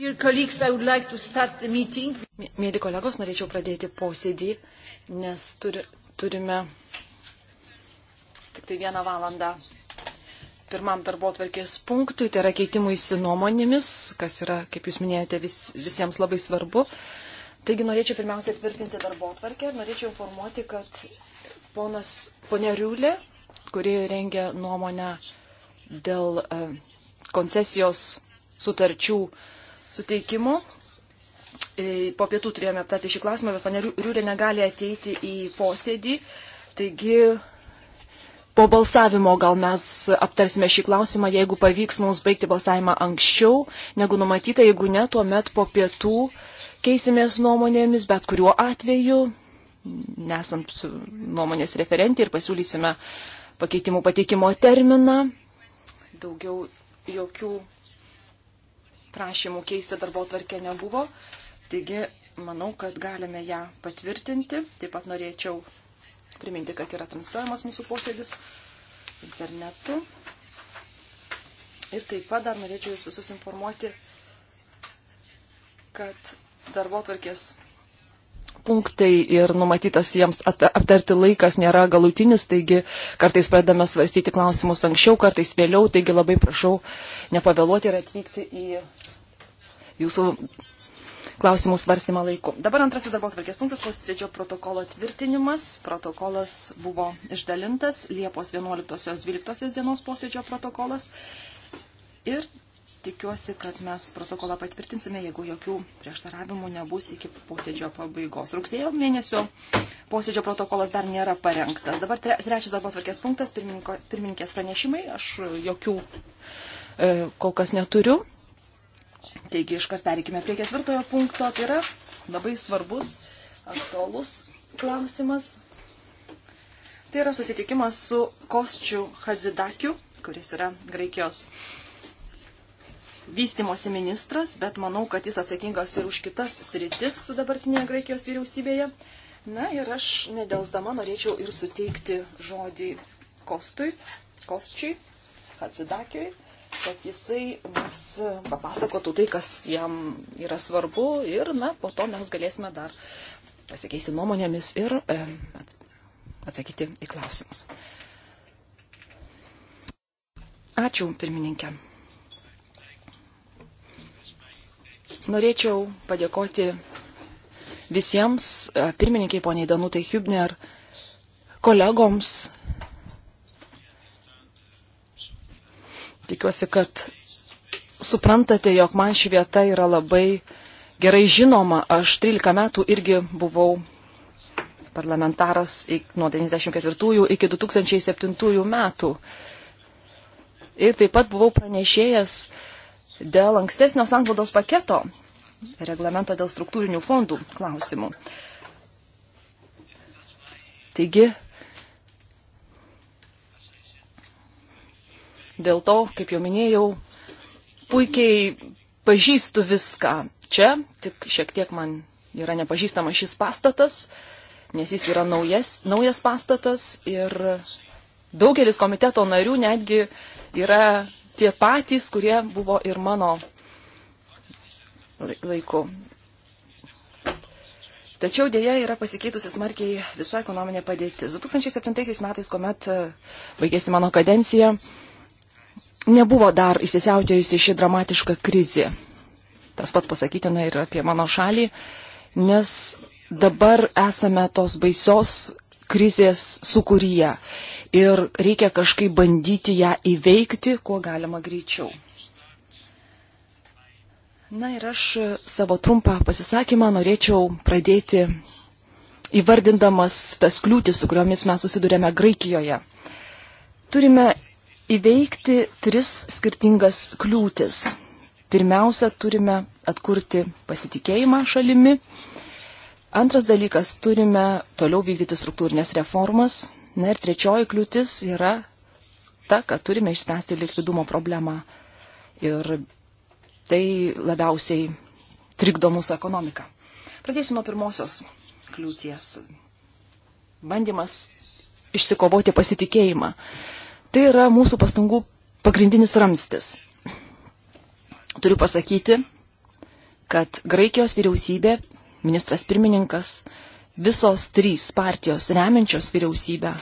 Mėly kolegos, norėčiau pradėti posėdį, nes turi, turime tik tai vieną valandą pirmam darbo atvarkės punktui, tai yra keitimui nuomonėmis, kas yra, kaip jūs minėjote, vis, visiems labai svarbu. Taigi norėčiau pirmiausia tvirtinti darbo atvarkę ir norėčiau informuoti, kad ponas Poneriulė, kuri rengia nuomonę dėl e, koncesijos sutarčių suteikimu. E, po pietų turėjome aptarti šį klausimą, bet panė Riūrė negali ateiti į posėdį. Taigi po balsavimo gal mes aptarsime šį klausimą, jeigu pavyks mums baigti balsavimą anksčiau negu numatyta, jeigu ne, tuomet po pietų keisimės nuomonėmis, bet kuriuo atveju, nesant nuomonės referentį ir pasiūlysime pakeitimų pateikimo terminą. Daugiau jokių prašymų keisti darbo tvarkę nebuvo. Taigi, manau, kad galime ją patvirtinti. Taip pat norėčiau priminti, kad yra transliuojamas mūsų posėdis internetu. Ir taip pat dar norėčiau Jūs visus informuoti, kad darbo tvarkės punktai ir numatytas jiems aptarti laikas nėra galutinis, taigi kartais pradedame svarstyti klausimus anksčiau, kartais vėliau, taigi labai prašau nepavėluoti ir atvykti į jūsų klausimų svarstymą laiku. Dabar antrasis darbo atvarkės punktas - posėdžio protokolo tvirtinimas. Protokolas buvo išdalintas Liepos 11-12 dienos posėdžio protokolas. Ir tikiuosi, kad mes protokolą patvirtinsime, jeigu jokių prieštaravimų nebus iki posėdžio pabaigos. Rugsėjo mėnesio posėdžio protokolas dar nėra parengtas. Dabar trečias darbo atvarkės punktas - pirmininkės pranešimai. Aš jokių e, kol kas neturiu. Taigi iškart pereikime prie ketvirtojo punkto. Tai yra labai svarbus, aktualus klausimas. Tai yra susitikimas su Kosčiu Hadzidakiu, kuris yra Graikijos vystimosi ministras, bet manau, kad jis atsakingas ir už kitas sritis dabartinėje Graikijos vyriausybėje. Na ir aš nedelsdama norėčiau ir suteikti žodį Kostui, Kostčiui, Hadzidakiui kad jisai mums papasakotų tai, kas jam yra svarbu ir, na, po to mes galėsime dar pasikeisti nuomonėmis ir e, atsakyti į klausimus. Ačiū, pirmininkė. Norėčiau padėkoti visiems e, pirmininkiai poniai Danutai Hübner, kolegoms Tikiuosi, kad suprantate, jog man ši vieta yra labai gerai žinoma. Aš 13 metų irgi buvau parlamentaras nuo 1994 iki 2007 metų. Ir taip pat buvau pranešėjęs dėl ankstesnio sanglaudos paketo reglamento dėl struktūrinių fondų klausimų. Taigi, Dėl to, kaip jau minėjau, puikiai pažįstu viską čia, tik šiek tiek man yra nepažįstamas šis pastatas, nes jis yra naujas, naujas pastatas ir daugelis komiteto narių netgi yra tie patys, kurie buvo ir mano laiku. Tačiau dėja yra pasikeitusi smarkiai visa ekonominė padėtis. 2007 metais, kuomet baigėsi mano kadencija, nebuvo dar įsisiautėjusi ši dramatiška krizė. Tas pats pasakytina ir apie mano šalį, nes dabar esame tos baisios krizės sukūryje ir reikia kažkaip bandyti ją įveikti, kuo galima greičiau. Na ir aš savo trumpą pasisakymą norėčiau pradėti įvardindamas tas kliūtis, su kuriomis mes susidurėme Graikijoje. Turime įveikti tris skirtingas kliūtis. Pirmiausia, turime atkurti pasitikėjimą šalimi. Antras dalykas, turime toliau vykdyti struktūrinės reformas. Na ir trečioji kliūtis yra ta, kad turime išspręsti likvidumo problemą. Ir tai labiausiai trikdo mūsų ekonomiką. Pradėsiu nuo pirmosios kliūties. Bandymas išsikovoti pasitikėjimą. Tai yra mūsų pastangų pagrindinis ramstis. Turiu pasakyti, kad Graikijos vyriausybė, ministras pirmininkas, visos trys partijos remiančios vyriausybę,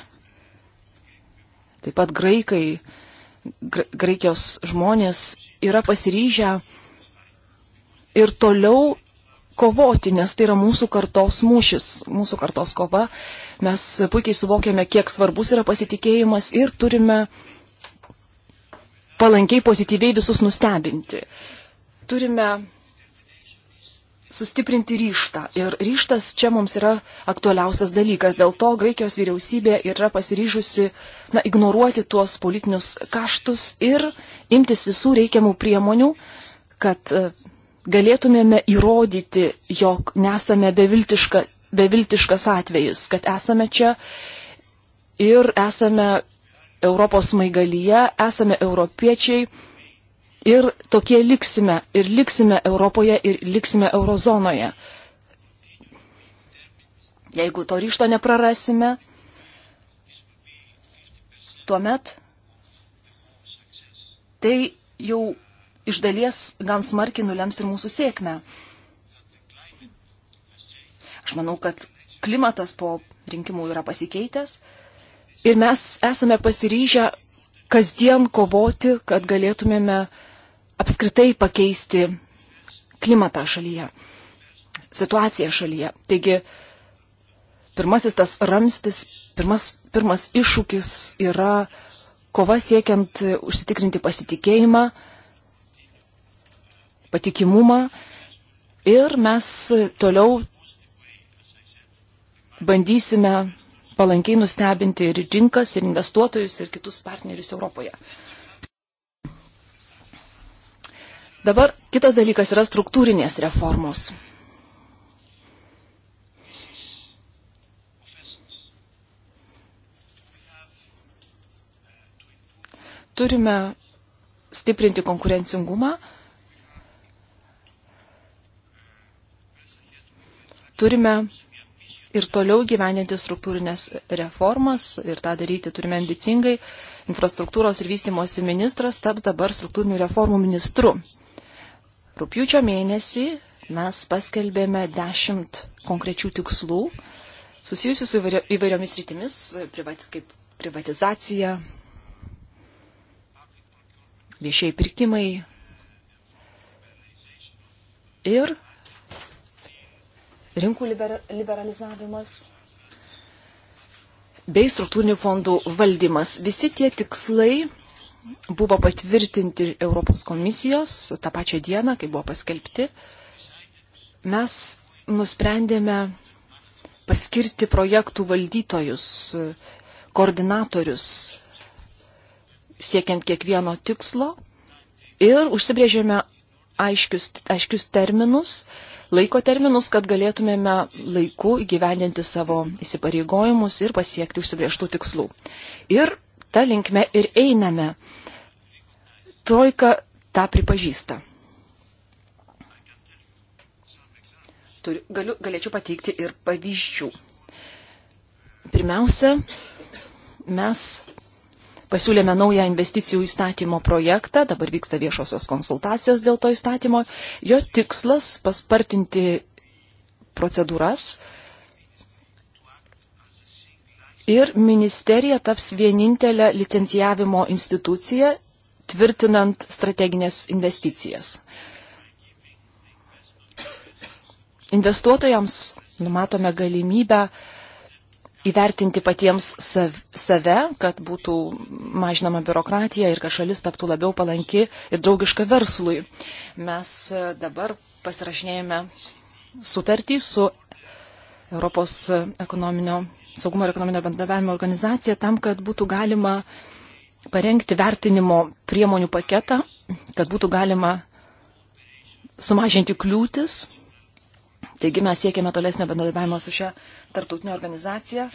taip pat graikai, gra, Graikijos žmonės yra pasiryžę ir toliau kovoti, nes tai yra mūsų kartos mūšis, mūsų kartos kova. Mes puikiai suvokiame, kiek svarbus yra pasitikėjimas ir turime palankiai, pozityviai visus nustebinti. Turime sustiprinti ryštą. Ir ryštas čia mums yra aktualiausias dalykas. Dėl to Graikijos vyriausybė yra pasiryžusi na, ignoruoti tuos politinius kaštus ir imtis visų reikiamų priemonių, kad e, galėtumėme įrodyti, jog nesame beviltiška, beviltiškas atvejis, kad esame čia ir esame Europos maigalyje, esame europiečiai ir tokie liksime, ir liksime Europoje, ir liksime eurozonoje. Jeigu to ryšto neprarasime, tuomet tai jau iš dalies gan smarkiai nulems ir mūsų sėkmę. Aš manau, kad klimatas po rinkimų yra pasikeitęs ir mes esame pasiryžę kasdien kovoti, kad galėtumėme apskritai pakeisti klimatą šalyje, situaciją šalyje. Taigi, pirmasis tas ramstis, pirmas, pirmas iššūkis yra kova siekiant užsitikrinti pasitikėjimą, patikimumą ir mes toliau bandysime palankiai nustebinti ir rinkas, ir investuotojus, ir kitus partnerius Europoje. Dabar kitas dalykas yra struktūrinės reformos. Turime stiprinti konkurencingumą Turime ir toliau gyveninti struktūrinės reformas ir tą daryti turime ambicingai. Infrastruktūros ir vystimosi ministras taps dabar struktūrinių reformų ministru. Rūpiučio mėnesį mes paskelbėme dešimt konkrečių tikslų susijusių su įvairiomis rytimis, privat, kaip privatizacija, viešiai pirkimai ir rinkų libera liberalizavimas bei struktūrinių fondų valdymas. Visi tie tikslai buvo patvirtinti Europos komisijos tą pačią dieną, kai buvo paskelbti. Mes nusprendėme paskirti projektų valdytojus, koordinatorius, siekiant kiekvieno tikslo ir užsibrėžėme aiškius, aiškius terminus, laiko terminus, kad galėtumėme laiku įgyvendinti savo įsipareigojimus ir pasiekti užsibrieštų tikslų. Ir tą linkmę ir einame. Trojka tą pripažįsta. Turiu, galiu, galėčiau pateikti ir pavyzdžių. Pirmiausia, mes pasiūlėme naują investicijų įstatymo projektą, dabar vyksta viešosios konsultacijos dėl to įstatymo. Jo tikslas paspartinti procedūras ir ministerija taps vienintelė licencijavimo institucija, tvirtinant strateginės investicijas. Investuotojams numatome galimybę uh, įvertinti patiems sav, save, kad būtų mažinama biurokratija ir kad šalis taptų labiau palanki ir draugiška verslui. Mes e, dabar pasirašinėjame sutartį su Europos ekonominio, saugumo ir ekonominio bendravimo organizacija tam, kad būtų galima parengti vertinimo priemonių paketą, kad būtų galima sumažinti kliūtis. Taigi mes siekiame tolesnio bendradarbiavimo su šia tarptautinė organizacija,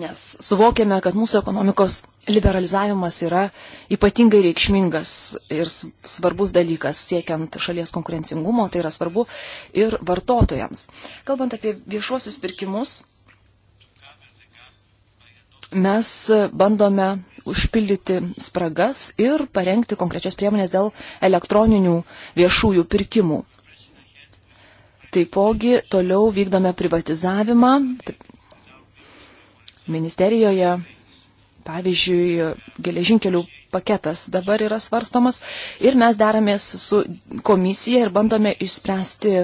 nes suvokėme, kad mūsų ekonomikos liberalizavimas yra ypatingai reikšmingas ir svarbus dalykas siekiant šalies konkurencingumo, tai yra svarbu ir vartotojams. Kalbant apie viešuosius pirkimus, mes bandome užpildyti spragas ir parengti konkrečias priemonės dėl elektroninių viešųjų pirkimų. Taipogi toliau vykdome privatizavimą ministerijoje. Pavyzdžiui, geležinkelių paketas dabar yra svarstomas ir mes deramės su komisija ir bandome išspręsti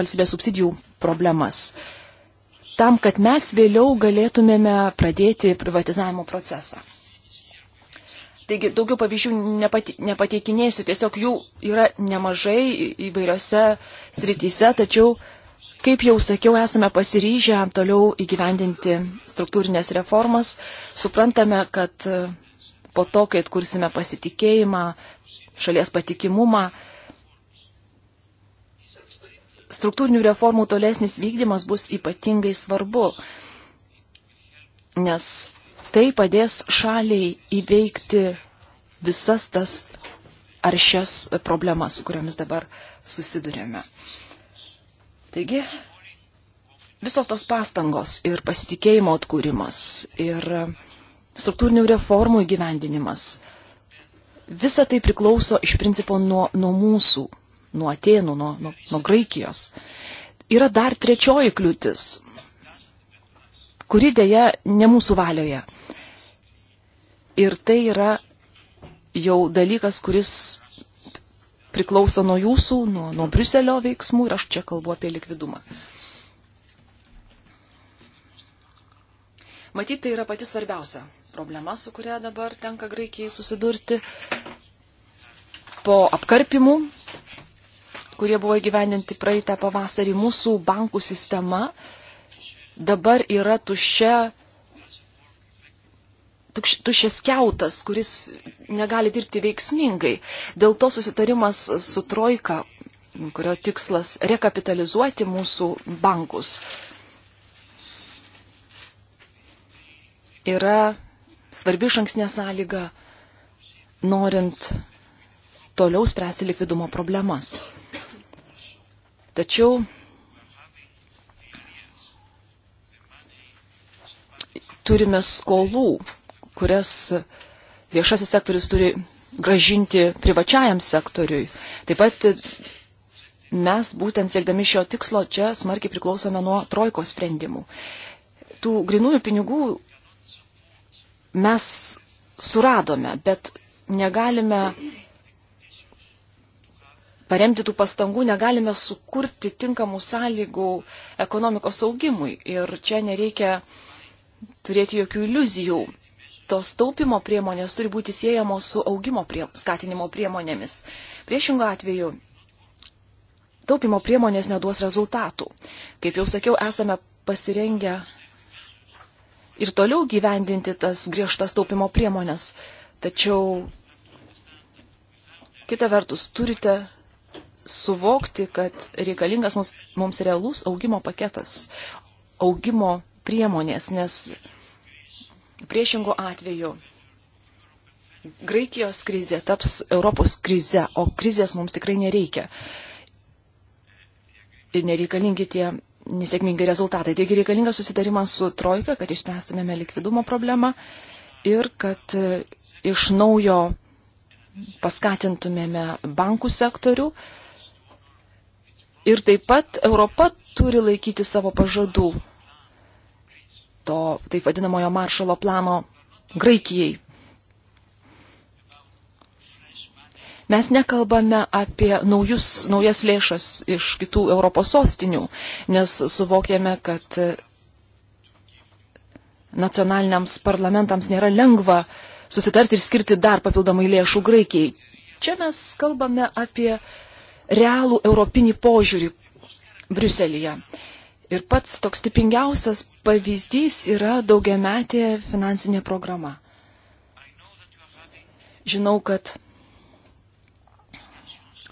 valstybės subsidijų problemas. Tam, kad mes vėliau galėtumėme pradėti privatizavimo procesą. Taigi daugiau pavyzdžių nepate, nepateikinėsiu, tiesiog jų yra nemažai įvairiose srityse, tačiau, kaip jau sakiau, esame pasiryžę toliau įgyvendinti struktūrinės reformas. Suprantame, kad e, po to, kai atkursime pasitikėjimą, šalies patikimumą, struktūrinių reformų tolesnis vykdymas bus ypatingai svarbu, nes tai padės šaliai įveikti visas tas aršias problemas, su kuriamis dabar susidurėme. Taigi, visos tos pastangos ir pasitikėjimo atkūrimas ir struktūrinių reformų įgyvendinimas, visa tai priklauso iš principo nuo, nuo mūsų, nuo Atenų, nuo, nuo, nuo Graikijos. Yra dar trečioji kliūtis, kuri dėja ne mūsų valioje. Ir tai yra jau dalykas, kuris priklauso nuo jūsų, nuo, nuo Briuselio veiksmų ir aš čia kalbu apie likvidumą. Matyt, tai yra pati svarbiausia problema, su kuria dabar tenka Graikijai susidurti po apkarpimų, kurie buvo įgyvendinti praeitą pavasarį. Mūsų bankų sistema dabar yra tuščia tušės keutas, kuris negali dirbti veiksmingai. Dėl to susitarimas su Trojka, kurio tikslas rekapitalizuoti mūsų bankus, yra svarbi šanksnė sąlyga, norint toliau spręsti likvidumo problemas. Tačiau turime skolų kurias viešasis sektorius turi gražinti privačiajam sektoriui. Taip pat mes būtent siekdami šio tikslo čia smarkiai priklausome nuo trojkos sprendimų. Tų grinųjų pinigų mes suradome, bet negalime paremti tų pastangų, negalime sukurti tinkamų sąlygų ekonomikos augimui. Ir čia nereikia turėti jokių iliuzijų tos taupimo priemonės turi būti siejamos su augimo prie, skatinimo priemonėmis. Priešingų atveju taupimo priemonės neduos rezultatų. Kaip jau sakiau, esame pasirengę ir toliau gyvendinti tas griežtas taupimo priemonės. Tačiau kita vertus turite suvokti, kad reikalingas mums, mums realus augimo paketas, augimo priemonės, nes Priešingų atveju Graikijos krizė taps Europos krize, o krizės mums tikrai nereikia. Ir nereikalingi tie nesėkmingi rezultatai. Taigi reikalingas susitarimas su Trojka, kad išspręstumėme likvidumo problemą ir kad e, iš naujo paskatintumėme bankų sektorių. Ir taip pat Europa turi laikyti savo pažadų to taip vadinamojo maršalo plano Graikijai. Mes nekalbame apie naujus, naujas lėšas iš kitų Europos sostinių, nes suvokėme, kad nacionaliniams parlamentams nėra lengva susitarti ir skirti dar papildomai lėšų Graikijai. Čia mes kalbame apie realų europinį požiūrį Briuselėje. Ir pats toks tipingiausias pavyzdys yra daugiametė finansinė programa. Žinau, kad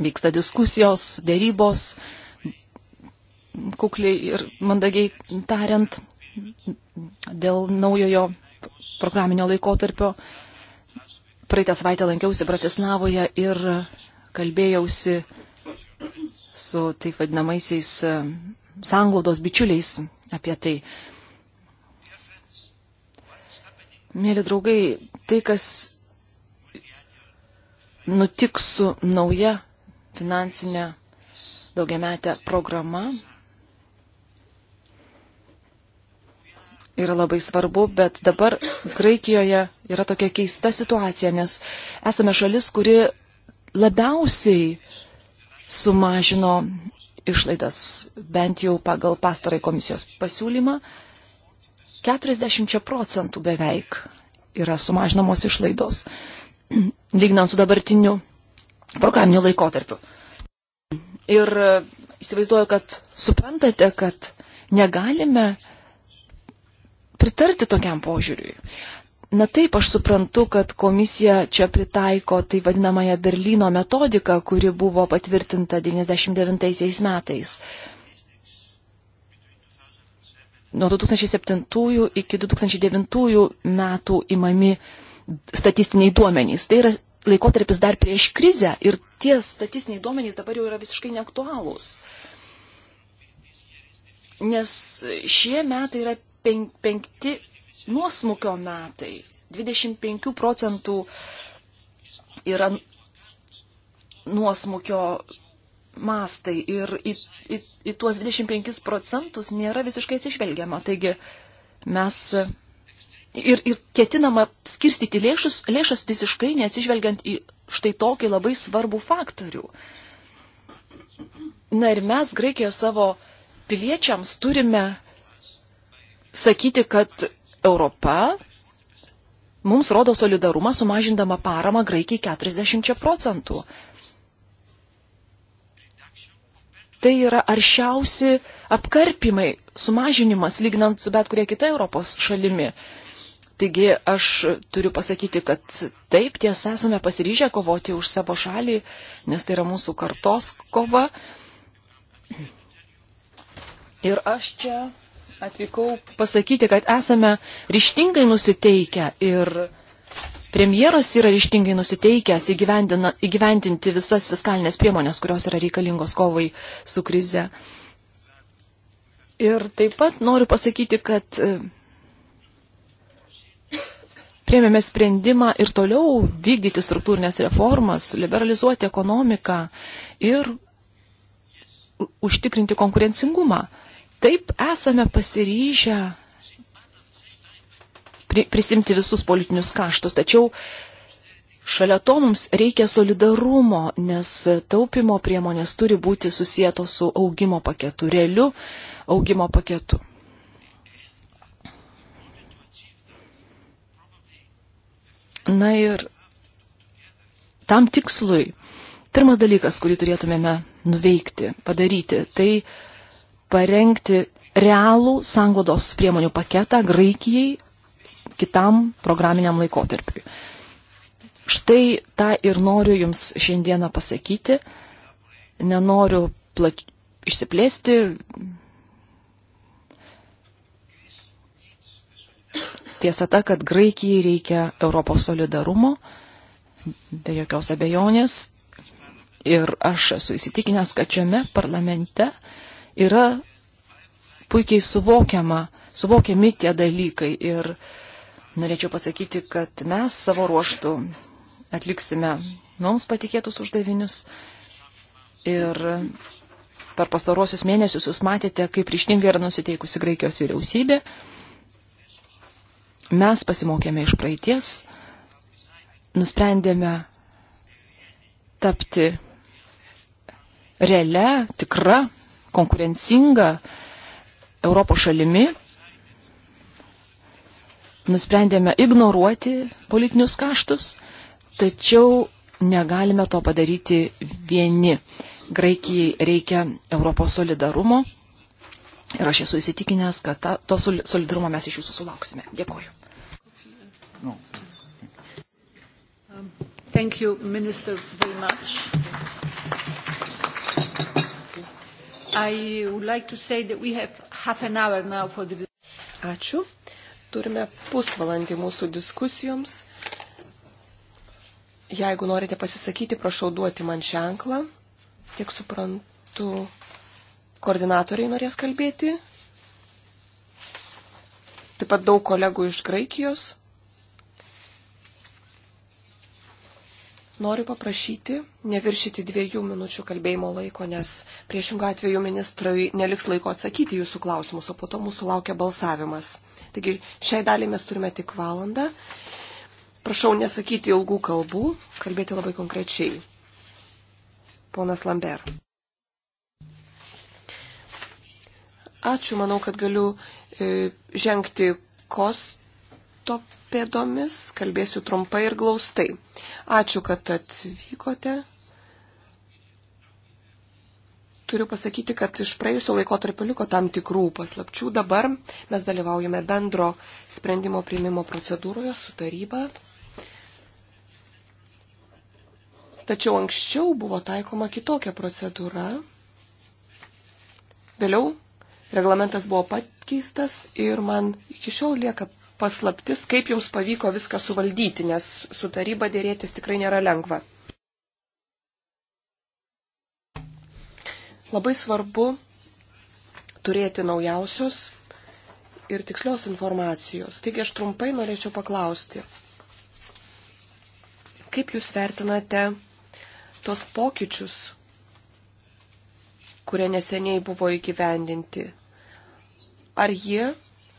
vyksta diskusijos, dėrybos, kukliai ir mandagiai tariant, dėl naujojo programinio laikotarpio. Praeitą savaitę lankiausi Bratislavoje ir kalbėjausi su taip vadinamaisiais sanglaudos bičiuliais apie tai. Mėly draugai, tai, kas nutiks su nauja finansinė daugiametė programa, yra labai svarbu, bet dabar Graikijoje yra tokia keista situacija, nes esame šalis, kuri labiausiai sumažino išlaidas, bent jau pagal pastarai komisijos pasiūlymą, 40 procentų beveik yra sumažinamos išlaidos, lygnant su dabartiniu programiniu laikotarpiu. Ir e, įsivaizduoju, kad suprantate, kad negalime pritarti tokiam požiūriui. Na taip, aš suprantu, kad komisija čia pritaiko tai vadinamąją Berlyno metodiką, kuri buvo patvirtinta 99 metais. Nuo 2007 iki 2009 metų imami statistiniai duomenys. Tai yra laikotarpis dar prieš krizę ir tie statistiniai duomenys dabar jau yra visiškai neaktualūs. Nes šie metai yra penkti nuosmukio metai. 25 procentų yra nuosmukio mastai ir į, į, į tuos 25 procentus nėra visiškai atsižvelgiama. Taigi mes ir, ir ketinama skirstyti lėšus, lėšas visiškai neatsižvelgiant į štai tokį labai svarbų faktorių. Na ir mes Graikijoje savo piliečiams turime sakyti, kad Europa mums rodo solidarumą sumažindama paramą Graikijai 40 procentų. Tai yra aršiausi apkarpimai, sumažinimas lygnant su bet kuria kita Europos šalimi. Taigi aš turiu pasakyti, kad taip tiesa esame pasiryžę kovoti už savo šalį, nes tai yra mūsų kartos kova. Ir aš čia atvykau pasakyti, kad esame ryštingai nusiteikę ir premjeras yra ryštingai nusiteikęs įgyvendinti visas fiskalinės priemonės, kurios yra reikalingos kovai su krize. Ir taip pat noriu pasakyti, kad e, priemėme sprendimą ir toliau vykdyti struktūrinės reformas, liberalizuoti ekonomiką ir užtikrinti konkurencingumą. Taip esame pasiryžę prisimti visus politinius kaštus, tačiau šalia to mums reikia solidarumo, nes taupimo priemonės turi būti susijėtos su augimo paketu, realiu augimo paketu. Na ir tam tikslui, pirmas dalykas, kurį turėtumėme nuveikti, padaryti, tai parengti realų sanglodos priemonių paketą Graikijai kitam programiniam laikotarpiui. Štai tą ir noriu Jums šiandieną pasakyti. Nenoriu plač... išsiplėsti. Tiesa ta, kad Graikijai reikia Europos solidarumo, be jokios abejonės. Ir aš esu įsitikinęs, kad šiame parlamente uh, yra puikiai suvokiama, suvokiami tie dalykai. Ir norėčiau pasakyti, kad mes savo ruoštų atliksime mums patikėtus uždavinius. Ir per pastarosius mėnesius jūs matėte, kaip ryštingai yra nusiteikusi Graikijos vyriausybė. Mes pasimokėme iš praeities, nusprendėme tapti realia, tikra konkurencinga Europos šalimi, nusprendėme ignoruoti politinius kaštus, tačiau negalime to padaryti vieni. Graikijai reikia Europos solidarumo ir aš esu įsitikinęs, kad ta, to solidarumo mes iš jūsų sulauksime. Dėkuoju. No. Um, thank you, Minister, very much. I would like to say that we have half an hour now for the... Ačiū. Turime pusvalandį mūsų diskusijoms. Jeigu norite pasisakyti, prašau duoti man ženklą. Kiek suprantu, koordinatoriai norės kalbėti. Taip pat daug kolegų iš Graikijos. noriu paprašyti neviršyti dviejų minučių kalbėjimo laiko, nes priešingų atveju ministrai neliks laiko atsakyti jūsų klausimus, o po to mūsų laukia balsavimas. Taigi šiai daliai mes turime tik valandą. Prašau nesakyti ilgų kalbų, kalbėti labai konkrečiai. Ponas Lambert. Ačiū, manau, kad galiu e, žengti kosto pėdomis, kalbėsiu trumpai ir glaustai. Ačiū, kad atvykote. Turiu pasakyti, kad iš praėjusio laiko tarp liko tam tikrų paslapčių. Dabar mes dalyvaujame bendro sprendimo priimimo procedūroje su taryba. Tačiau anksčiau buvo taikoma kitokia procedūra. Vėliau reglamentas buvo pakeistas ir man iki šiol lieka paslaptis, kaip jums pavyko viską suvaldyti, nes su taryba dėrėtis tikrai nėra lengva. Labai svarbu turėti naujausios ir tikslios informacijos. Taigi aš trumpai norėčiau paklausti, kaip jūs vertinate tos pokyčius, kurie neseniai buvo įgyvendinti? Ar jie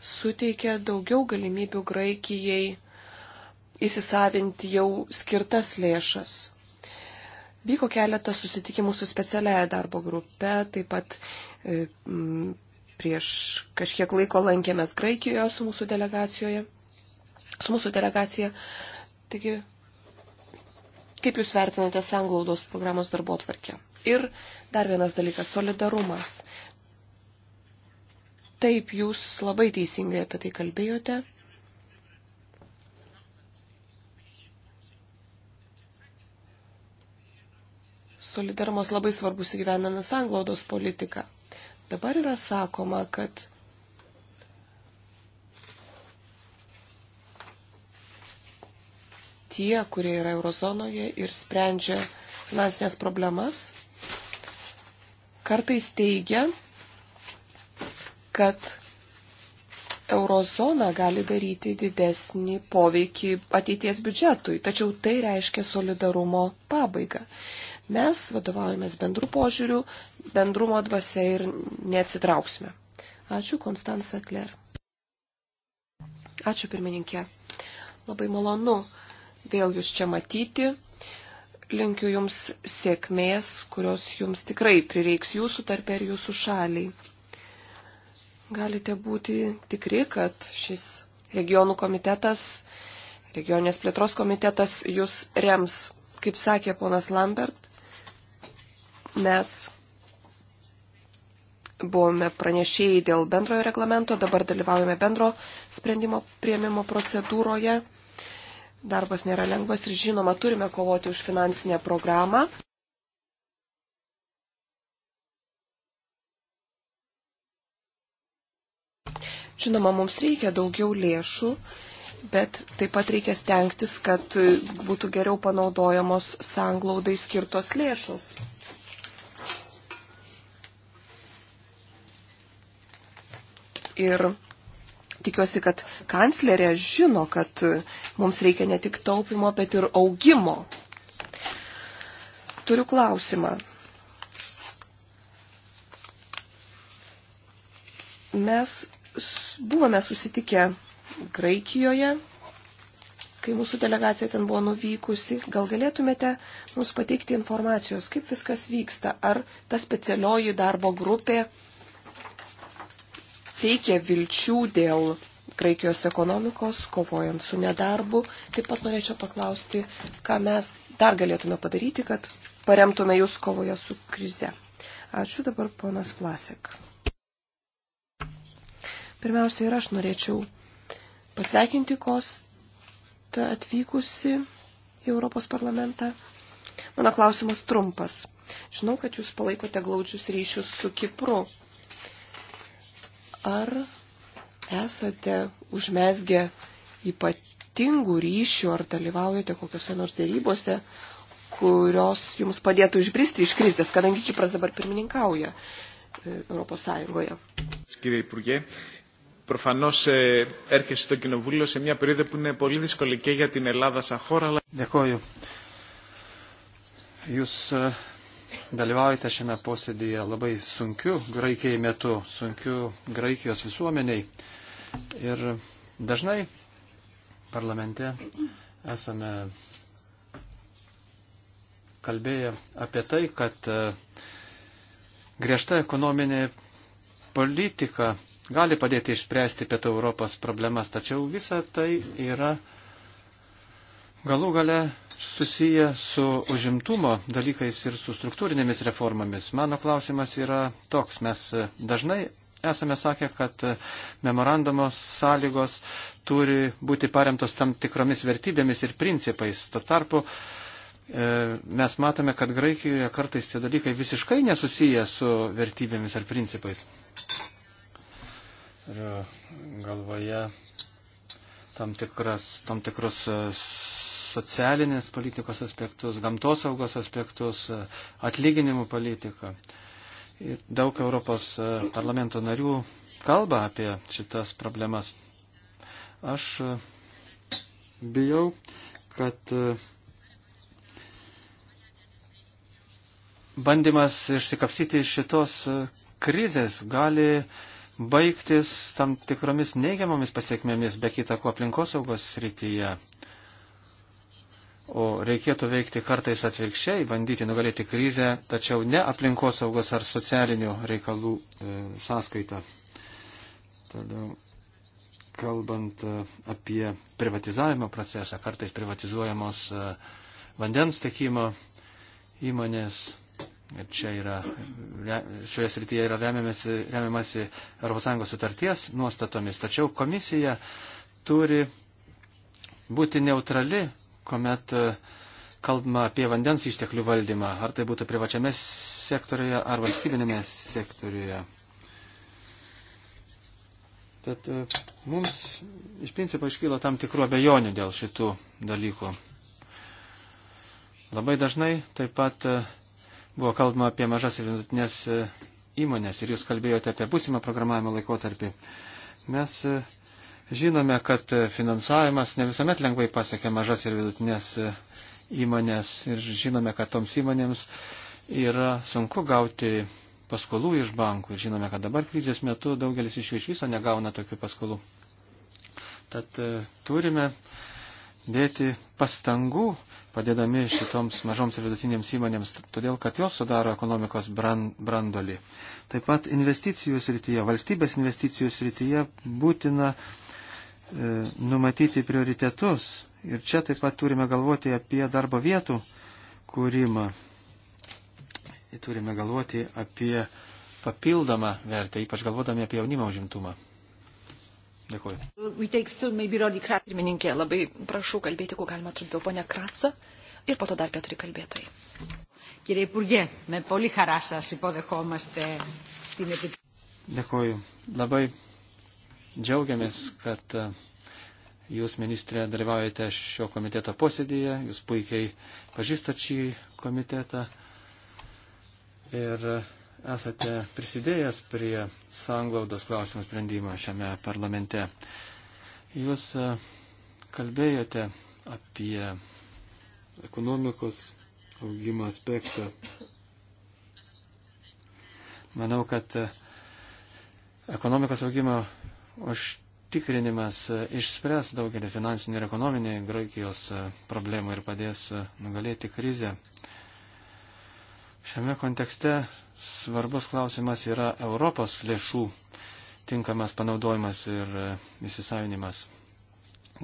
suteikia daugiau galimybių Graikijai įsisavinti jau skirtas lėšas. Vyko keletas susitikimų su specialiaja darbo grupe, taip pat e, prieš kažkiek laiko lankėmės Graikijoje su mūsų delegacijoje, su mūsų delegacija. Taigi, kaip Jūs vertinate sanglaudos programos darbo tvarkę? Ir dar vienas dalykas - solidarumas. Taip, jūs labai teisingai apie tai kalbėjote. Solidarumas labai svarbus įgyvenant sanglaudos politiką. Dabar yra sakoma, kad tie, kurie yra eurozonoje ir sprendžia finansinės problemas, kartais teigia, kad eurozona gali daryti didesnį poveikį ateities biudžetui, tačiau tai reiškia solidarumo pabaigą. Mes vadovaujamės bendrų požiūrių, bendrumo dvasia ir neatsitrauksime. Ačiū, Konstanza Kler. Ačiū, pirmininkė. Labai malonu vėl jūs čia matyti. Linkiu jums sėkmės, kurios jums tikrai prireiks jūsų tarp ir jūsų šaliai galite būti tikri, kad šis regionų komitetas, regionės plėtros komitetas jūs rems. Kaip sakė ponas Lambert, mes buvome pranešėjai dėl bendrojo reglamento, dabar dalyvaujame bendro sprendimo prieimimo procedūroje. Darbas nėra lengvas ir žinoma, turime kovoti už finansinę programą. Žinoma, mums reikia daugiau lėšų, bet taip pat reikia stengtis, kad būtų geriau panaudojamos sanglaudai skirtos lėšos. Ir tikiuosi, kad kanclerė žino, kad mums reikia ne tik taupimo, bet ir augimo. Turiu klausimą. Mes buvome susitikę Graikijoje, kai mūsų delegacija ten buvo nuvykusi. Gal galėtumėte mums pateikti informacijos, kaip viskas vyksta? Ar ta specialioji darbo grupė teikia vilčių dėl Graikijos ekonomikos, kovojant su nedarbu? Taip pat norėčiau paklausti, ką mes dar galėtume padaryti, kad paremtume jūs kovoje su krize. Ačiū dabar ponas Vlasek. Pirmiausia, ir aš norėčiau pasveikinti Kostą atvykusi į Europos parlamentą. Mano klausimas trumpas. Žinau, kad jūs palaikote glaudžius ryšius su Kipru. Ar esate užmesgę ypatingų ryšių ar dalyvaujate kokiuose nors dėrybose, kurios jums padėtų išbristi iš krizės, kadangi Kipras dabar pirmininkauja e, Europos Sąjungoje. Skiriai Prūgė, Προφανώς ε, έρχεσαι στο Κοινοβούλιο σε μια περίοδο που είναι πολύ δύσκολη και για την Ελλάδα σαν χώρα. Αλλά... Dėkoju. Jūs dalyvaujate šiame posėdėje labai sunkiu Graikijai metu, sunkiu Graikijos visuomeniai. Ir dažnai parlamente esame kalbėję apie tai, kad e, griežta ekonominė politika gali padėti išspręsti Pietų Europos problemas, tačiau visa tai yra galų gale susiję su užimtumo dalykais ir su struktūrinėmis reformomis. Mano klausimas yra toks. Mes dažnai esame sakę, kad memorandumos sąlygos turi būti paremtos tam tikromis vertybėmis ir principais. Tuo tarpu e, mes matome, kad Graikijoje kartais tie dalykai visiškai nesusiję su vertybėmis ar principais. Turiu galvoje tam, tikras, tam tikrus e, socialinės politikos aspektus, gamtosaugos aspektus, e, atlyginimų politiką. Ir daug Europos e, parlamento narių kalba apie šitas problemas. Aš bijau, kad bandymas išsikapsyti iš šitos krizės gali uh, baigtis tam tikromis neigiamomis pasiekmėmis, be kita ko aplinkosaugos srityje. O reikėtų veikti kartais atvirkščiai, bandyti nugalėti krizę, tačiau ne aplinkosaugos ar socialinių reikalų e, sąskaita. Toliau, kalbant e, apie privatizavimo procesą, kartais privatizuojamos e, vandens tekimo įmonės Ir čia yra, šioje srityje yra remiamasi, remiamasi ES sutarties nuostatomis, tačiau komisija turi būti neutrali, kuomet e, kalbama apie vandens išteklių valdymą, ar tai būtų privačiame sektoriuje ar valstybinėme sektoriuje. Tad e, mums iš principo iškyla tam tikrų abejonių dėl šitų dalykų. Labai dažnai taip pat uh, Buvo kalbama apie mažas ir vidutinės e, įmonės ir jūs kalbėjote apie būsimą programavimo laikotarpį. Mes e, žinome, kad e, finansavimas ne visuomet lengvai pasiekia mažas ir vidutinės įmonės ir žinome, kad toms įmonėms yra sunku gauti paskolų iš bankų ir žinome, kad dabar krizės metu daugelis iš jų iš viso negauna tokių paskolų. Tad turime dėti pastangų padėdami šitoms mažoms ir vidutinėms įmonėms, todėl kad jos sudaro ekonomikos brandolį. Taip pat investicijų srityje, valstybės investicijų srityje būtina e, numatyti prioritetus. Ir čia taip pat turime galvoti apie darbo vietų kūrimą. Turime galvoti apie papildomą vertę, ypač galvodami apie jaunimo užimtumą. Dėkuoju. Pirmininkė, labai prašau kalbėti, kuo galima trumpiau, ponia Kratsa, ir po to dar keturi kalbėtojai. Κύριε Υπουργέ, με πολύ χαρά σας υποδεχόμαστε στην Επιτροπή. Dėkuoju. Labai džiaugiamės, kad e, jūs, ministrė, dalyvaujate šio komiteto posėdėje, jūs puikiai pažįstat šį komitetą ir esate prisidėjęs prie sanglaudos klausimų sprendimo šiame parlamente. Jūs e, kalbėjote apie ekonomikos augimo aspektą. Manau, kad e, ekonomikos augimo užtikrinimas e, išspręs daugelį finansinių ir ekonominių Graikijos problemų ir padės nugalėti krizę. Šiame kontekste svarbus klausimas yra Europos lėšų tinkamas panaudojimas ir įsisavinimas.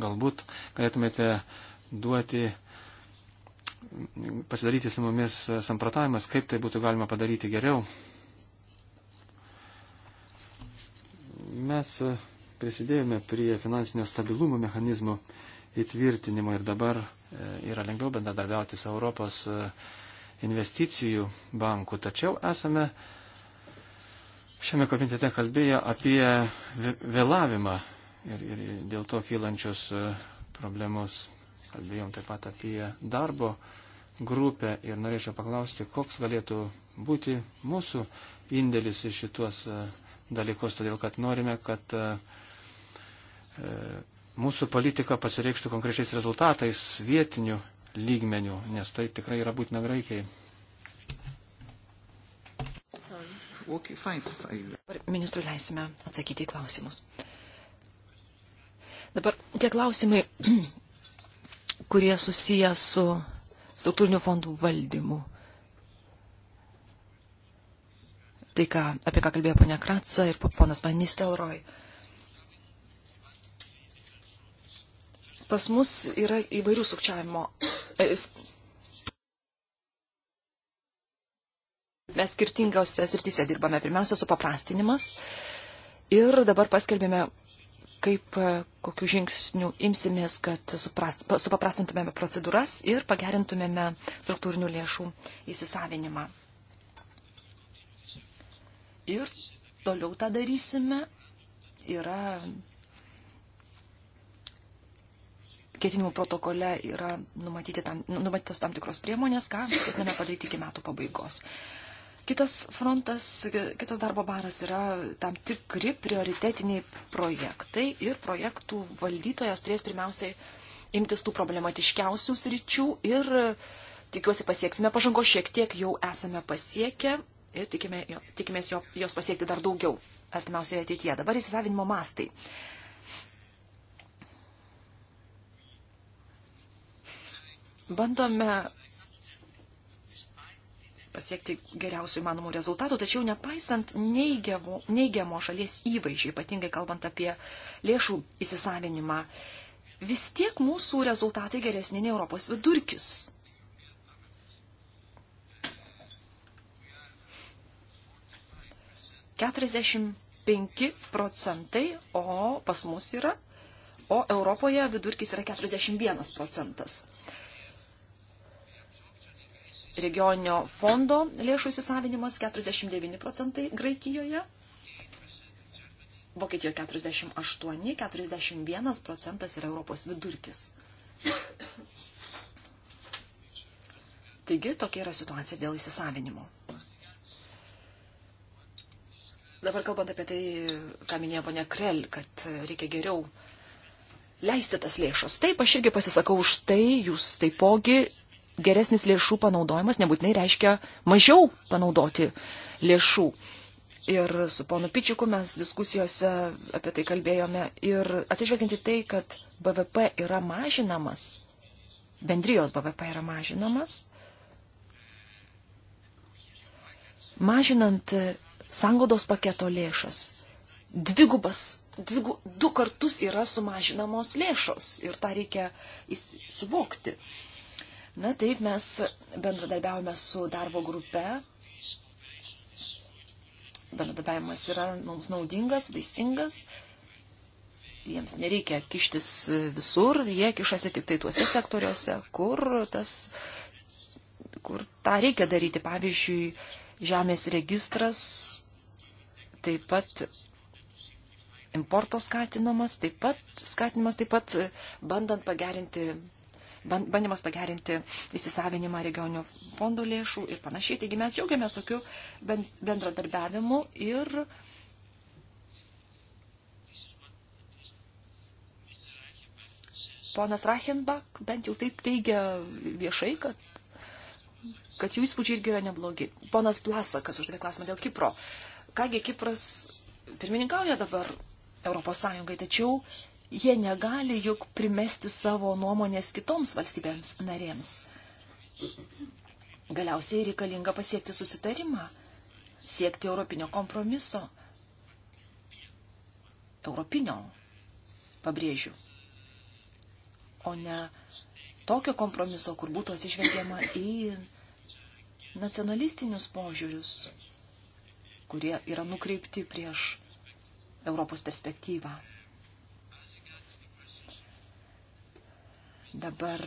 Galbūt galėtumėte duoti, pasidaryti su mumis sampratavimas, kaip tai būtų galima padaryti geriau. Mes prisidėjome prie finansinio stabilumo mechanizmo įtvirtinimo ir dabar e, yra lengviau bendradarbiauti su Europos e, investicijų bankų. Tačiau esame šiame komitete kalbėję apie vėlavimą ir, ir dėl to kylančius e, problemus. Kalbėjom taip pat apie darbo grupę ir norėčiau paklausti, koks galėtų būti mūsų indėlis į šitos e, dalykus, todėl kad norime, kad e, mūsų politika pasireikštų konkrečiais rezultatais vietiniu lygmenių, nes tai tikrai yra būtina Graikijai. Ministrui leisime atsakyti į klausimus. Dabar tie klausimai, kurie susiję su struktūrinių fondų valdymu. Tai, ką, apie ką kalbėjo ponia Kratsa ir ponas Vanis Telroj. Uh, pas mus yra įvairių sukčiavimo. E, mes skirtingose srityse dirbame. Pirmiausia, supaprastinimas. Ir dabar paskelbėme, kaip e, kokiu žingsniu imsimės, kad suprast, supaprastintumėme procedūras ir pagerintumėme struktūrinių lėšų įsisavinimą. Ir toliau tą darysime. Yra ketinimų protokole yra tam, nu, numatytos tam tikros priemonės, ką ketiname padaryti iki metų pabaigos. Kitas frontas, kitas darbo baras yra tam tikri prioritetiniai projektai ir projektų valdytojas turės pirmiausiai imtis tų problematiškiausių sričių ir tikiuosi pasieksime pažango, šiek tiek jau esame pasiekę ir tikime, jo, tikimės jo, jos pasiekti dar daugiau artimiausioje ateityje. Dabar įsisavinimo mastai. Bandome pasiekti geriausių įmanomų rezultatų, tačiau nepaisant neigiamo, neigiamo šalies įvaizdžio, ypatingai kalbant apie lėšų įsisavinimą, vis tiek mūsų rezultatai geresni nei Europos vidurkis. Keturiasdešimt penki procentai, o pas mus yra, o Europoje vidurkis yra keturiasdešimt vienas procentas regioninio fondo lėšų įsisavinimas 49 procentai Graikijoje, Vokietijoje 48, 41 procentas yra Europos vidurkis. Taigi tokia yra situacija dėl įsisavinimo. Dabar kalbant apie tai, ką minėjo ponia Krell, kad reikia geriau leisti tas lėšas. Taip, aš irgi pasisakau už tai, jūs taipogi geresnis lėšų panaudojimas nebūtinai reiškia mažiau panaudoti lėšų. Ir su ponu Pičiuku mes diskusijose apie tai kalbėjome ir atsižvelgiant į tai, kad BVP yra mažinamas, bendrijos BVP yra mažinamas, mažinant sangodos paketo lėšas, dvigubas, dvigu, du kartus yra sumažinamos lėšos ir tą reikia suvokti. Uh, Na taip, mes bendradarbiavome su darbo grupe. Bendradarbiavimas yra mums naudingas, vaisingas. Jiems nereikia kištis visur, jie kišasi tik tai tuose sektoriuose, kur, tas, kur tą reikia daryti. Pavyzdžiui, žemės registras, taip pat importo skatinamas, taip pat skatinimas, taip pat bandant pagerinti bandymas pagerinti įsisavinimą regioninių fondų lėšų ir panašiai. Taigi mes džiaugiamės tokiu bendradarbiavimu ir ponas Reichenbach bent jau taip teigia viešai, kad kad jų įspūdžiai irgi yra neblogi. Ponas Plasakas uždavė klausimą dėl Kipro. Kągi Kipras pirmininkauja dabar Europos Sąjungai, tačiau jie negali juk primesti savo nuomonės kitoms valstybėms narėms. Galiausiai reikalinga pasiekti susitarimą, siekti europinio kompromiso. Europinio, pabrėžiu. O ne tokio kompromiso, kur būtų atsižvelgiama į nacionalistinius požiūrius, kurie yra nukreipti prieš Europos perspektyvą. Dabar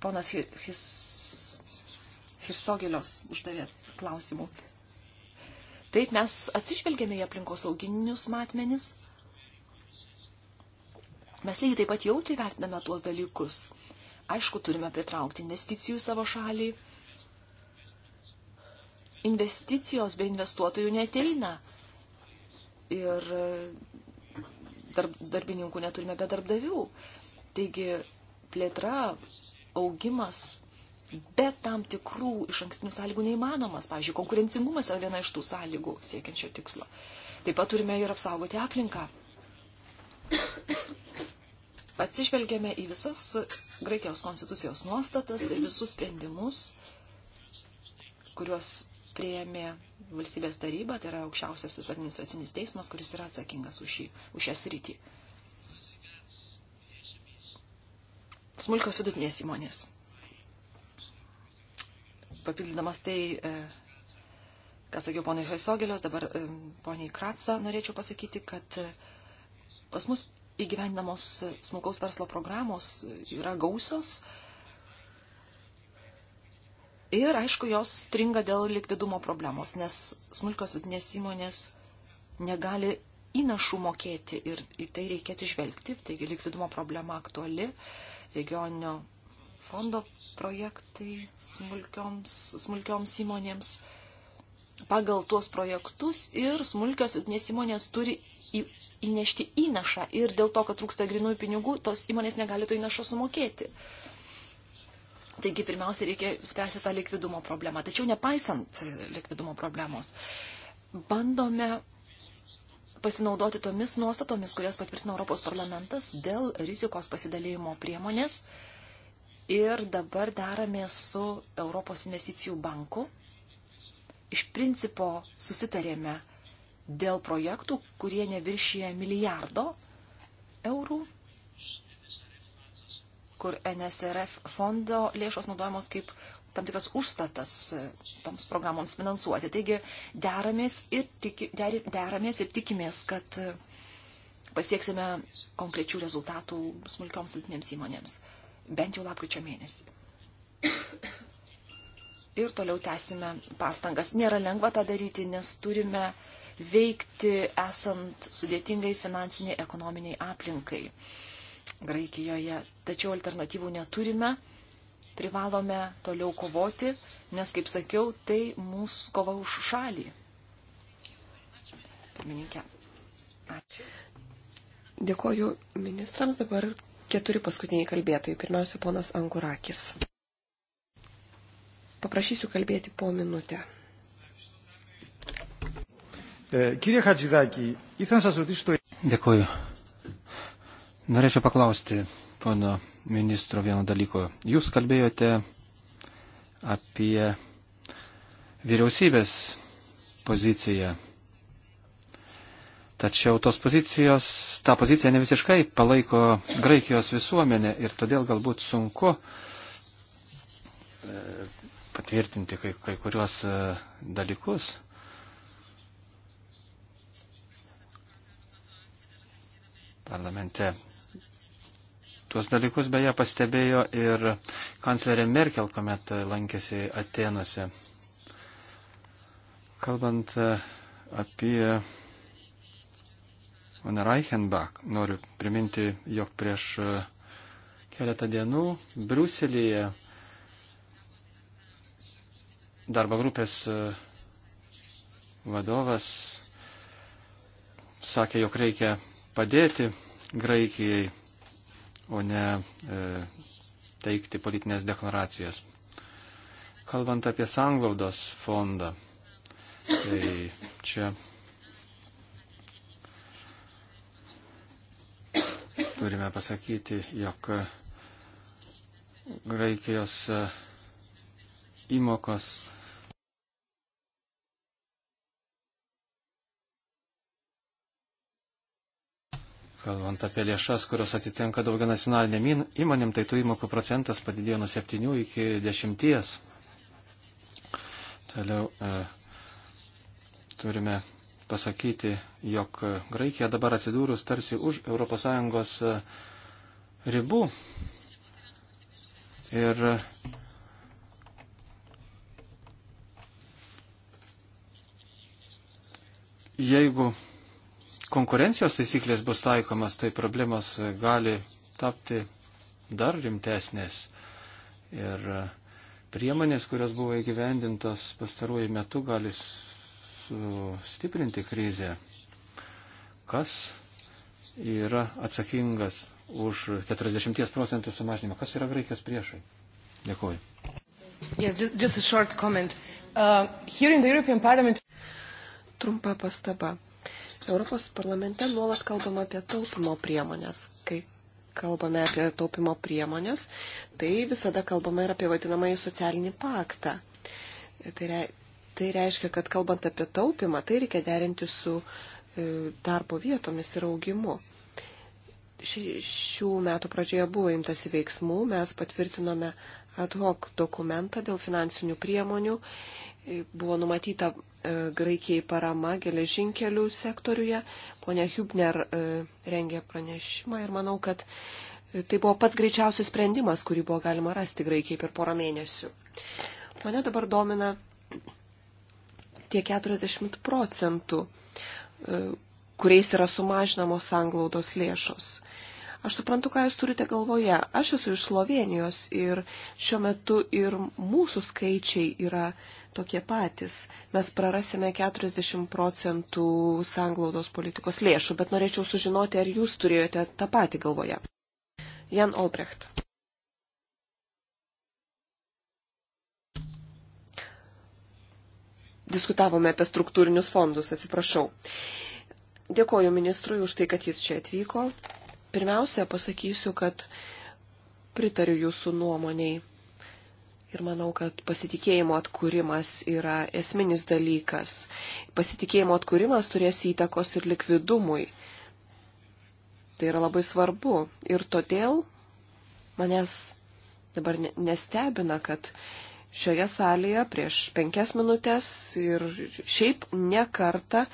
ponas His, Hirsogilios uždavė klausimų. Taip mes atsižvelgėme į aplinkos auginius matmenis. Mes lygiai taip pat jautriai vertiname tuos dalykus. Aišku, turime pritraukti investicijų į savo šalį. Investicijos be investuotojų neteina. Ir darb, darbininkų neturime be darbdavių. Taigi plėtra, augimas be tam tikrų iš ankstinių sąlygų neįmanomas. Pavyzdžiui, konkurencingumas yra viena iš tų sąlygų siekiančio tikslo. Taip pat turime ir apsaugoti aplinką. Atsižvelgėme į visas Graikijos konstitucijos nuostatas ir visus sprendimus, kuriuos prieėmė valstybės taryba, tai yra aukščiausiasis administracinis teismas, kuris yra atsakingas už, šį, už šią sritį. smulkios vidutinės įmonės. Papildydamas tai, e, ką sakiau poniai Haisogelios, dabar e, poniai Kratsa norėčiau pasakyti, kad e, pas mus įgyvendinamos smulkaus verslo programos yra gausios. Ir, aišku, jos stringa dėl likvidumo problemos, nes smulkios vidinės įmonės negali įnašų mokėti ir į tai reikia atsižvelgti. Taigi likvidumo problema aktuali, regioninio fondo projektai smulkioms, smulkioms įmonėms. Pagal tuos projektus ir smulkios vidinės įmonės turi į, įnešti įnašą ir dėl to, kad trūksta grinųjų pinigų, tos įmonės negali to įnašo sumokėti. Taigi pirmiausia, reikia spręsti tą likvidumo problemą. Tačiau nepaisant likvidumo problemos, bandome pasinaudoti tomis nuostatomis, kurias patvirtino Europos parlamentas dėl rizikos pasidalėjimo priemonės. Ir dabar deramės su Europos investicijų banku. Iš principo susitarėme dėl projektų, kurie neviršyje milijardo eurų, kur NSRF fondo lėšos naudojamos kaip tam tikras užstatas e, toms programoms finansuoti. Taigi deramės ir, tiki, der, deramės ir tikimės, kad e, pasieksime konkrečių rezultatų smulkioms vidutinėms įmonėms. Bent jau lapkričio mėnesį. Ir toliau tęsime pastangas. Nėra lengva tą daryti, nes turime veikti esant sudėtingai finansiniai ekonominiai aplinkai Graikijoje. Tačiau alternatyvų neturime privalome toliau kovoti, nes, kaip sakiau, tai mūsų kova už šalį. Pirmininkė. Ačiū. Dėkoju ministrams dabar keturi paskutiniai kalbėtojai. Pirmiausia, ponas Angurakis. Paprašysiu kalbėti po minutę. E, Dėkoju. Norėčiau paklausti pono ministro vieno dalyko. Jūs kalbėjote apie vyriausybės poziciją. Tačiau tos pozicijos, tą poziciją ne visiškai palaiko Graikijos visuomenė ir todėl galbūt sunku e, patvirtinti kai, kai kuriuos e, dalykus. Parlamente. Tuos dalykus beje pastebėjo ir kanclerė Merkel, kuomet lankėsi Atenuose. Kalbant e, apie Van Reichenbach, noriu priminti, jog prieš e, keletą dienų Bruselėje darbo grupės e, vadovas sakė, jog reikia padėti Graikijai o ne e, teikti politinės deklaracijas. Kalbant apie sanglaudos fondą, tai čia turime pasakyti, jog Graikijos e, įmokos Kalbant apie lėšas, kurios atitenka daugia nacionaliniam įmonėm, tai tų įmokų procentas padidėjo nuo 7 iki 10. Toliau e, turime pasakyti, jog Graikija dabar atsidūrus tarsi už ES e, ribų. Ir e, jeigu konkurencijos taisyklės bus taikomas, tai problemas e, gali tapti dar rimtesnės. Ir e, priemonės, kurios buvo įgyvendintos pastaruoju metu, gali sustiprinti krizę. Kas yra atsakingas už 40 procentų sumažinimą? Kas yra Graikijos priešai? Dėkuoju. Yes, just, just uh, Parliament... Trumpa pastaba. Europos parlamente nuolat kalbama apie taupimo priemonės. Kai kalbame apie taupimo priemonės, tai visada kalbame ir apie vadinamąjį socialinį paktą. Tai, rei, tai reiškia, kad kalbant apie taupimą, tai reikia derinti su e, darbo vietomis ir augimu. Šių metų pradžioje buvo imtasi veiksmų, mes patvirtinome ad hoc dokumentą dėl finansinių priemonių, e, buvo numatyta E, Graikijai parama geležinkelių sektoriuje. Pone Hübner e, rengė pranešimą ir manau, kad e, tai buvo pats greičiausias sprendimas, kurį buvo galima rasti Graikijai per porą mėnesių. Mane dabar domina tie 40 procentų, kuriais yra sumažinamos sanglaudos lėšos. Aš suprantu, ką jūs turite galvoje. Aš esu iš Slovenijos ir šiuo metu ir mūsų skaičiai yra tokie patys. Mes prarasime 40 procentų sanglaudos politikos lėšų, bet norėčiau sužinoti, ar jūs turėjote tą patį galvoje. Jan Olbrecht. Diskutavome apie struktūrinius fondus, atsiprašau. Dėkoju ministrui už tai, kad jis čia atvyko. Pirmiausia, pasakysiu, kad pritariu jūsų nuomoniai Ir manau, kad pasitikėjimo atkūrimas yra esminis dalykas. Pasitikėjimo atkūrimas turės įtakos ir likvidumui. Tai yra labai svarbu. Ir todėl manęs dabar nestebina, kad šioje salėje prieš penkias minutės ir šiaip nekarta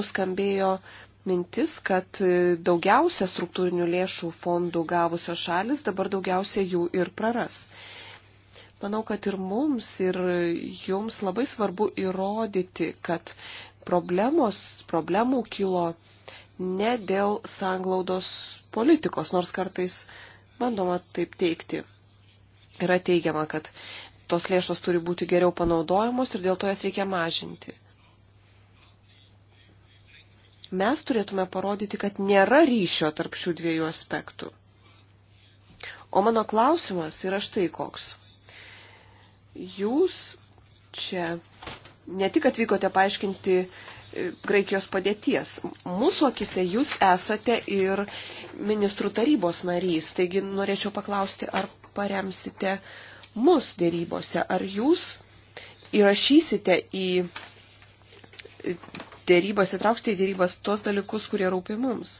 nuskambėjo mintis, kad daugiausia struktūrinių lėšų fondų gavusios šalis dabar daugiausia jų ir praras. Manau, kad ir mums, ir jums labai svarbu įrodyti, kad problemos, problemų kilo ne dėl sanglaudos politikos, nors kartais bandoma taip teikti. Yra teigiama, kad tos lėšos turi būti geriau panaudojamos ir dėl to jas reikia mažinti. Mes turėtume parodyti, kad nėra ryšio tarp šių dviejų aspektų. O mano klausimas yra štai koks. Jūs čia ne tik atvykote paaiškinti e, Graikijos padėties. Mūsų akise jūs esate ir ministrų tarybos narys, taigi norėčiau paklausti, ar paremsite mus dėrybose, ar jūs įrašysite į e, dėrybas, įtrauksite į dėrybas tuos dalykus, kurie rūpi mums.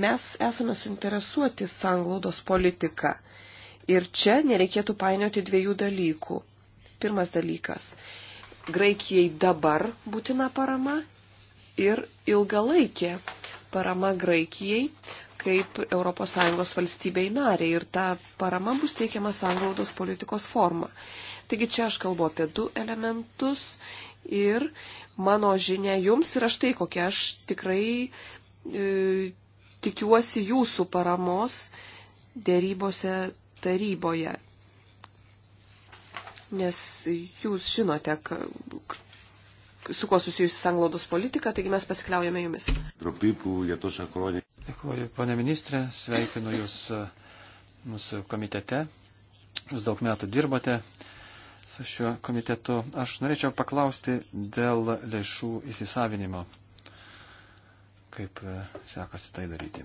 Mes esame suinteresuoti sanglaudos politiką. Ir čia nereikėtų painioti dviejų dalykų. Pirmas dalykas. Graikijai dabar būtina parama ir ilgalaikė parama Graikijai kaip ES valstybei nariai ir ta parama bus teikiama sanglaudos politikos forma. Taigi čia aš kalbu apie du elementus ir mano žinia jums yra štai kokia. Aš tikrai e, tikiuosi jūsų paramos dėrybose taryboje. Nes jūs žinote, su kuo susijusi sanglaudos politika, taigi mes pasikliaujame jumis. Dėkuoju, ponė ministrė, sveikinu jūs e, mūsų komitete. Jūs daug metų dirbote su šiuo komitetu. Aš norėčiau paklausti dėl lėšų įsisavinimo. Kaip e, sekasi tai daryti?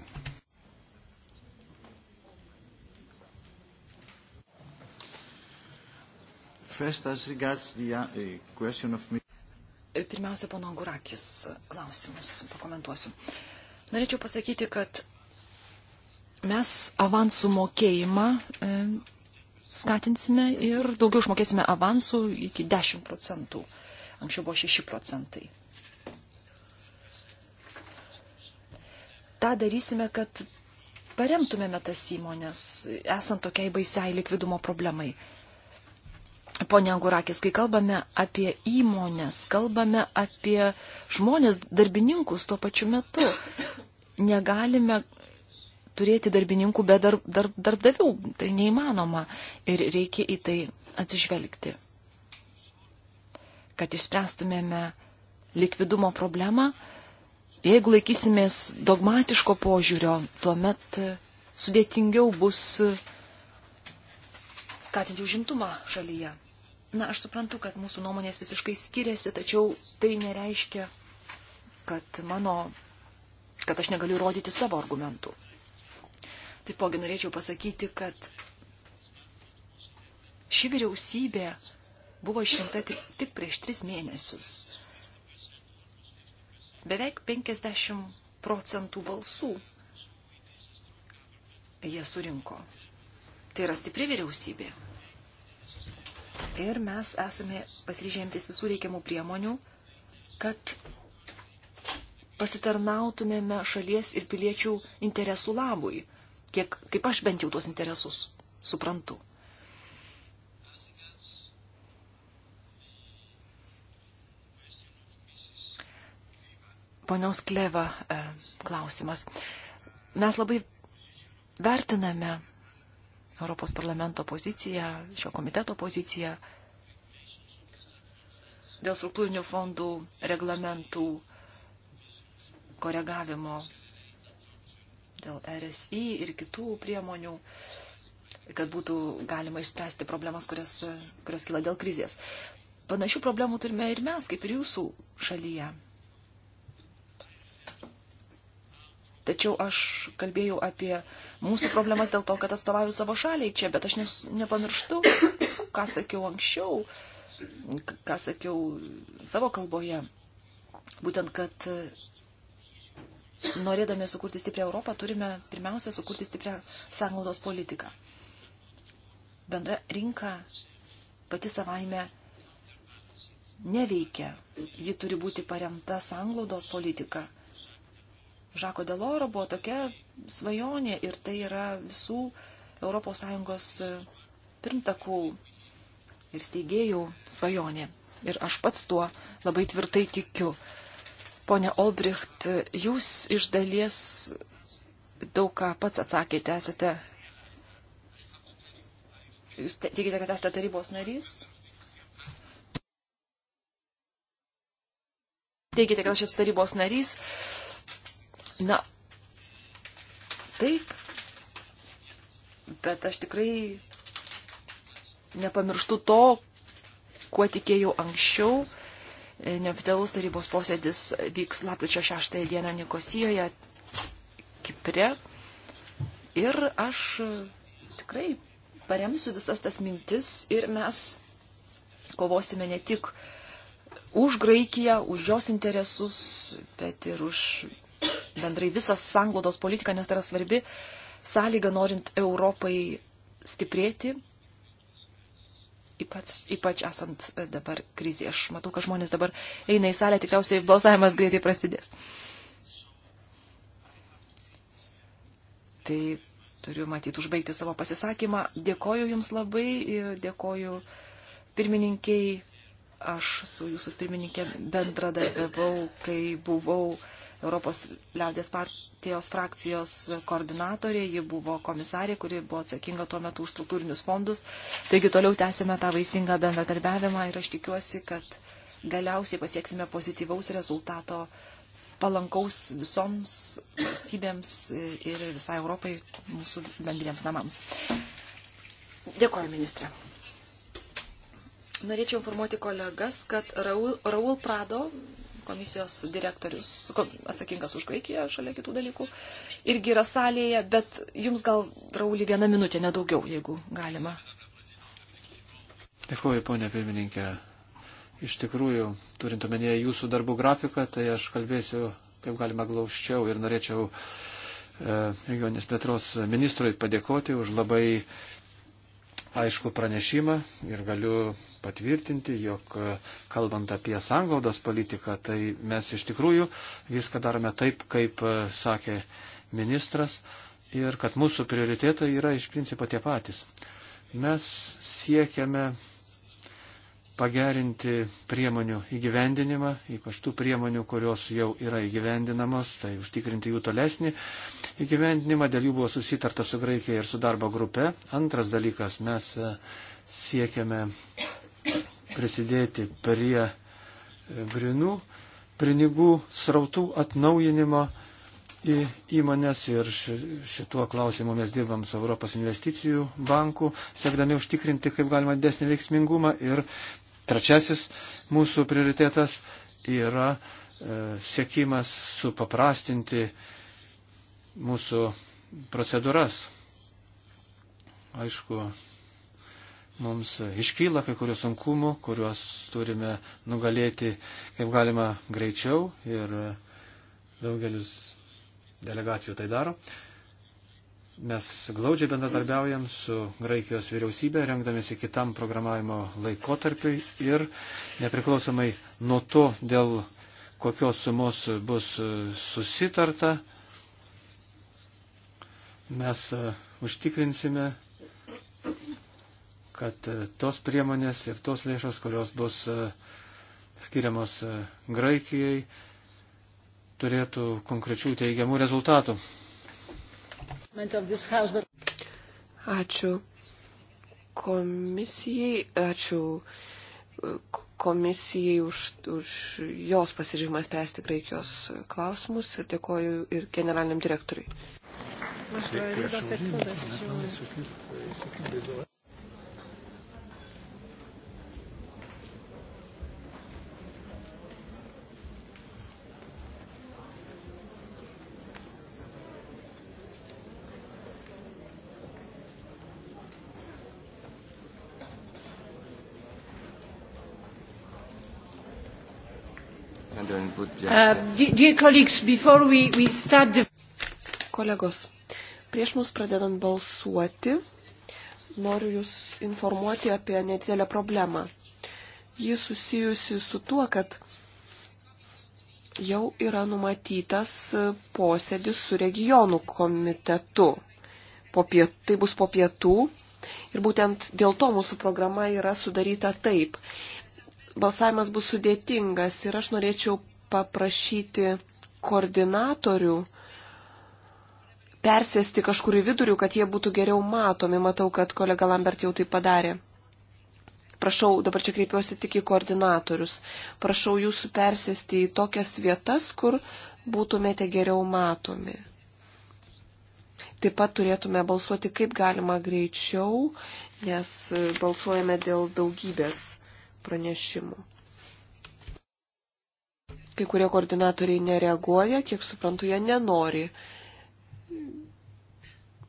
First, as regards the uh, question of me. Pirmiausia, pono Gurakis klausimus pakomentuosiu. Norėčiau pasakyti, kad mes avansų mokėjimą e, skatinsime ir daugiau išmokėsime avansų iki 10 procentų. Anksčiau buvo 6 procentai. Ta darysime, kad paremtumėme tas įmonės, esant tokiai baisiai likvidumo problemai. Pone Angurakis, kai kalbame apie įmonės, kalbame apie žmonės, darbininkus tuo pačiu metu. Negalime turėti darbininkų be dar, dar, darbdavių, tai neįmanoma ir reikia į tai atsižvelgti. Kad išspręstumėme likvidumo problemą, jeigu laikysimės dogmatiško požiūrio, tuomet sudėtingiau bus skatinti užimtumą šalyje. Na, aš suprantu, kad mūsų nuomonės visiškai skiriasi, tačiau tai nereiškia, kad mano, kad aš negaliu rodyti savo argumentų. Taipogi norėčiau pasakyti, kad ši vyriausybė buvo išrinkta tik, tik prieš tris mėnesius. Beveik 50 procentų balsų jie surinko. Tai yra stipri vyriausybė ir mes esame pasiryžėjantis visų reikiamų priemonių, kad pasitarnautumėme šalies ir piliečių interesų labui, kiek, kaip aš bent jau tuos interesus suprantu. Ponios Kleva e, klausimas. Mes labai vertiname Europos parlamento poziciją, šio komiteto poziciją dėl struktūrinių fondų reglamentų koregavimo, dėl RSI ir kitų priemonių, kad būtų galima išspręsti problemas, kurias, kurias kila dėl krizės. Panašių problemų turime ir mes, kaip ir jūsų šalyje. Tačiau aš kalbėjau apie mūsų problemas dėl to, kad atstovauju savo šaliai čia, bet aš nes, nepamirštu, ką sakiau anksčiau, ką sakiau savo kalboje. Būtent, kad norėdami sukurti stiprią Europą, turime pirmiausia sukurti stiprią sąnaudos politiką. Bendra rinka pati savaime neveikia. Ji turi būti paremta sąnaudos politika Žako Deloro buvo tokia svajonė ir tai yra visų ES e, pirmtakų ir steigėjų svajonė. Ir aš pats tuo labai tvirtai tikiu. Pone Olbricht, jūs iš dalies daug ką pats atsakėte, esate. Jūs tikite, kad esate tarybos narys? Teigite, kad aš esu tarybos narys, Na, taip, bet aš tikrai nepamirštu to, kuo tikėjau anksčiau. E, neoficialus tarybos posėdis vyks lapkričio 6 dieną Nikosijoje, Kipre. Ir aš tikrai paremsiu visas tas mintis ir mes kovosime ne tik už Graikiją, už jos interesus, bet ir už bendrai visą sanglodos politiką, nes tai yra svarbi sąlyga norint Europai stiprėti, ypač, ypač esant e, dabar krizį. Aš matau, kad žmonės dabar eina į salę, tikriausiai balsavimas greitai prasidės. Tai turiu matyti užbaigti savo pasisakymą. Dėkoju Jums labai ir dėkoju pirmininkiai. Aš su Jūsų pirmininkė bendradarbiavau, kai buvau Europos liaudės partijos frakcijos koordinatorė, ji buvo komisarė, kuri buvo atsakinga tuo metu už struktūrinius fondus. Taigi toliau tęsime tą vaisingą bendradarbiavimą ir aš tikiuosi, kad galiausiai pasieksime pozityvaus rezultato palankaus visoms valstybėms ir visai Europai mūsų bendriems namams. Dėkuoju, ministrė. Norėčiau informuoti kolegas, kad Raul, Raul Prado komisijos direktorius, atsakingas už Graikiją, šalia kitų dalykų, irgi yra salėje, bet jums gal, Raulį, vieną minutę, nedaugiau, jeigu galima. Dėkuoju, ponė pirmininkė. Iš tikrųjų, turint omenyje jūsų darbų grafiką, tai aš kalbėsiu kaip galima glaučiau ir norėčiau e, regioninės plėtros ministrui padėkoti už labai aišku pranešimą ir galiu patvirtinti, jog e, kalbant apie sanglaudos politiką, tai mes iš tikrųjų viską darome taip, kaip e, sakė ministras ir kad mūsų prioritetai yra iš principo tie patys. Mes siekiame pagerinti priemonių įgyvendinimą, ypač tų priemonių, kurios jau yra įgyvendinamos, tai užtikrinti jų tolesnį įgyvendinimą. Dėl jų buvo susitarta su Graikija ir su darbo grupe. Antras dalykas, mes e, siekiame prisidėti prie e, grinų pinigų srautų atnaujinimo į įmonės ir šituo klausimu mes dirbam su Europos investicijų banku, siekdami užtikrinti kaip galima didesnį veiksmingumą ir Trečiasis mūsų prioritetas yra e, siekimas supaprastinti mūsų procedūras. Aišku, mums iškyla kai kurių sunkumų, kuriuos turime nugalėti kaip galima greičiau ir e, daugelis delegacijų tai daro. Uh, Mes glaudžiai bendradarbiaujam su Graikijos vyriausybė, rengdamėsi kitam programavimo laikotarpiui ir nepriklausomai nuo to, dėl kokios sumos bus e, susitarta, mes e, užtikrinsime, kad e, tos priemonės ir tos lėšos, kurios bus skiriamos Graikijai, turėtų konkrečių teigiamų rezultatų. Ačiū komisijai, ačiū e, komisijai už, už jos pasižymą spręsti Graikijos klausimus ir dėkoju ir generaliniam direktoriui. Moi, je dois à cette fondation. Uh, Kolegos, prieš mus pradedant balsuoti, noriu Jūs informuoti apie nedidelę problemą. Ji susijusi su tuo, kad jau yra numatytas posėdis su regionų komitetu. Po piet, tai bus po pietų ir būtent dėl to mūsų programa yra sudaryta taip. Balsavimas bus sudėtingas ir aš norėčiau paprašyti koordinatorių persėsti kažkur į vidurių, kad jie būtų geriau matomi. Matau, kad kolega Lambert jau tai padarė. Prašau, dabar čia kreipiuosi tik į koordinatorius. Prašau jūsų persėsti į tokias vietas, kur būtumėte geriau matomi. Taip pat turėtume balsuoti kaip galima greičiau, nes balsuojame dėl daugybės pranešimų. Kai kurie koordinatoriai nereaguoja, kiek suprantu, jie nenori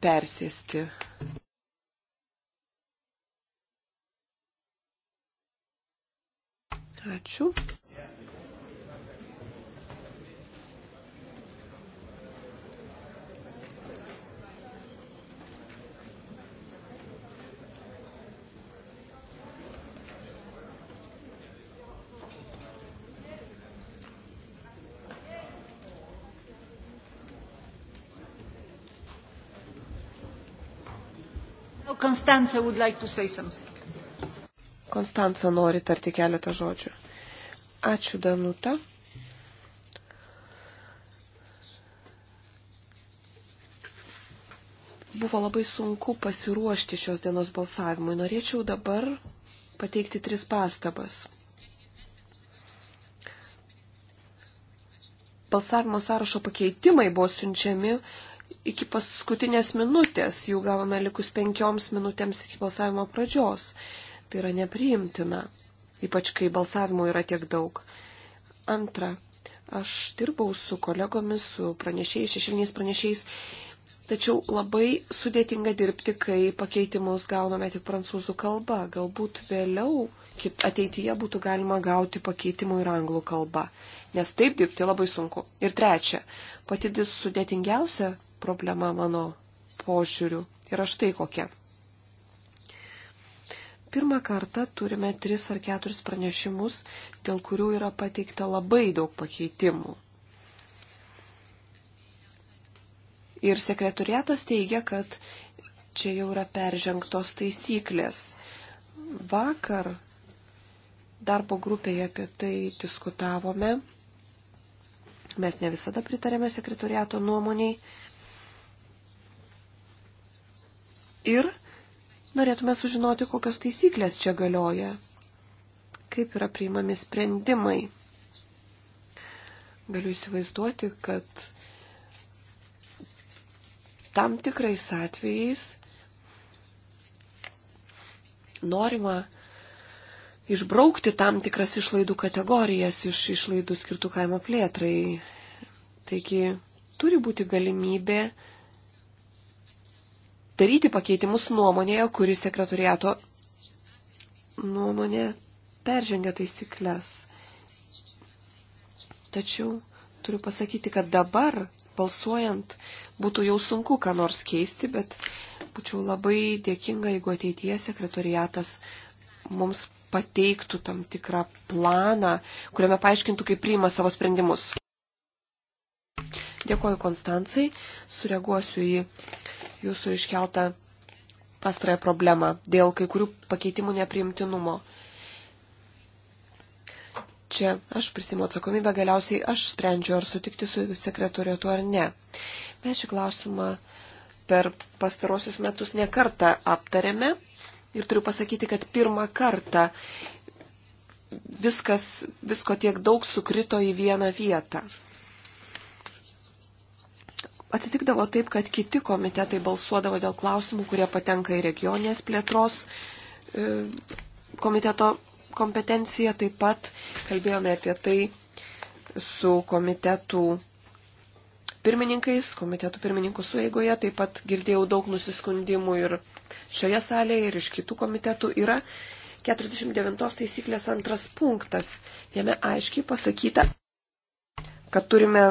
persėsti. Ačiū. Konstanca would like to say something. Konstanca nori tarti keletą žodžių. Ačiū, Danuta. Buvo labai sunku pasiruošti šios dienos balsavimui. Norėčiau dabar pateikti tris pastabas. Balsavimo sąrašo pakeitimai buvo siunčiami iki paskutinės minutės, jų gavome likus penkioms minutėms iki balsavimo pradžios. Tai yra nepriimtina, ypač kai balsavimo yra tiek daug. Antra, aš dirbau su kolegomis, su pranešėjais, šešiliniais pranešėjais, tačiau labai sudėtinga dirbti, kai pakeitimus gauname tik prancūzų kalba. Galbūt vėliau ateityje būtų galima gauti pakeitimų ir anglų kalba, nes taip dirbti labai sunku. Ir trečia, pati sudėtingiausia problema mano požiūriu yra štai kokia. Pirmą kartą turime tris ar keturis pranešimus, dėl kurių yra pateikta labai daug pakeitimų. Ir sekretoriatas teigia, kad čia jau yra peržengtos taisyklės. Vakar darbo grupėje apie tai diskutavome. Mes ne visada pritarėme sekretoriato nuomoniai, Ir norėtume sužinoti, kokios taisyklės čia galioja, kaip yra priimami sprendimai. Galiu įsivaizduoti, kad tam tikrais atvejais norima išbraukti tam tikras išlaidų kategorijas iš išlaidų skirtų kaimo plėtrai. Taigi turi būti galimybė daryti pakeitimus nuomonėje, kuri sekretoriato nuomonė peržengia taisyklės. Tačiau turiu pasakyti, kad dabar, balsuojant, būtų jau sunku ką nors keisti, bet būčiau labai dėkinga, jeigu ateityje sekretoriatas mums pateiktų tam tikrą planą, kuriame paaiškintų, kaip priima savo sprendimus. Dėkoju Konstancijai, sureaguosiu į jūsų iškeltą pastarąją problemą dėl kai kurių pakeitimų nepriimtinumo. Čia aš prisimu atsakomybę, galiausiai aš sprendžiu, ar sutikti su sekretorietu ar ne. Mes šį klausimą per pastarosius metus nekartą aptarėme ir turiu pasakyti, kad pirmą kartą viskas, visko tiek daug sukrito į vieną vietą atsitikdavo taip, kad kiti komitetai balsuodavo dėl klausimų, kurie patenka į regionės plėtros e, komiteto kompetenciją. Taip pat kalbėjome apie tai su komitetų pirmininkais, komitetų pirmininkų sueigoje. Taip pat girdėjau daug nusiskundimų ir šioje salėje, ir iš kitų komitetų. Yra 49 taisyklės antras punktas. Jame aiškiai pasakyta, kad turime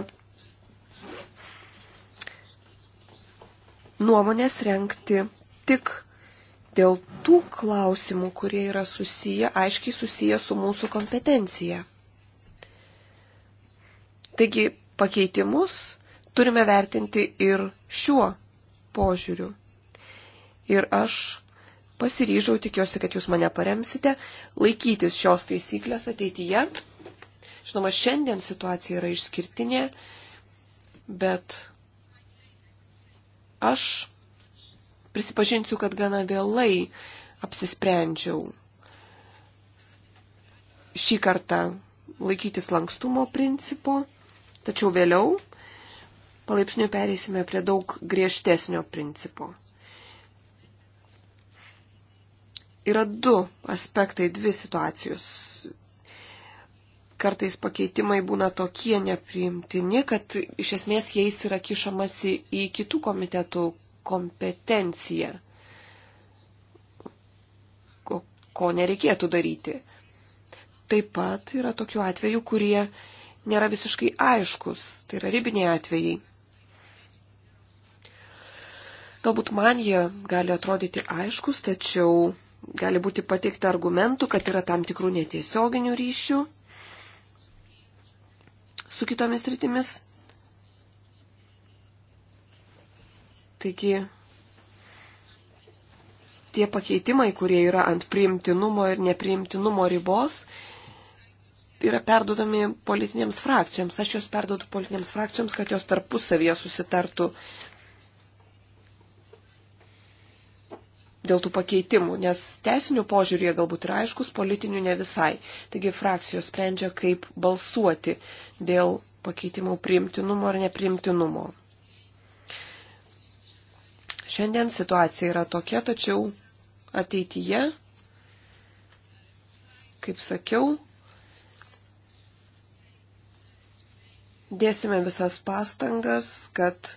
nuomonės renkti tik dėl tų klausimų, kurie yra susiję, aiškiai susiję su mūsų kompetencija. Taigi pakeitimus turime vertinti ir šiuo požiūriu. Ir aš pasiryžau, tikiuosi, kad jūs mane paremsite, laikytis šios taisyklės ateityje. Žinoma, šiandien situacija yra išskirtinė, bet Aš prisipažinsiu, kad gana vėlai apsisprendžiau šį kartą laikytis lankstumo principo, tačiau vėliau palaipsniui pereisime prie daug griežtesnio principo. Yra du aspektai, dvi situacijos, kartais pakeitimai būna tokie nepriimtini, kad iš esmės jais yra kišamasi į kitų komitetų kompetenciją, ko, ko nereikėtų daryti. Taip pat yra tokių atvejų, kurie nėra visiškai aiškus, tai yra ribiniai atvejai. Galbūt man jie gali atrodyti aiškus, tačiau gali būti pateikta argumentų, kad yra tam tikrų netiesioginių ryšių su kitomis rytimis. Taigi, tie pakeitimai, kurie yra ant priimtinumo ir nepriimtinumo ribos, yra perdodami politinėms frakcijoms. Aš juos perdodu politinėms frakcijoms, kad jos tarpusavyje susitartų dėl tų pakeitimų, nes teisinių požiūrėje galbūt yra aiškus, politinių ne visai. Taigi frakcijos sprendžia, kaip balsuoti dėl pakeitimų priimtinumo ar nepriimtinumo. Šiandien situacija yra tokia, tačiau ateityje, kaip sakiau, dėsime visas pastangas, kad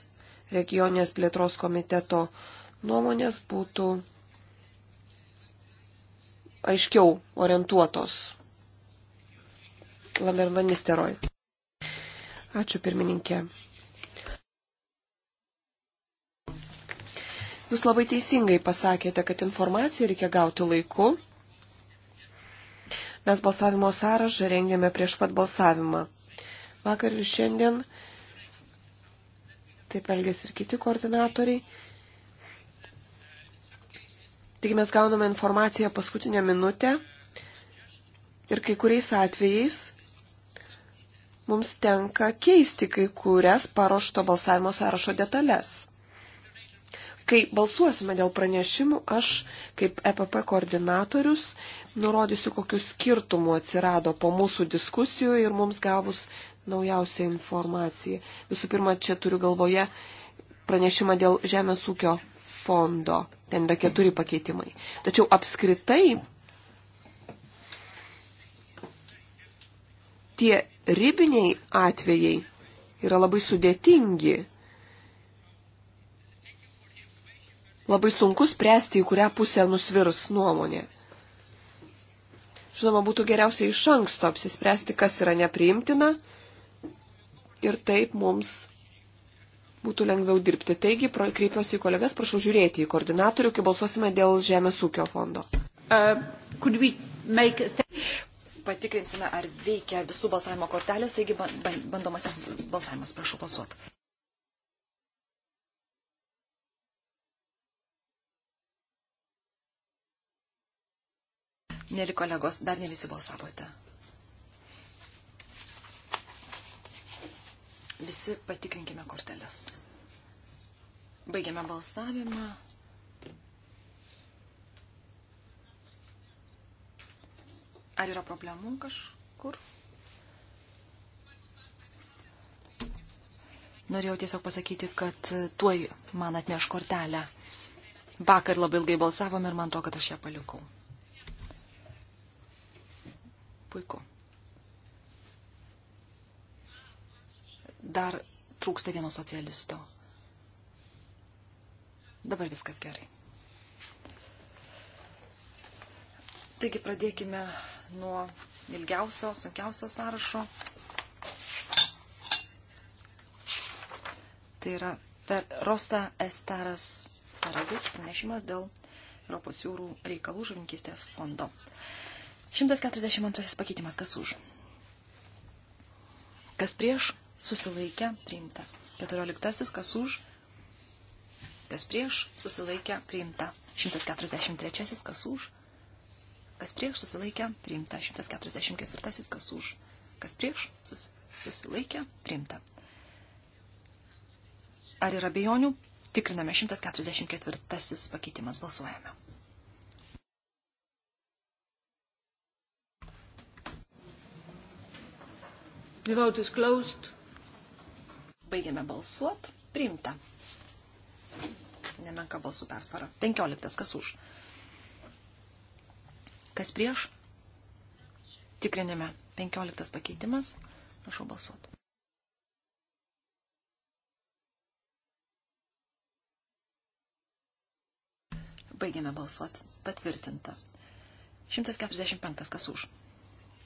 regioninės plėtros komiteto nuomonės būtų aiškiau orientuotos. Lamermanisteroj. Ačiū pirmininkė. Jūs labai teisingai pasakėte, kad informaciją reikia gauti laiku. Mes balsavimo sąrašą rengėme prieš pat balsavimą. Vakar ir šiandien taip elgės ir kiti koordinatoriai. Taigi mes gauname informaciją paskutinę minutę ir kai kuriais atvejais mums tenka keisti kai kurias paruošto balsavimo sąrašo detalės. Kai balsuosime dėl pranešimų, aš kaip EPP koordinatorius nurodysiu, kokiu skirtumu atsirado po mūsų diskusijų ir mums gavus naujausią informaciją. Visų pirma, čia turiu galvoje pranešimą dėl žemės ūkio fondo. Ten yra keturi pakeitimai. Tačiau apskritai tie ribiniai atvejai yra labai sudėtingi. Labai sunku spręsti, į kurią pusę nusvirs nuomonė. Žinoma, būtų geriausia iš anksto apsispręsti, kas yra nepriimtina ir taip mums būtų lengviau dirbti. Taigi, pro, kreipiuosi į kolegas, prašau žiūrėti į koordinatorių, kai balsuosime dėl Žemės ūkio fondo. Uh, make... Patikrinsime, ar veikia visų balsavimo kortelės, taigi bandomasis balsavimas, prašau balsuoti. Mėly kolegos, dar ne visi balsavote. Visi patikrinkime korteles. Baigiame balsavimą. Ar yra problemų kažkur? Norėjau tiesiog pasakyti, kad tuoj man atneš kortelę. Vakar labai ilgai balsavom ir man to, kad aš ją palikau. Puiku. Dar trūksta vieno socialisto. Dabar viskas gerai. Taigi pradėkime nuo ilgiausio, sunkiausio sąrašo. Tai yra per Rosta Estaras Paradit pranešimas dėl Europos jūrų reikalų žuvinkystės fondo. 142 pakeitimas kas už. Kas prieš? susilaikę, priimta. 14. Kas už, kas prieš, susilaikę, priimta. 143. Kas už, kas prieš, susilaikę, priimta. 144. Kas už, kas prieš, sus, susilaikę, priimta. Ar yra bejonių? Tikriname 144 pakeitimas. Balsuojame. The vote is closed. Baigiame balsuot. Priimta. Nemenka balsų persvara. 15. Kas už? Kas prieš? Tikrinime. 15 pakeitimas. Prašau balsuoti. Baigiame balsuoti. Patvirtinta. 145. Kas už?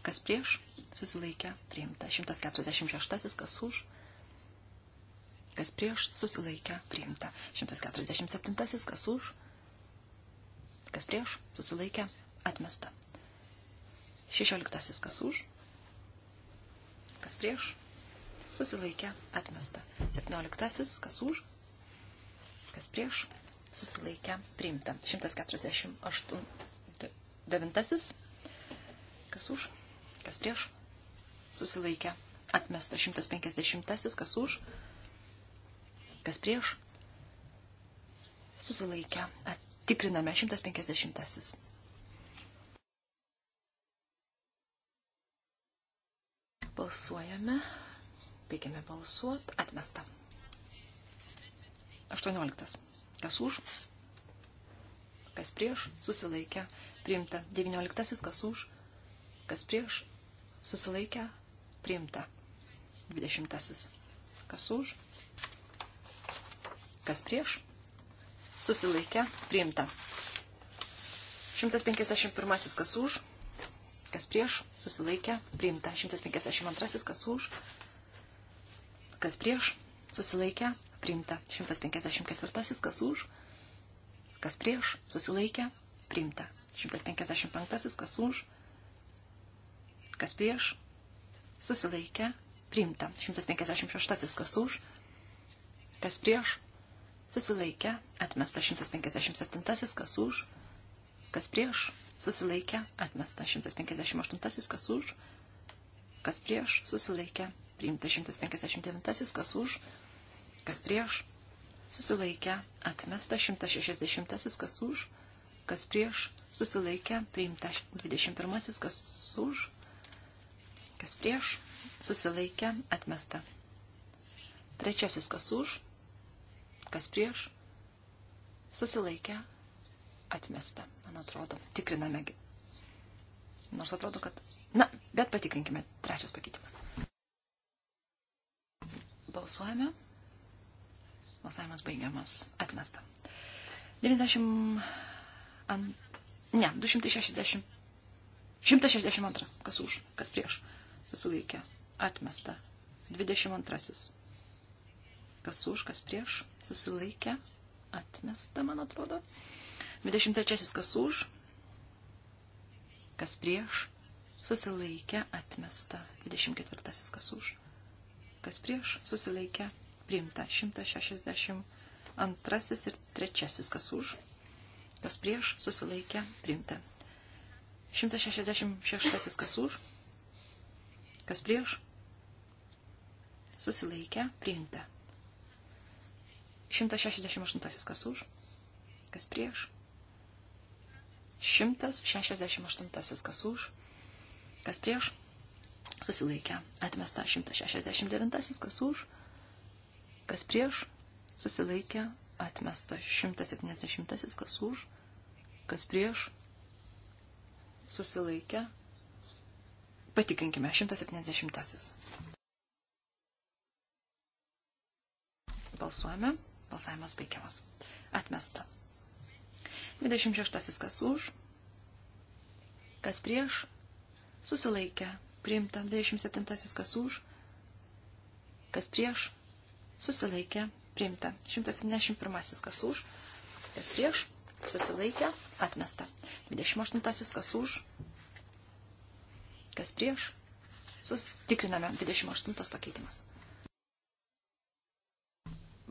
Kas prieš? Susilaikė. Priimta. 146. Kas už? kas prieš, susilaikė, priimta. 147, kas už, kas prieš, susilaikė, atmesta. 16, kas už, kas prieš, susilaikė, atmesta. 17, kas už, kas prieš, susilaikė, priimta. 148, devintasis, kas už, kas prieš, susilaikė, atmesta. 150, kas už, Kas prieš? Susilaikę. Tikriname 150. Balsuojame. Baigiame balsuot. Atmesta. 18. Kas už? Kas prieš? Susilaikę. Priimta. 19. Kas už? Kas prieš? Susilaikę. Priimta. 20. Kas už? Kas prieš? Susilaikė. Priimta. 151. Kas už? Kas prieš? Susilaikė. Priimta. 152. Kas už? Kas prieš? Susilaikė. Priimta. 154. Kas už? Kas prieš? Susilaikė. Priimta. 155. Kas už? Kas prieš? Susilaikė. Priimta. 156. Kas už? Kas prieš? susilaikė, atmesta 157, kas už, kas prieš, susilaikė, atmesta 158, kas už, kas prieš, susilaikė, priimta 159, kas už, kas prieš, susilaikė, atmesta 160, kas už, kas prieš, susilaikė, priimta 21, kas už, kas prieš, susilaikė, atmesta. Trečiasis kas už, Kas prieš? Susilaikę. Atmesta, man atrodo. Tikrinamegi. Nors atrodo, kad... Na, bet patikrinkime. Trečias pakeitimas. Balsuojame. Balsavimas baigiamas. Atmesta. 90... An... Ne, 260. 162. Kas už, kas prieš. Susilaikė. Atmesta. 22 kas už, kas prieš, susilaikė, atmesta, man atrodo. 23 kas už, kas prieš, susilaikė, atmesta. 24 kas už, kas prieš, susilaikė, priimta. 162 ir 3 kas už, kas prieš, susilaikė, priimta. 166 kas už, kas prieš, susilaikė, priimta. 168 kas už, kas prieš. 168 kas už, kas prieš. Susilaikė. Atmesta 169 kas už, kas prieš. Susilaikė. Atmesta 170 kas už, kas prieš. Susilaikė. Patikrinkime 170. Balsuojame. Balsavimas baigiamas. Atmesta. 26. Kas už, kas prieš, susilaikė. Priimta. 27. Kas už, kas prieš, susilaikė. Priimta. 171. Kas už, kas prieš, susilaikė. Atmesta. 28. Kas už, kas prieš, Sus, tikriname 28 pakeitimas.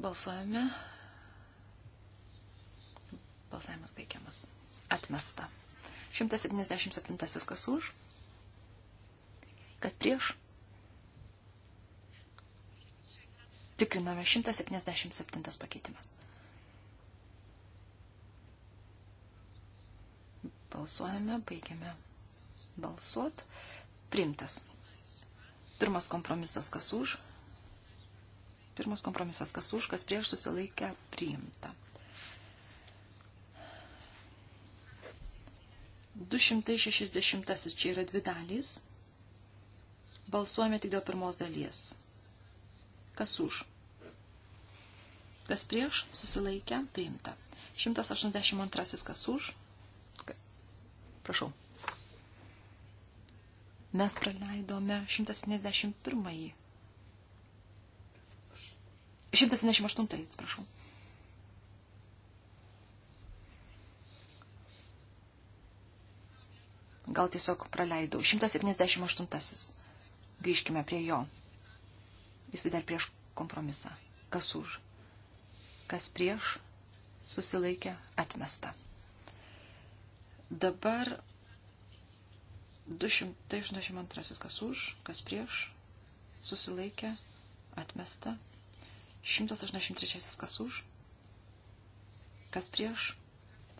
Balsuojame. Balsavimas baigiamas. Atmesta. 177 kas už. Kas prieš. Tikriname 177 pakeitimas. Balsuojame, baigiame balsuot. Primtas. Pirmas kompromisas kas už Pirmas kompromisas, kas už, kas prieš susilaikę priimta. 260 čia yra dvi dalys. Balsuojame tik dėl pirmos dalies. Kas už? Kas prieš susilaikę priimta. 182 kas už. Prašau. Mes praleidome 171 178, atsiprašau. Gal tiesiog praleidau. 178. Grįžkime prie jo. Jis dar prieš kompromisą. Kas už? Kas prieš? Susilaikė atmesta. Dabar 282. Tai Kas už? Kas prieš? Susilaikė atmesta. 183 kas už, kas prieš,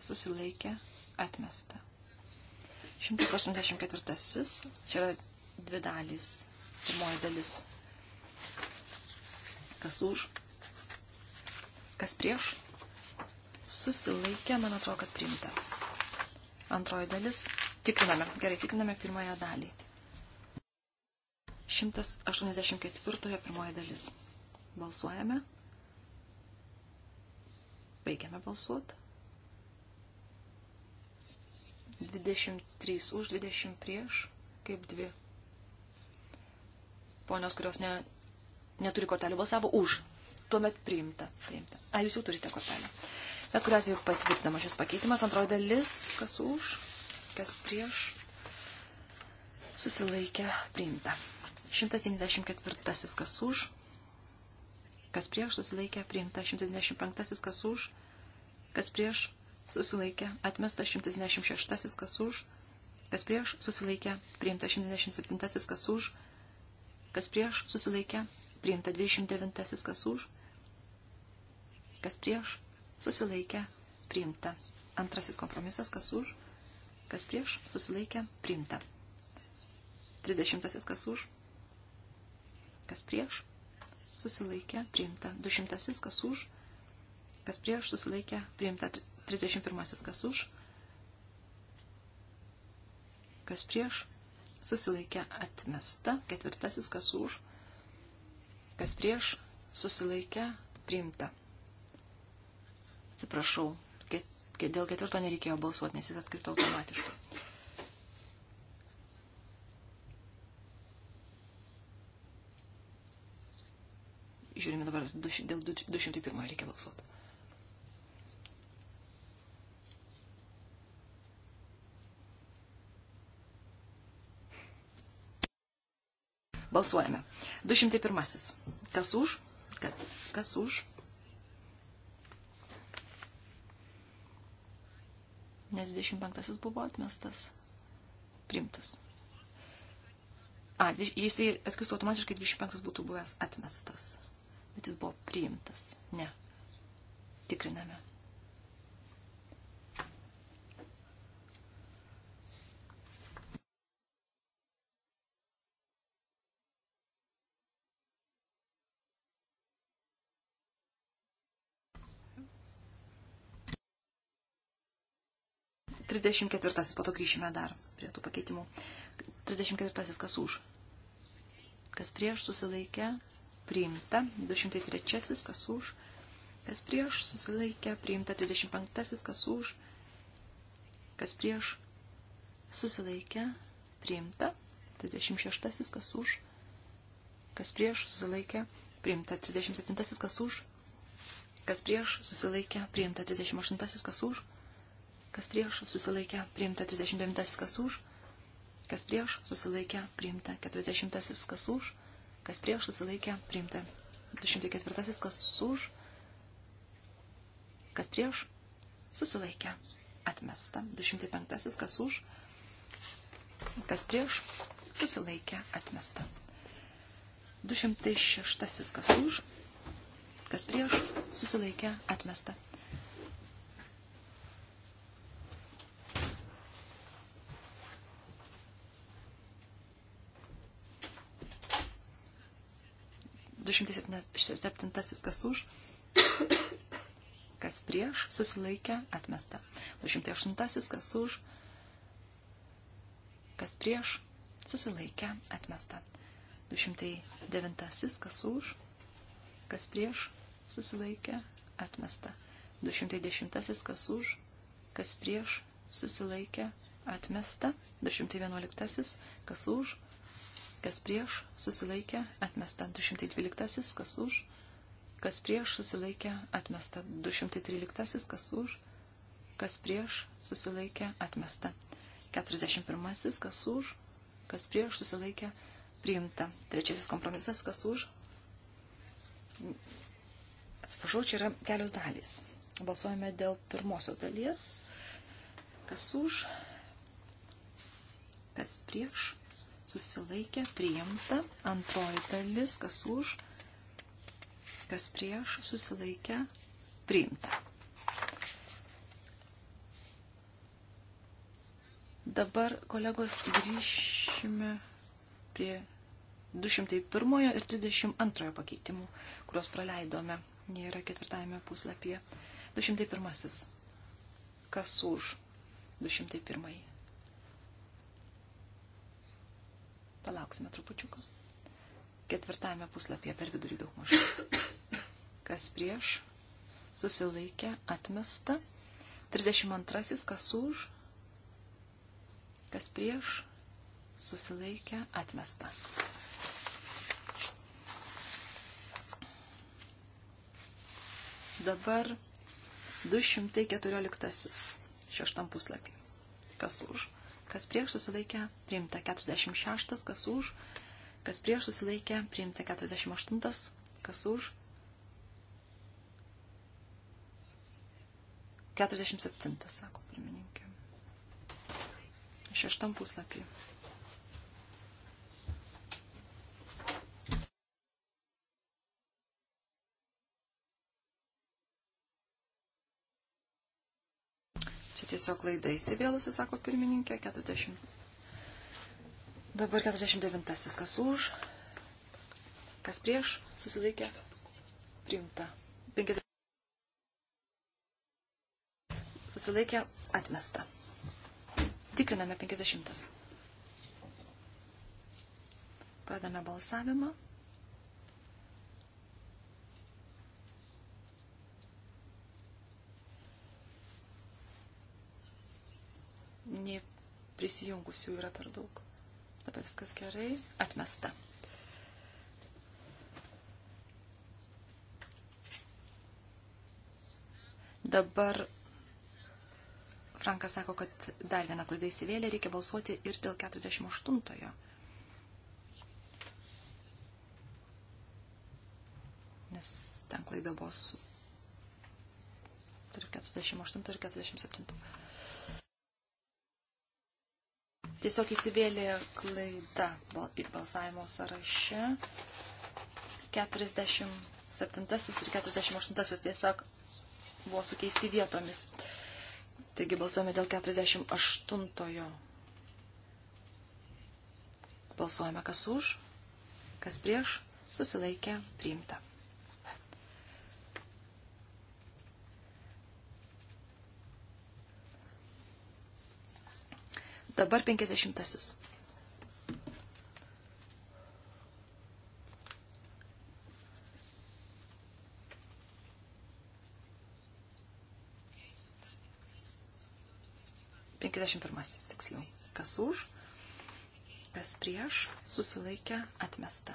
susilaikė, atmesta. 184, čia yra dvi dalys, pirmoji dalis, kas už, kas prieš, susilaikė, man atrodo, kad priimta. Antroji dalis, tikriname, gerai, tikriname pirmąją dalį. 184 pirmoji dalis. Balsuojame. Baigiame balsuoti. 23 už, 20 prieš, kaip dvi. Ponios, kurios ne, neturi kortelių, balsavo už. Tuomet priimta. priimta. A, jūs jau turite kortelę. Bet kuriuo atveju patvirtinama šis pakeitimas. Antroji dalis, kas už, kas prieš, susilaikė priimta. 174 kas už, kas prieš susilaikė priimta 195, kas už, kas prieš susilaikė atmesta 196, kas už, kas prieš susilaikė priimta 197, kas už, kas prieš susilaikė priimta 29, kas už, kas prieš susilaikė priimta antrasis kompromisas, kas už, kas prieš susilaikė priimta. 30 kas už, kas prieš susilaikė, priimta. 200 kas už, kas prieš, susilaikė, priimta. 31 kas už, kas prieš, susilaikė, atmesta. Ketvirtasis kas už, kas prieš, susilaikė, priimta. Atsiprašau, dėl ketvirto nereikėjo balsuoti, nes jis atkrito automatiškai. Žiūrime dabar, dėl 201 reikia balsuoti. Balsuojame. 201. Kas už? Kas už? Nes 25 buvo atmestas. Primtas. A, jis atkristų automatiškai 25 būtų buvęs atmestas bet jis buvo priimtas. Ne. Tikriname. Trisdešimt ketvirtasis, po to grįšime dar prie tų pakeitimų. Trisdešimt ketvirtasis, kas už? Kas prieš susilaikė, priimta, 203 kas už, kas prieš, susilaikė, priimta, 35 kas už, kas prieš, susilaikė, priimta, 36 kas už, kas prieš, susilaikė, priimta, 37 kas už, kas prieš, susilaikė, priimta, 38 kas už, kas prieš, susilaikė, priimta, 39 kas už, kas prieš, susilaikė, priimta, 40 kas už, kas prieš susilaikė priimta. 204. Kas už, kas prieš susilaikė atmesta. 205. Kas už, kas prieš susilaikė atmesta. 206. Kas už, kas prieš susilaikė atmesta. 207 kas už, kas prieš, susilaikė, atmesta. 208 kas už, kas prieš, susilaikė, atmesta. 209 kas už, kas prieš, susilaikė, atmesta. 210 kas už, kas prieš, susilaikė, atmesta. 211 kas už, kas prieš susilaikė atmesta 212, kas už, kas prieš susilaikė atmesta 213, kas už, kas prieš susilaikė atmesta 41, kas už, kas prieš susilaikė priimta. Trečiasis kompromisas, kas už. Atsiprašau, čia yra kelios dalys. Balsuojame dėl pirmosios dalies, kas už, kas prieš susilaikė, priimta. Antroji dalis, kas už, kas prieš, susilaikė, priimta. Dabar, kolegos, grįšime prie 201 ir 32 pakeitimų, kuriuos praleidome. Jie yra ketvirtajame puslapyje. 201. Kas už 201? Palauksime trupučiuką. Ketvirtame puslapyje per vidurį daug mažai. Kas prieš? Susilaikė, atmesta. 32. Kas už? Kas prieš? Susilaikė, atmesta. Dabar 214. Šeštam puslapį. Kas už? kas prieš susilaikė, priimta 46, kas už, kas prieš susilaikė, priimta 48, kas už, 47, sako pirmininkė. Šeštam puslapį. tiesiog klaida įsivėlusi, sako pirmininkė, 40. Dabar 49. Kas už, kas prieš, susilaikė, priimta. 50. Susilaikė, atmesta. Tikriname 50. Pradame balsavimą. nei prisijungusių yra per daug. Dabar viskas gerai. Atmesta. Dabar Frankas sako, kad dar viena klaida įsivėlė, reikia balsuoti ir dėl 48-ojo. Nes ten klaida buvo su 48 ir 47. Tiesiog įsivėlė klaida balsavimo sąraše. 47 ir 48 tiesiog buvo sukeisti vietomis. Taigi balsuojame dėl 48-ojo. Balsuojame kas už, kas prieš, susilaikė, priimta. Dabar 50. Penkiasdešimt pirmasis tiksliau. Kas už, kas prieš, susilaikė, atmesta.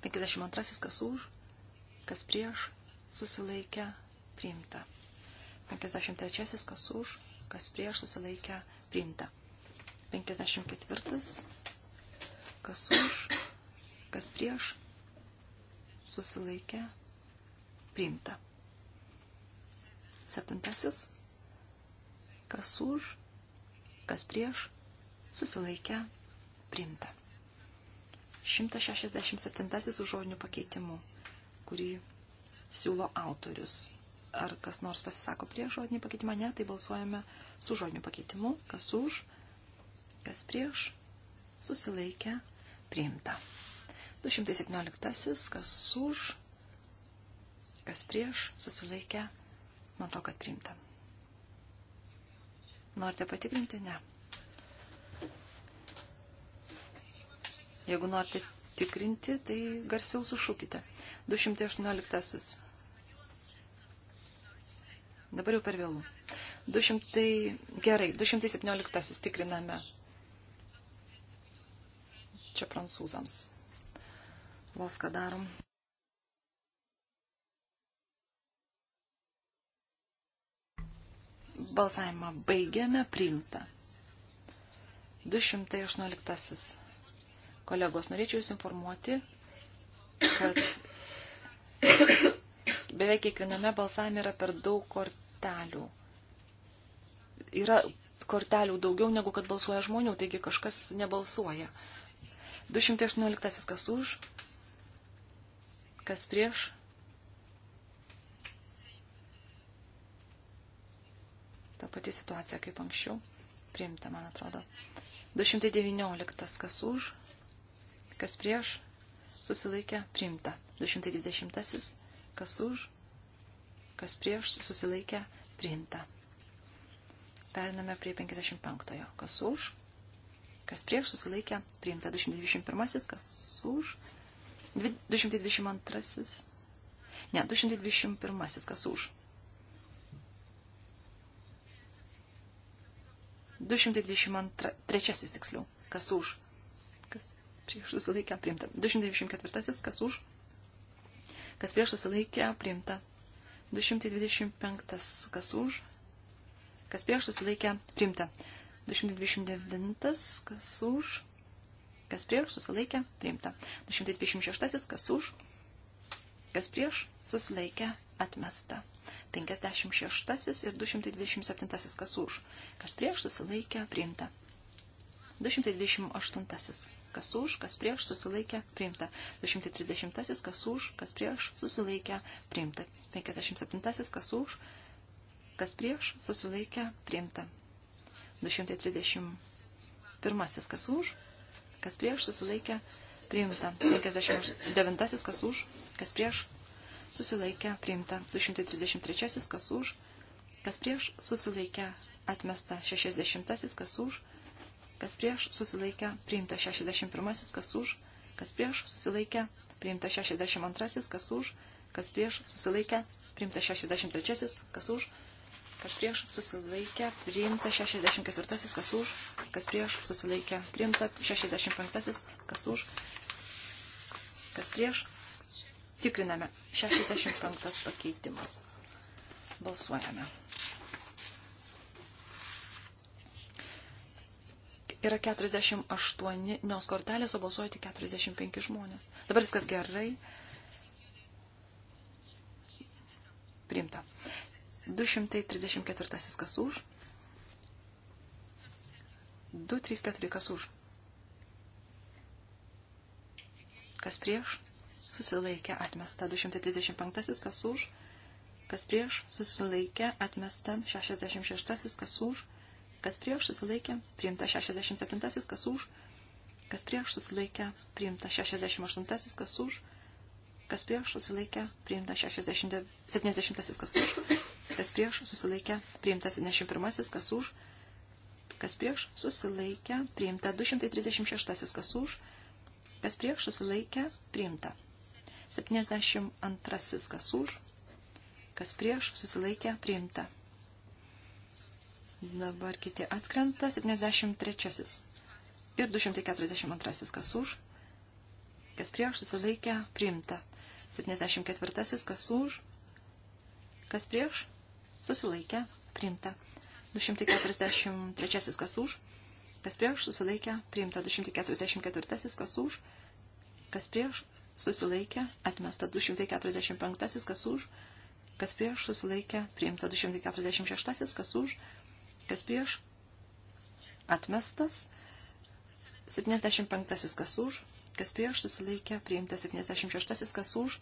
Penkiasdešimt antrasis kas už, kas prieš, susilaikė, priimta. 53. Kas už, kas prieš susilaikę, priimta. 54. Kas už, kas prieš, susilaikė, priimta. Septintasis. Kas už, kas prieš, susilaikė, priimta. 167 už žodinių pakeitimų, kurį siūlo autorius. Ar kas nors pasisako prieš žodinį pakeitimą? Ne, tai balsuojame su žodiniu pakeitimu. Kas už, kas prieš, susilaikė, priimta. 217, kas už, kas prieš, susilaikė, man atrodo, kad priimta. Norite patikrinti? Ne. Jeigu norite tikrinti, tai garsiau sušūkite. 218. Dabar jau per vėlų. 200, gerai, 217 tikriname čia prancūzams. Vos ką darom. Balsavimą baigiame priimta. 218. Kolegos, norėčiau Jūs informuoti, kad beveik kiekviename balsavime yra per daug kortelių. Yra kortelių daugiau negu kad balsuoja žmonių, taigi kažkas nebalsuoja. 218 kas už, kas prieš. Ta pati situacija kaip anksčiau. Priimta, man atrodo. 219 kas už, kas prieš, susilaikė, priimta. 220 kas už, kas prieš, susilaikė, priimta. Periname prie 55. Kas už, kas prieš susilaikė, priimta 221, kas už, 222, ne, 221, kas už. 223 tiksliau, kas už, kas prieš susilaikę priimta. 224 kas už, kas prieš susilaikę priimta. 225 kas už, kas prieš susilaikę priimta. 229, kas už, kas prieš, susilaikė, priimta. 226, kas už, kas prieš, susilaikė, atmesta. 56 ir 227, kas už, kas prieš, susilaikė, priimta. 228, kas už, kas prieš, susilaikė, priimta. 230, kas už, kas prieš, susilaikė, priimta. 57, kas už, kas prieš, susilaikė, priimta. 231. Kas už, kas prieš susilaikė priimta. 59. Kas už, kas prieš susilaikė priimta. 233. Kas už, kas prieš susilaikė atmesta. 60. Kas už, kas prieš susilaikė priimta. 61. Kas už, kas prieš susilaikė priimta. 62. Kas už, kas prieš susilaikė priimta. 63. Kas už, kas prieš susilaikė, priimta 64, kas už, kas prieš susilaikė, priimta 65, kas už, kas prieš. Tikriname 65 pakeitimas. Balsuojame. yra 48 nios kortelės, o balsuoja tik 45 žmonės. Dabar viskas gerai. Priimta. 234 kas už. 234 kas už. Kas prieš? Susilaikė atmesta 235 kas už. Kas prieš? Susilaikė atmesta 66 kas už. Kas prieš? Susilaikė priimta 67 kas už. Kas prieš? Susilaikė priimta 68 kas už. Kas prieš? Susilaikė priimta 70 kas už kas prieš susilaikė priimta 71, kas už, kas prieš susilaikė priimta 236, kas už, kas prieš susilaikė priimta 72, kas už, kas prieš susilaikė priimta. Dabar kiti atkrenta 73 ir 242, kas už, kas prieš susilaikė priimta 74, kas už, kas prieš susilaikė, priimta. 243 kas už, kas prieš, susilaikė, priimta. 244 kas už, kas prieš, susilaikė, atmesta. 245 kas už, kas prieš, susilaikė, priimta. 246 kas už, kas prieš, atmestas. 75 kas už, kas prieš, susilaikė, priimta. 76 kas už,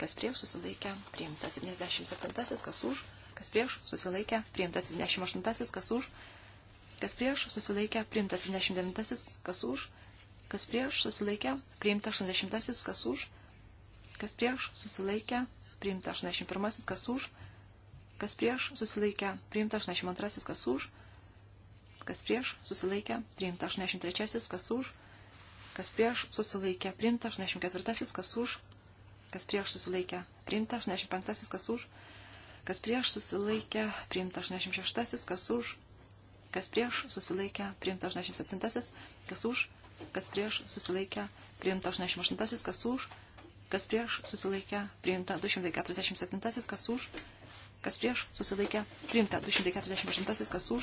kas prieš, susilaikė, priimta. 77 kas už, kas prieš, susilaikė, priimtas 78, kas už, kas prieš, susilaikė, priimtas 79, kas už, kas prieš, susilaikė, priimtas 80, kas už, kas prieš, susilaikė, priimtas 81, kas už, kas prieš, susilaikė, priimtas 82, kas už, kas prieš, susilaikė, priimtas 83, kas už, kas prieš, susilaikė, priimtas 84, kas už, kas prieš, susilaikė, priimtas 85, kas už, kas prieš susilaikė, priimta 86, kas už, kas prieš susilaikė, priimta 87, kas už, kas prieš susilaikė, priimta 88, kas už, kas prieš susilaikė, priimta 247, kas už, kas prieš susilaikė, priimta 248, kas už,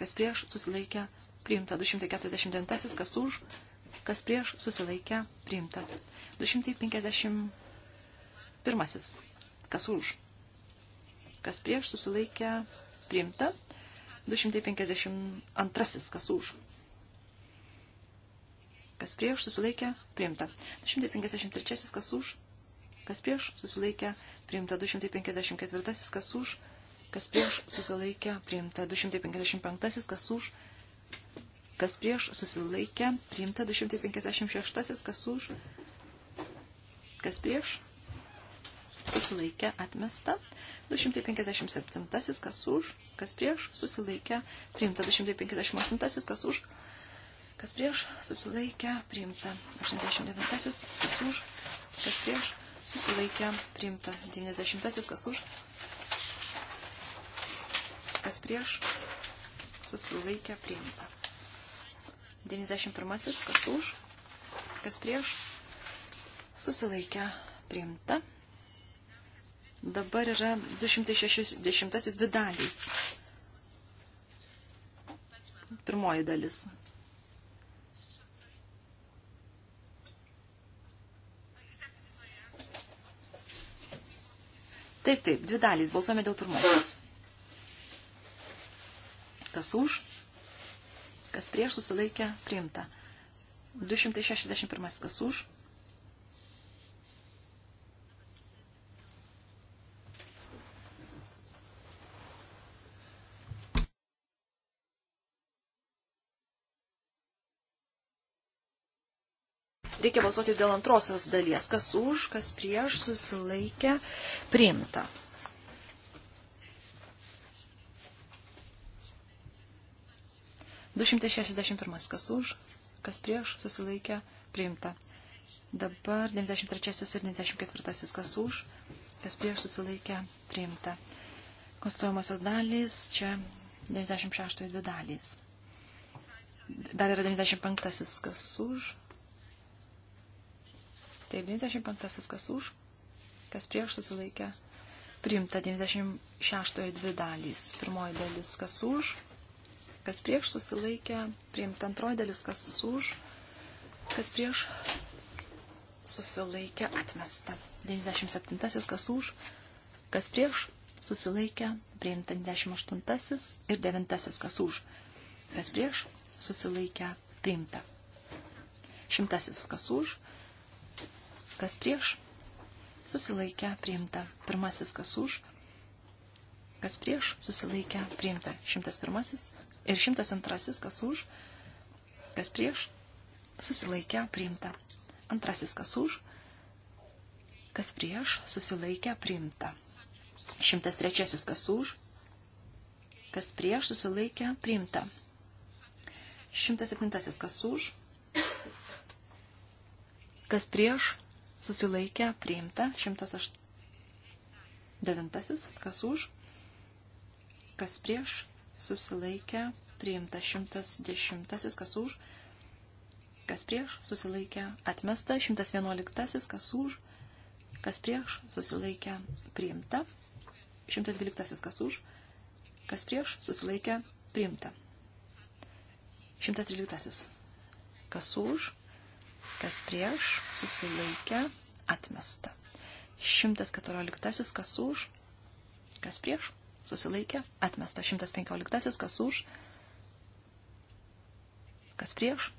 kas prieš susilaikė, priimta 249, kas už, kas prieš susilaikė, priimta 251, kas už kas prieš susilaikė priimta. 252 kas už. Kas prieš susilaikė priimta. 253 kas už. Kas prieš susilaikė priimta. 254 kas už. Kas prieš susilaikė priimta. 255 kas už. Kas prieš susilaikė priimta. 256 kas už. Kas prieš susilaikė atmesta. 257 kas už, kas prieš, susilaikė priimta. 258 kas už, kas prieš, susilaikė priimta. 89 kas už, kas prieš, susilaikė priimta. 90 kas už, kas prieš, susilaikė priimta. 91 kas už, kas prieš, susilaikė priimta. Dabar yra 260 dvi dalys. Pirmoji dalis. Taip, taip, dvi dalys. Balsuojame dėl pirmosios. Kas už, kas prieš susilaikė, priimta. 261 kas už, Reikia balsuoti dėl antrosios dalies. Kas už, kas prieš, susilaikę, priimta. Du šimtai šešiasdešimt pirmas. Kas už, kas prieš, susilaikę, priimta. Dabar 93 ir 94 kas už, kas prieš susilaikę priimta. Konstruojamosios dalys, čia 96 dvi dalys. Dar yra 95 kas už, Tai 95 kas už, kas prieš susilaikė. Priimta 96 dvi dalys. Pirmoji dalis kas už, kas prieš susilaikė. Priimta antroji dalis kas už, kas prieš susilaikė atmesta. 97 kas už, kas prieš susilaikė. Priimta 98 ir 9 kas už, kas prieš susilaikė. Priimta. Šimtasis kas už, kas prieš, susilaikę priimta. Pirmasis, kas už, kas prieš, susilaikę priimta. Šimtas pirmasis ir šimtas antrasis, kas už, kas prieš, susilaikę priimta. Antrasis, kas už, kas prieš, susilaikę priimta. Šimtas trečiasis, kas už, kas prieš, susilaikę priimta. Šimtas septintasis, kas už, kas prieš, susilaikę priimta 109, kas už, kas prieš, susilaikę priimta 110, kas už, kas prieš, susilaikę atmesta 111, kas už, kas prieš, susilaikę priimta 112, kas už, kas prieš, susilaikę priimta 113, kas už, kas prieš, susilaikė, atmesta. 114 kas už, kas prieš, susilaikė, atmesta. 115 kas už, kas prieš,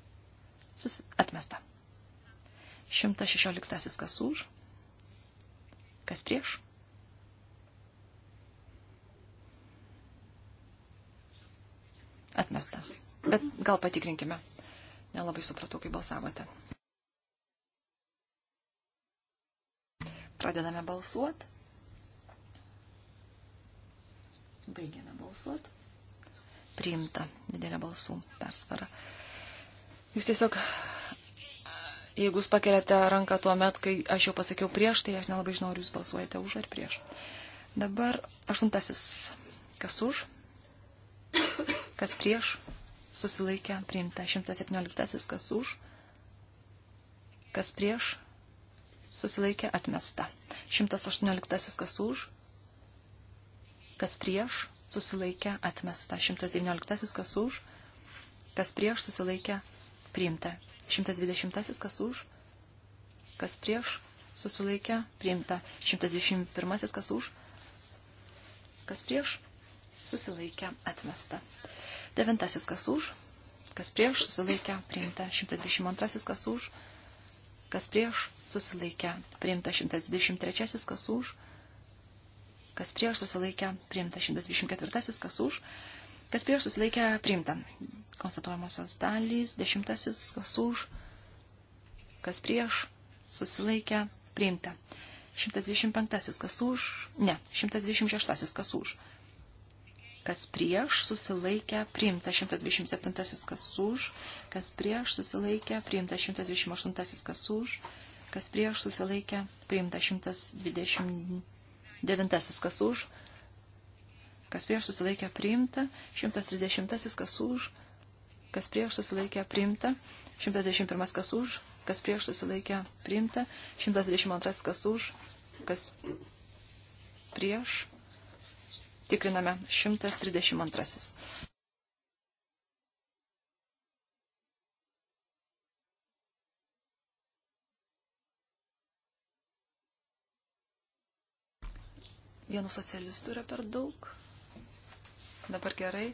susi... atmesta. 116 kas už, kas prieš. Atmesta. Bet gal patikrinkime. Nelabai supratau, kaip balsavote. Pradedame balsuoti. Baigiame balsuoti. Priimta didelė balsų persvara. Jūs tiesiog, jeigu jūs pakeliate ranką tuo met, kai aš jau pasakiau prieš, tai aš nelabai žinau, ar jūs balsuojate už ar prieš. Dabar aštuntasis. Kas už? Kas prieš? Susilaikė. Priimta. 117. Kas už? Kas prieš? susilaikė atmesta. 118 kas už, kas prieš, susilaikė atmesta. 119 kas už, kas prieš, susilaikė priimta. 120 kas už, kas prieš, susilaikė priimta. 121 kas už, kas prieš, susilaikė atmesta. 9 kas už, kas prieš, susilaikė priimta. 122 kas už, kas prieš, susilaikę, priimta 123, kas už, kas prieš, susilaikę, priimta 124, kas už, kas prieš, susilaikę, priimta. Konstatuojamosios dalys, 10, kas už, kas prieš, susilaikę, priimta. 125, kas už, ne, 126, kas už, kas prieš susilaikę priimta 127 kas už, kas prieš susilaikę priimta 128 kas už, kas prieš susilaikę priimta 129 kas už, kas prieš susilaikę priimta 130 kas už, kas prieš susilaikę priimta 121 kas už, kas prieš susilaikę priimta 122 kas už, kas prieš Tikriname 132. Vienu socialistu yra per daug. Dabar gerai.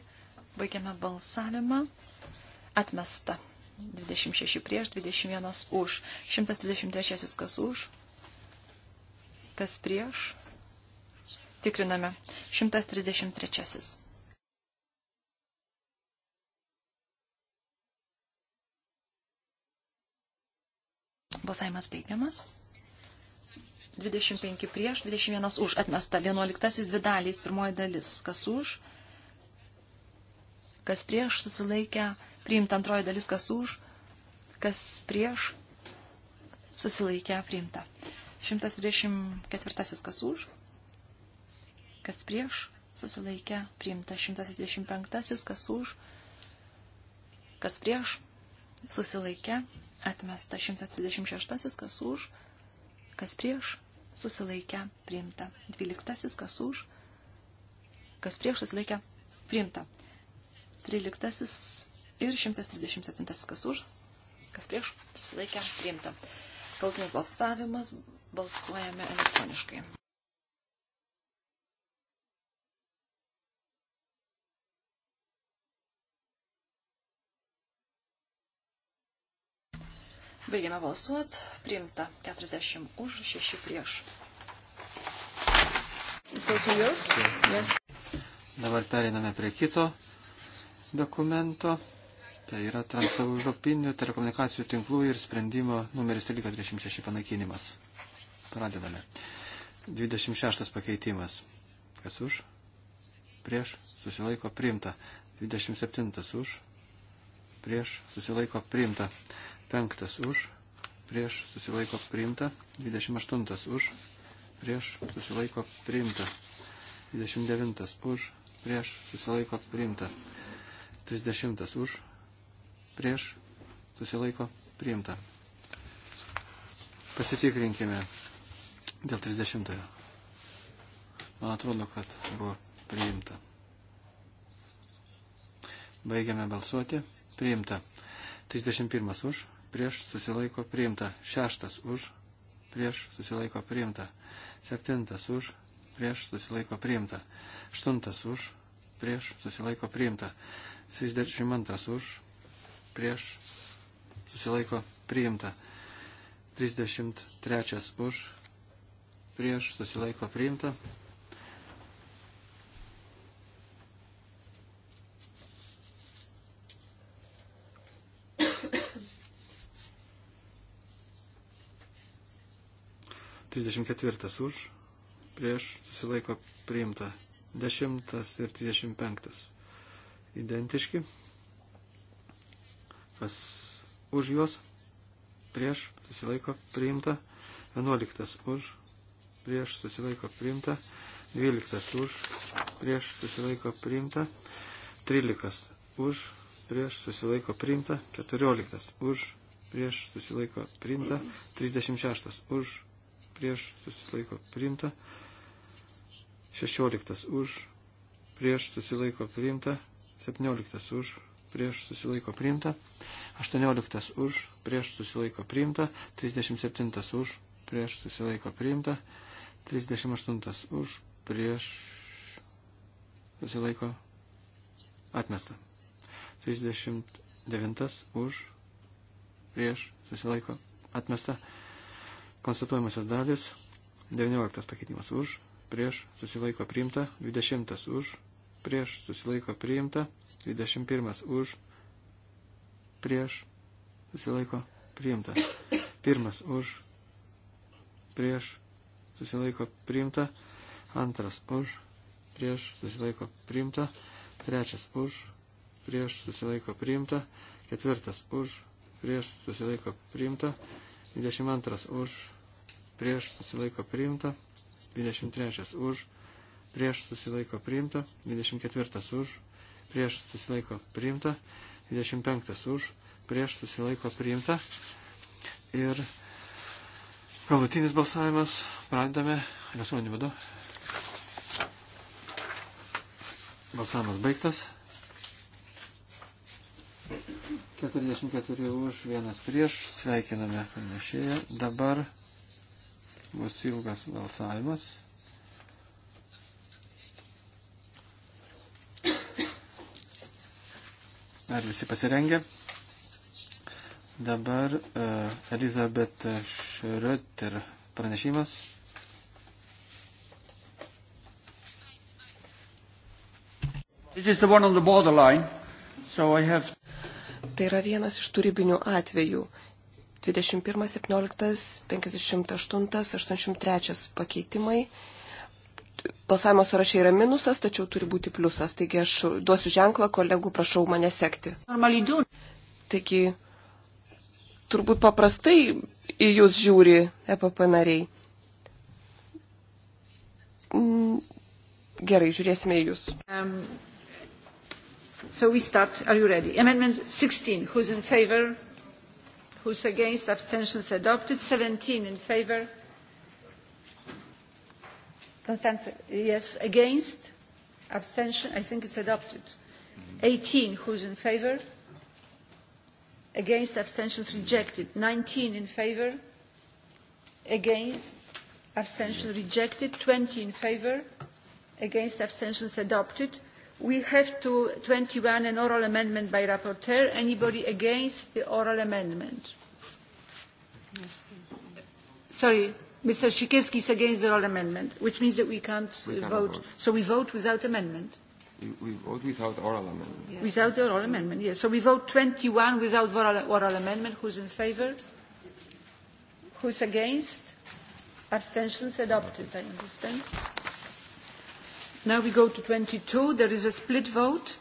Baigiame balsavimą. Atmesta. 26 prieš, 21 už. 133 kas už, kas prieš Tikriname. 133. Balsavimas baigiamas. 25 prieš, 21 už. Atmesta 11 dvi dalys, pirmoji dalis. Kas už, kas prieš susilaikę, priimta antroji dalis, kas už, kas prieš susilaikę, priimta. 134 kas už, kas prieš, susilaikė, priimta 125, kas už, kas prieš, susilaikė, atmesta 136, kas už, kas prieš, susilaikė, priimta 12, kas už, kas prieš, susilaikė, priimta 13 ir 137, kas už, kas prieš, susilaikė, priimta. Galtinis balsavimas balsuojame elektroniškai. Baigiame balsuoti. Priimta 40 už, 6 prieš. Yes. Dabar pereiname prie kito dokumento. Tai yra transeuropinių telekomunikacijų tinklų ir sprendimo numeris 1336 panaikinimas. Pradedame. 26 pakeitimas. Kas už? Prieš susilaiko priimta. 27 už. Prieš susilaiko priimta. Penktas už, prieš susilaiko priimta. 28 už, prieš susilaiko priimta. 29 už, prieš susilaiko priimta. 30 už, prieš susilaiko priimta. Pasitikrinkime dėl 30. -ojo. Man atrodo, kad buvo priimta. Baigiame balsuoti. Priimta. 31 už prieš susilaiko priimta. Šeštas už, prieš susilaiko priimta. Septintas už, prieš susilaiko priimta. Aštuntas už, prieš susilaiko priimta. 62 už, prieš susilaiko priimta. 33 už, prieš susilaiko priimta. 34 už, prieš susilaiko priimta 10 ir 35. Identiški. Kas už juos, prieš susilaiko priimta 11 už, prieš susilaiko priimta 12 už, prieš susilaiko priimta 13 už, prieš susilaiko priimta, 14 už, prieš susilaiko priimta, 36 už, prieš susilaiko priimta. 16 už prieš susilaiko priimta. 17 už prieš susilaiko priimta. 18 už prieš susilaiko priimta. 37 už prieš susilaiko priimta. 38 už prieš susilaiko atmesta. 39 už prieš susilaiko atmesta. Konstatuojamosios dalis. 19 pakeitimas už, prieš, susilaiko priimta. 20 už, prieš, susilaiko priimta. 21 už, prieš, susilaiko priimta. Pirmas už, prieš, susilaiko priimta. Antras už, prieš, susilaiko priimta. Trečias už, prieš, susilaiko priimta. Ketvirtas už, prieš, susilaiko priimta. 22 už, prieš susilaiko priimta, 23 už, prieš susilaiko priimta, 24 už, prieš susilaiko priimta, 25 už, prieš susilaiko priimta. Ir galutinis balsavimas pradedame elektroniniu būdu. Balsavimas baigtas. 44 už, vienas prieš, sveikiname pranešėją. Dabar bus ilgas balsavimas. Ar visi pasirengę? Dabar uh, Elizabeth Schröter pranešimas. This is the one on the borderline, so I have... Tai yra vienas iš turybinių atvejų. Uh, 21, 17, 58, 83 pakeitimai. Balsavimo sąrašai yra minusas, tačiau turi būti pliusas. Taigi aš duosiu ženklą, kolegų prašau mane sekti. Taigi turbūt paprastai į jūs žiūri EPP nariai. Mm, gerai, žiūrėsime į jūs. Um, so we start. Are you ready? Amendment 16. Who's in favor? who is against abstentions adopted 17 in favor Constance yes against abstention I think it's adopted 18 who's in favor against abstentions rejected 19 in favor against abstention rejected 20 in favor against abstentions adopted we have to 21 an oral amendment by rapporteur anybody against the oral amendment sorry, Mr. Siekierski is against the oral amendment, which means that we can't we vote. vote. So we vote without amendment. We vote without oral amendment. Yes. Without the oral amendment, yes. So we vote 21 without oral, oral amendment. Who's in favour? Who's against? Abstentions adopted, I understand. Now we go to 22. There is a split vote.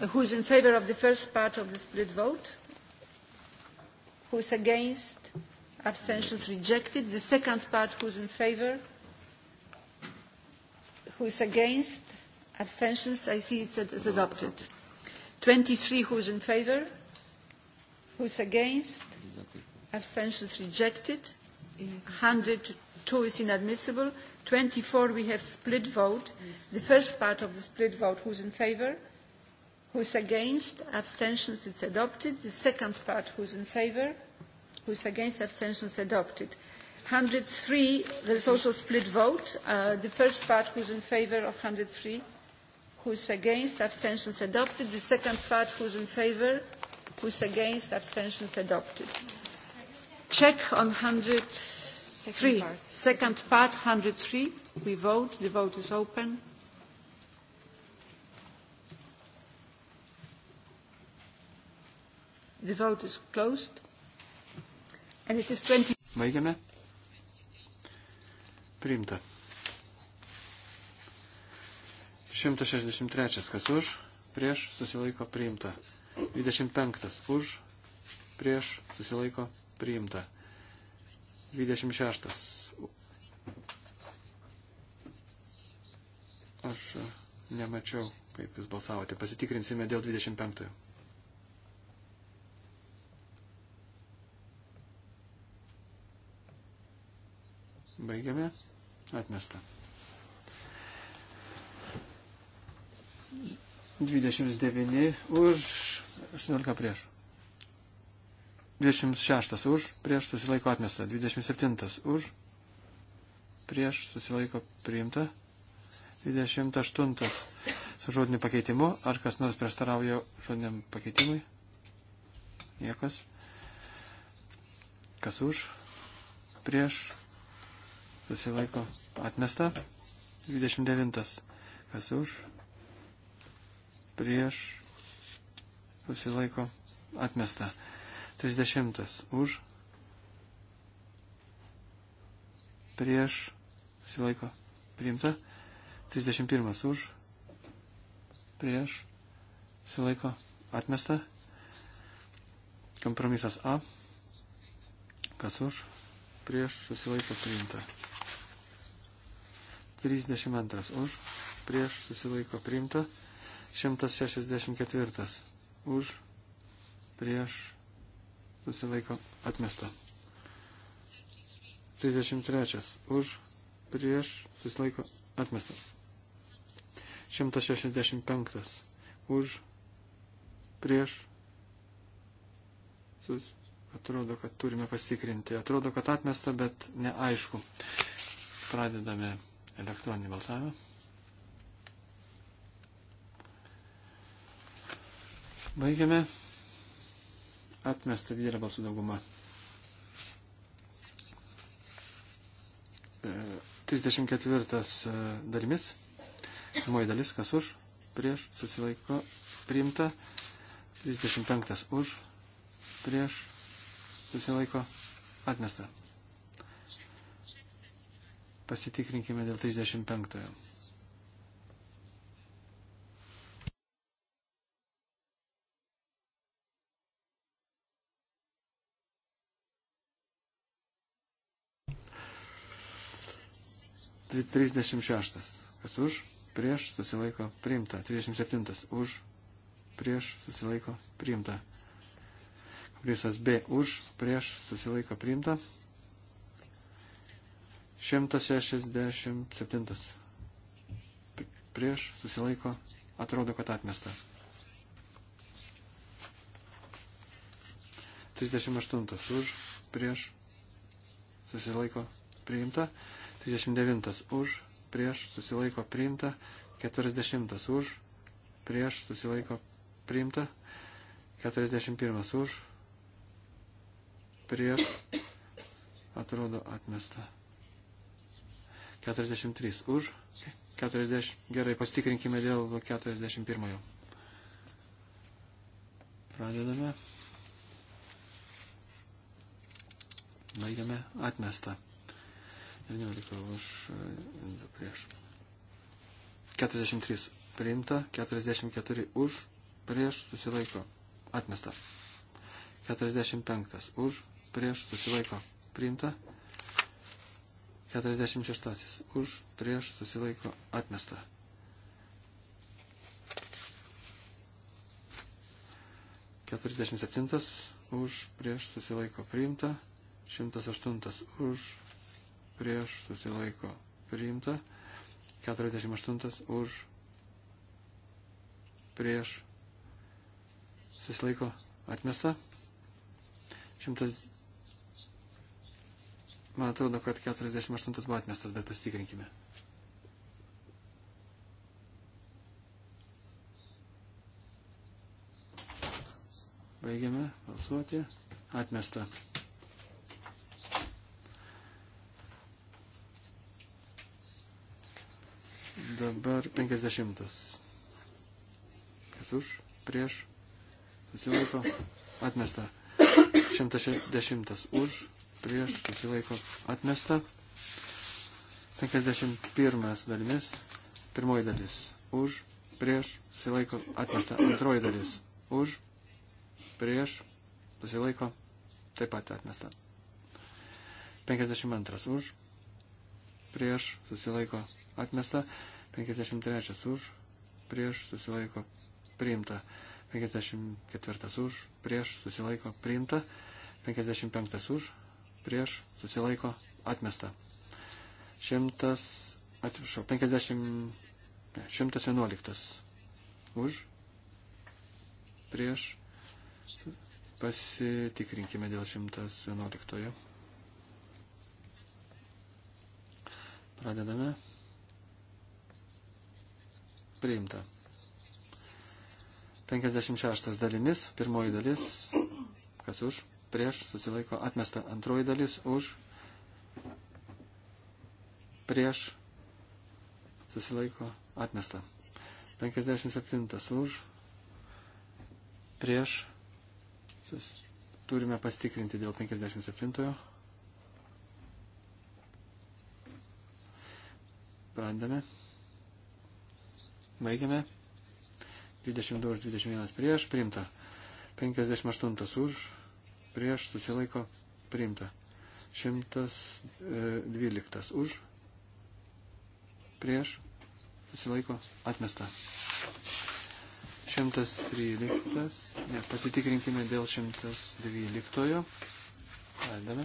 Uh, who's in favour of the first part of the split vote? Who's against? abstentions rejected. The second part, who's in favor? Who's against? Abstentions, I see it's, it's adopted. 23, who's in favor? Who's against? Abstentions rejected. 102 is inadmissible. 24, we have split vote. The first part of the split vote, who's in favor? Who's against? Abstentions, it's adopted. The second part, who's in favor? Who's who is against abstentions adopted 103 there is also split vote uh, the first part who is in favor of 103 who is against abstentions adopted the second part who is in favor who is against abstentions adopted check on 103 second part, second part 103 we vote the vote is open the vote is closed Baigiame. Priimta. 163. Kas už, prieš, susilaiko priimta. 25. Už, prieš, susilaiko priimta. 26. Aš nemačiau, kaip jūs balsavote. Pasitikrinsime dėl 25. Baigiame. Atmesta. 29 už 18 prieš. 26 už prieš susilaiko atmesta. 27 už prieš susilaiko priimta. 28 su žodiniu pakeitimu. Ar kas nors prieštarauja žodiniam pakeitimui? Niekas. Kas už? Prieš susilaiko atmesta. 29. Kas už, prieš, susilaiko atmesta. 30. Už, prieš, susilaiko priimta. 31. Už, prieš, susilaiko atmesta. Kompromisas A. Kas už, prieš, susilaiko priimta. 32 už, prieš susilaiko priimta, 164 už, prieš susilaiko atmesta. 33 už, prieš susilaiko atmesta. 165 už, prieš sus. Atrodo, kad turime pasikrinti. Atrodo, kad atmesta, bet neaišku. Pradedame elektroninį balsavimą. Baigiame. Atmesta didelė balsų dauguma. 34 e, e, dalimis. Pirmoji dalis, kas už, prieš, susilaiko, priimta. 35 už, prieš, susilaiko, atmesta. Pasitikrinkime dėl 35. Trisdešimt šeštas. Kas už? Prieš susilaiko priimta. 37. Už. Prieš susilaiko priimta. Kompromisas B. Už. Prieš susilaiko priimta. 167. Prieš susilaiko, atrodo, kad atmesta. 38. Už, prieš susilaiko, priimta. 39. Už, prieš susilaiko, priimta. 40. Už, prieš susilaiko, priimta. 41. Už, prieš atrodo atmesta. 43 už. 40, gerai, pasitikrinkime dėl 41. Pradedame. Baigiame atmestą. 19 už, prieš. 43 priimta, 44 už, prieš susilaiko. Atmesta. 45 už, prieš susilaiko. Priimta. 46. Už, prieš, susilaiko, atmesta. Keturiasdešimt septintas už prieš susilaiko priimta, šimtas aštuntas už prieš susilaiko priimta, keturiasdešimt aštuntas už prieš susilaiko atmesta, šimtas Man atrodo, kad 48 buvo atmestas, bet pasitikrinkime. Baigiame balsuoti. Atmesta. Dabar 50. Kas už? Prieš? Susilaiko? Atmesta. 110 už prieš susilaiko atmesta. 51 dalimis, pirmoji dalis už, prieš susilaiko atmesta. Antroji dalis už, prieš susilaiko taip pat atmesta. 52 už, prieš susilaiko atmesta. 53 už, prieš susilaiko priimta. 54 už, prieš susilaiko priimta. 55 už, prieš, susilaiko, atmesta. 100, atsiprašau, 50, ne, 111 už, prieš, pasitikrinkime dėl 111. Pradedame. Priimta. 56 dalimis, pirmoji dalis, kas už, prieš susilaiko atmesta. Antroji dalis už prieš susilaiko atmesta. 57 už prieš sus... turime pastikrinti dėl 57. Pradame. Baigiame. 22 už 21 prieš, primta. 58 už, prieš susilaiko priimta. 112 e, už, prieš susilaiko atmesta. 113, ne, pasitikrinkime dėl 112. Valdame.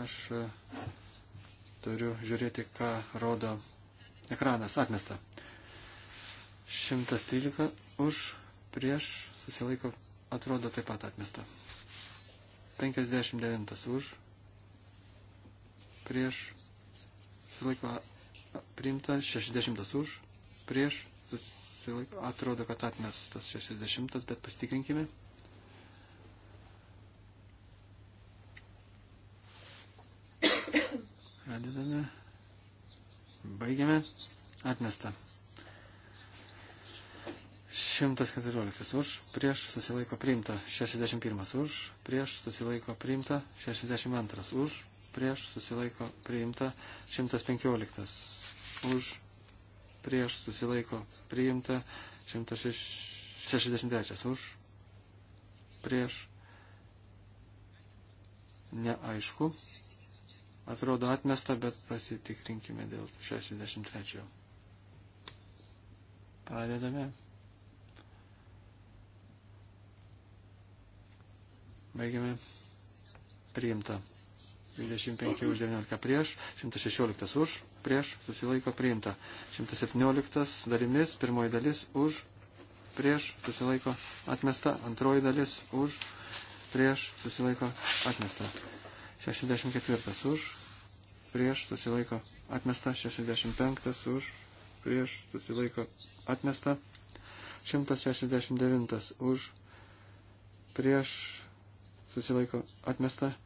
Aš e, Turiu žiūrėti, ką rodo ekranas. Atmesta. 113 už, prieš, susilaiko, atrodo taip pat atmesta. 59 už, prieš, susilaiko, priimta, 60 už, prieš, susilaiko, atrodo, kad atmestas 60, bet pasitikrinkime. Baigiame. Atmesta. 114 už, prieš susilaiko priimta 61 už, prieš susilaiko priimta 62 už, prieš susilaiko priimta 115 už, prieš susilaiko priimta 163 už, prieš neaišku, Atrodo atmesta, bet pasitikrinkime dėl 63. Pradedame. Baigiame. Priimta. 25 už 19 prieš, 116 už, prieš, susilaiko priimta. 117 dalimis, pirmoji dalis už, prieš, susilaiko atmesta, antroji dalis už, prieš, susilaiko atmesta. 64 už, prieš susilaiko atmesta, 65 už, prieš susilaiko atmesta, 169 už, prieš susilaiko atmesta,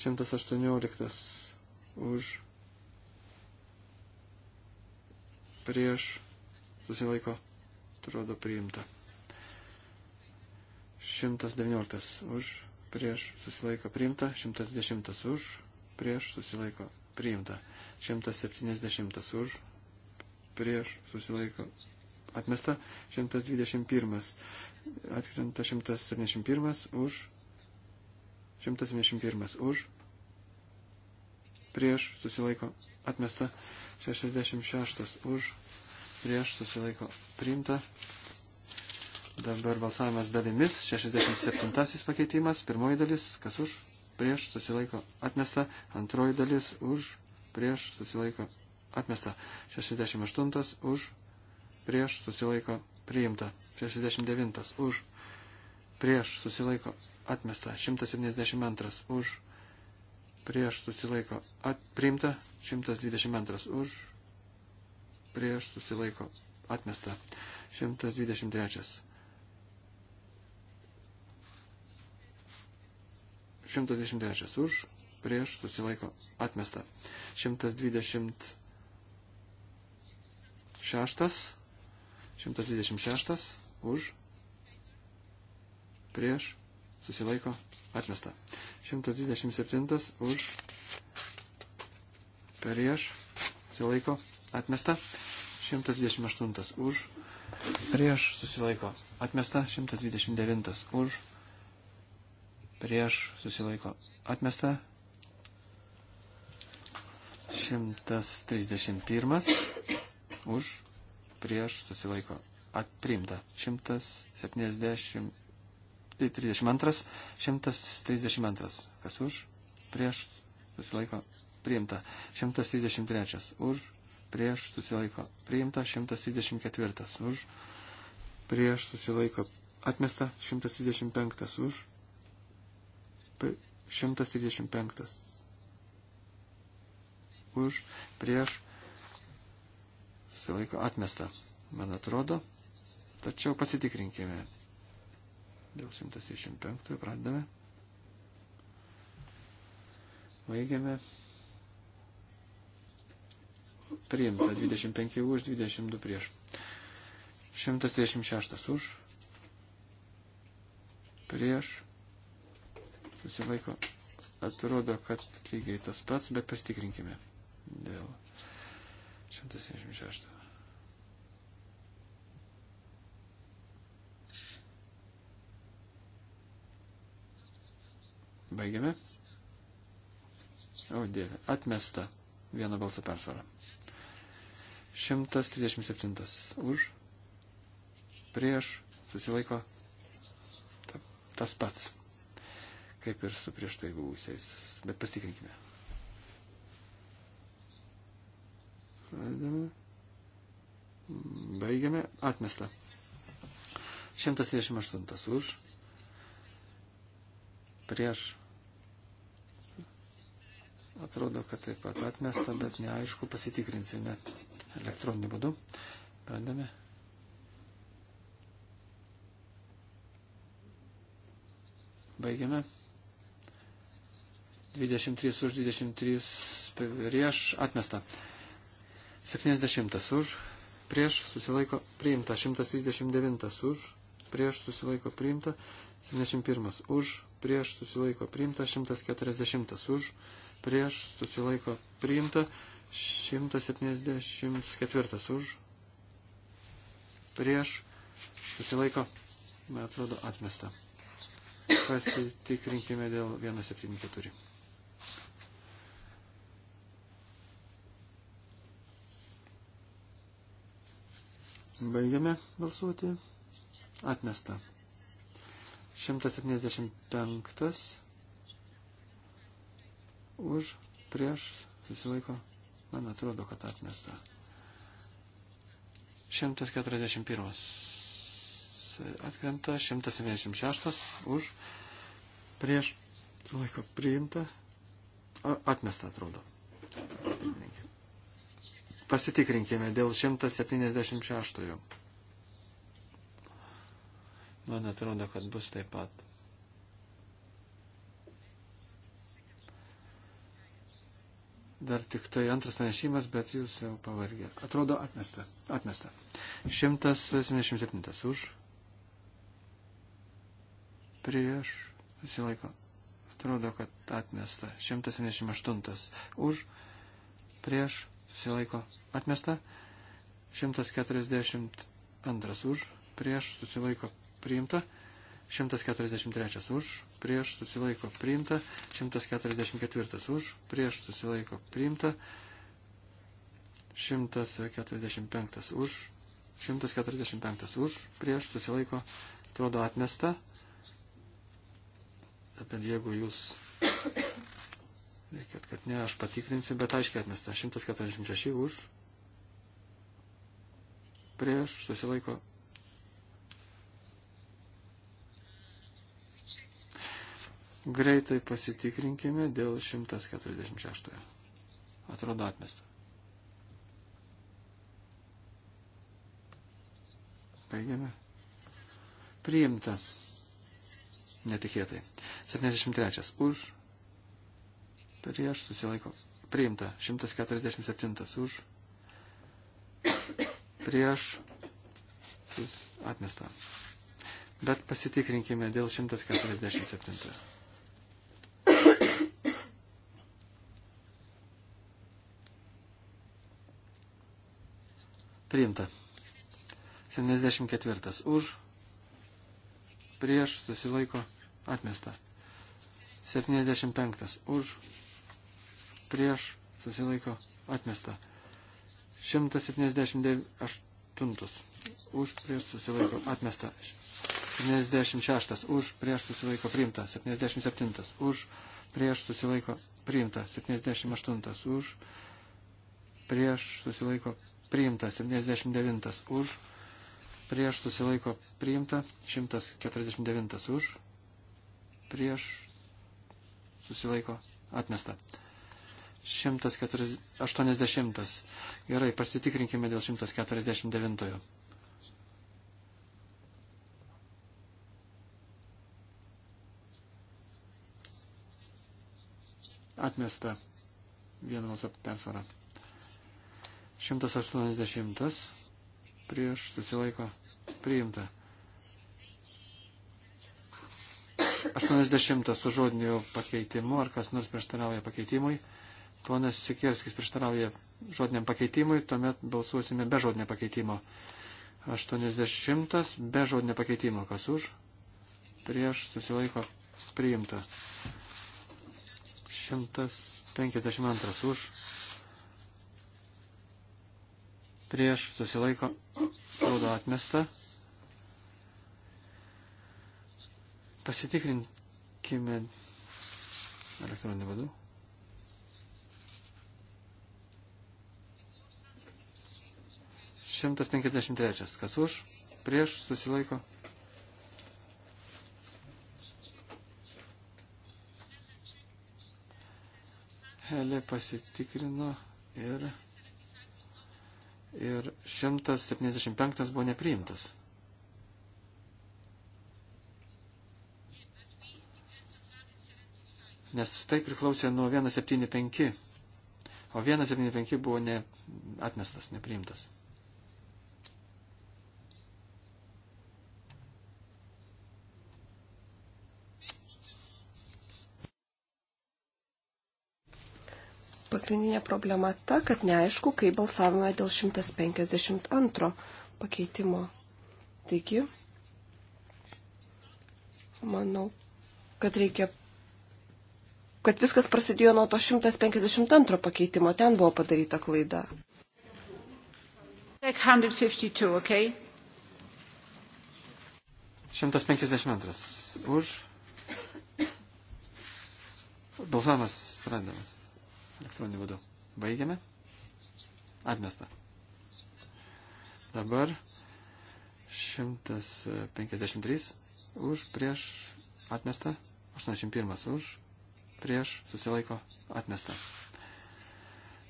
118 už, prieš susilaiko atrodo priimta. 119 už prieš susilaiko priimta, 110 už, prieš susilaiko priimta, 170 už, prieš susilaiko atmesta, 121 atkrenta, 171 už, 171 už, prieš susilaiko atmesta, 66 už, prieš susilaiko priimta, Dabar balsavimas dalimis. 67 pakeitimas. Pirmoji dalis. Kas už? Prieš susilaiko atmesta. Antroji dalis. Už. Prieš susilaiko atmesta. 68 už. Prieš susilaiko priimta. 69 už. Prieš susilaiko atmesta. 172 už. Prieš susilaiko at, priimta. 122 už. Prieš susilaiko atmesta. 123 123 už, prieš susilaiko atmesta. 126, 126 už, prieš susilaiko atmesta. 127 už, prieš susilaiko atmesta. 128 už, prieš susilaiko atmesta. 129 už prieš susilaiko atmesta. 131 už prieš susilaiko atprimta. 170 tai 32, 132. Kas už prieš susilaiko priimta. 133 už prieš susilaiko priimta. 134 už prieš susilaiko atmesta. 135 už 135. Už, prieš, susilaiko atmesta, man atrodo. Tačiau pasitikrinkime. Dėl 165 pradedame. Vaigiame. Priimta 25 už, 22 prieš. 136 už. Prieš susilaiko. Atrodo, kad lygiai tas pats, bet pastikrinkime dėl 176. Baigiame. O dieve, atmesta vieno balso persvara. 137 už, prieš, susilaiko tas pats kaip ir su prieš tai buvusiais. Bet pasitikrinkime. Pradedame. Baigiame. Atmesta. 128 už. Prieš. Atrodo, kad taip pat atmesta, bet neaišku, pasitikrinsime elektroniniu būdu. Pradedame. Baigiame. 23 už 23 prieš atmesta. 70 už prieš susilaiko priimta. 139 už prieš susilaiko priimta. 71 už prieš susilaiko priimta. 140 už prieš susilaiko priimta. 174 už prieš susilaiko, man atrodo, atmesta. Pasitikrinkime dėl 174. Baigiame balsuoti. Atmesta. 175 už prieš susilaiko. Man atrodo, kad atmesta. 141 atkrenta, 176 už prieš laiko priimta. Atmesta atrodo. Pasitikrinkime dėl 176. Man atrodo, kad bus taip pat. Dar tik tai antras pranešimas, bet jūs jau pavargė. Atrodo, atmesta. Atmesta. 177 už. Prieš. Susilaiko. Atrodo, kad atmesta. 178 už. Prieš susilaiko atmesta, 142 už, prieš susilaiko priimta, 143 už, prieš susilaiko priimta, 144 už, prieš susilaiko priimta, 145 už, 145 už, prieš susilaiko, atrodo atmesta, bet jeigu jūs Reikėt, kad ne, aš patikrinsiu, bet aiškiai atmesta. 146 už. Prieš susilaiko. Greitai pasitikrinkime dėl 146. Atrodo atmesta. Baigiame. Priimta. Netikėtai. 73. Už prieš susilaiko priimta. 147 už prieš atmesta. Bet pasitikrinkime dėl 147. Priimta. 74. Už. Prieš susilaiko atmesta. 75. Už prieš susilaiko atmesta. 178 už prieš susilaiko atmesta. 76 už prieš susilaiko priimta. 77 už prieš susilaiko priimta. 78 už prieš susilaiko priimta. 79 už prieš susilaiko priimta. 149 už prieš susilaiko atmesta. 180. Gerai, pasitikrinkime dėl 149. Atmesta vienos persvara. 180 prieš susilaiko priimta. 80 su žodiniu pakeitimu, ar kas nors prieštarauja pakeitimui ponas Sikirskis prieštarauja žodiniam pakeitimui, tuomet balsuosime be žodinio pakeitimo. 80 be žodinio pakeitimo. Kas už? Prieš susilaiko priimta. 152 už. Prieš susilaiko rodo atmesta. Pasitikrinkime elektroninį vadovą. 153. Kas už? Prieš susilaiko. Helė pasitikrino ir, ir 175 buvo nepriimtas. Nes tai priklausė nuo 175, o 175 buvo ne, atmestas, nepriimtas. pagrindinė problema ta, kad neaišku, kai balsavome dėl 152 pakeitimo. Taigi, manau, kad reikia kad viskas prasidėjo nuo to 152 pakeitimo, ten buvo padaryta klaida. 152, okay? 152. Už. Balsavimas pradedamas elektroniniu būdu. Baigiame. Atmesta. Dabar 153 už prieš atmestą, 81 už prieš susilaiko atmestą.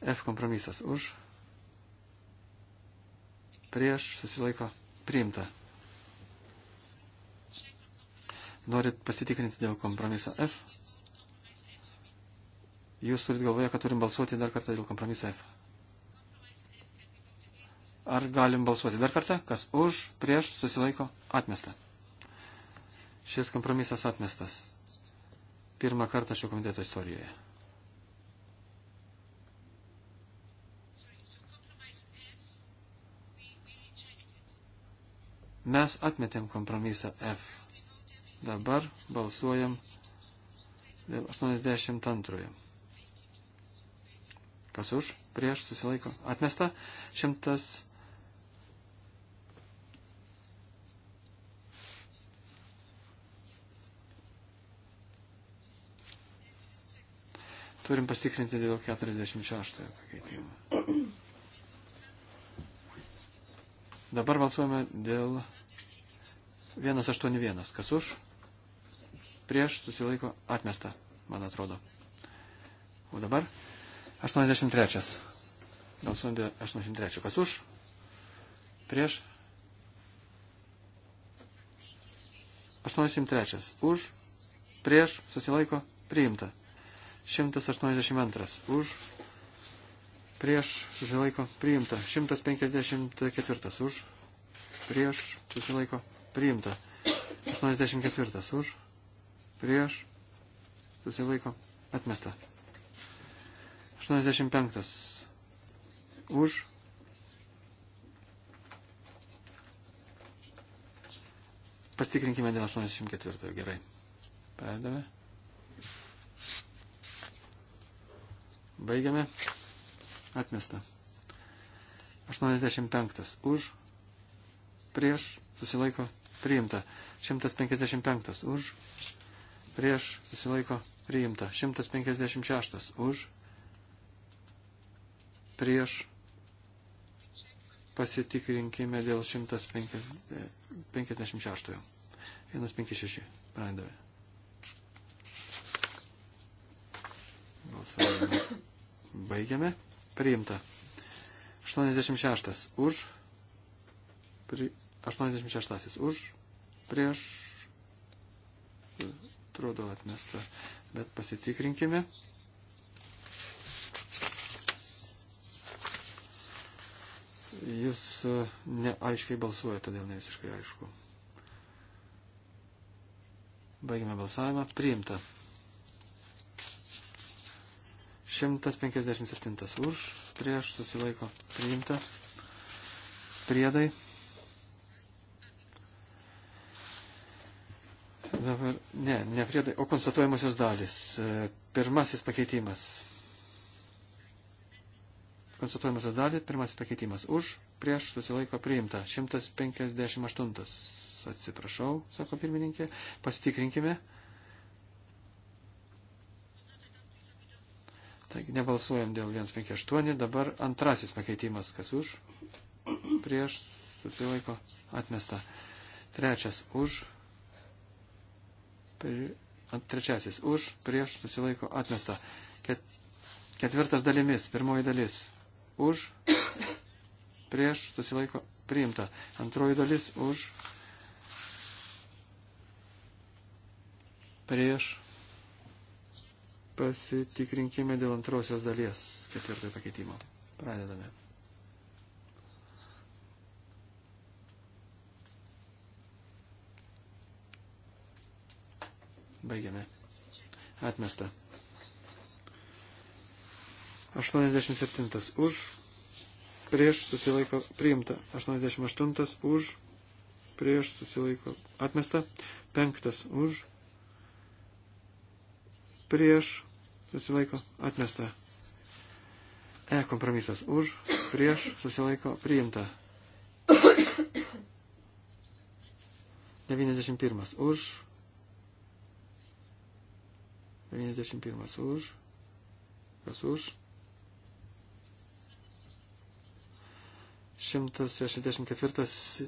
F kompromisas už prieš susilaiko priimta. Norit pasitikrinti dėl kompromiso F? Jūs turit galvoje, kad turim balsuoti dar kartą dėl kompromiso F. Ar galim balsuoti dar kartą? Kas už, prieš, susilaiko, atmesta. Šis kompromisas atmestas. Pirmą kartą šio komiteto istorijoje. Mes atmetėm kompromisą F. Dabar balsuojam dėl 82. Kas už, prieš, susilaiko. Atmesta. 100. 100. Turim pastikrinti dėl 46 pakeitimų. Dabar balsuojame dėl 181. Kas už? Prieš susilaiko atmesta, man atrodo. O dabar 83. Dėl 83. Kas už? Prieš. 83. Už. Prieš. Susilaiko. Priimta. 182. Už. Prieš. Susilaiko. Priimta. 154. Už. Prieš. Susilaiko. Priimta. 84. Už. Prieš. Susilaiko. Atmesta. 85. Už. Pastikrinkime dėl 84. Gerai. Pradedame. Baigiame. Atmesta. 85. Už. Prieš. Susilaiko. Priimta. 155. Už. Prieš. Susilaiko. Priimta. 156. Už prieš pasitikrinkime dėl 156. 156. Pradavė. Balsavimą. Baigiame. Priimta. 86. Už. Pri, 86. Už. Prieš. Atrodo atmesta. Bet pasitikrinkime. jūs e, neaiškiai balsuoja, todėl ne visiškai aišku. Baigime balsavimą. Priimta. 157 už, prieš susilaiko priimta. Priedai. Dabar, ne, ne priedai, o konstatuojamosios dalis. E, pirmasis pakeitimas konstatuojamasias dalį, pirmasis pakeitimas už, prieš susilaiko priimta, 158, atsiprašau, sako pirmininkė, pasitikrinkime. Taigi nebalsuojam dėl 158, dabar antrasis pakeitimas, kas už, prieš susilaiko atmesta, trečias už, pri, trečiasis už, prieš susilaiko atmesta. Ket, ketvirtas dalimis, pirmoji dalis, už, prieš, susilaiko, priimta. Antroji dalis už, prieš, pasitikrinkime dėl antrosios dalies ketvirtojo pakeitimo. Pradedame. Baigiame. Atmesta. 87 už, prieš susilaiko priimta. 88 už, prieš susilaiko atmesta. 5 už, prieš susilaiko atmesta. E kompromisas už, prieš susilaiko priimta. 91 už, 91 už, kas už, 164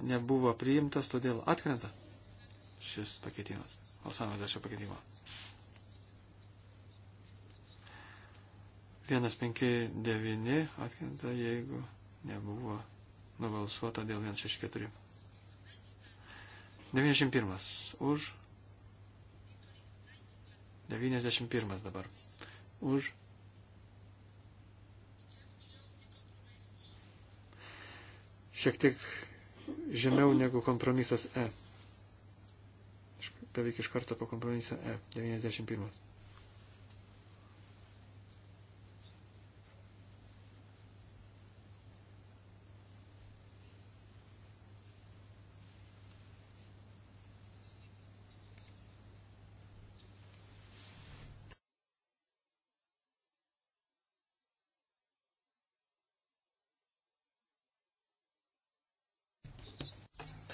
nebuvo priimtas, todėl atkrenta šis pakeitimas. Balsavimas dėl šio pakeitimo. 159 atkrenta, jeigu nebuvo nubalsuota dėl 164. 91 už. 91 dabar. Už šiek tiek žemiau negu kompromisas E. Beveik iš karto po kompromiso E, 91.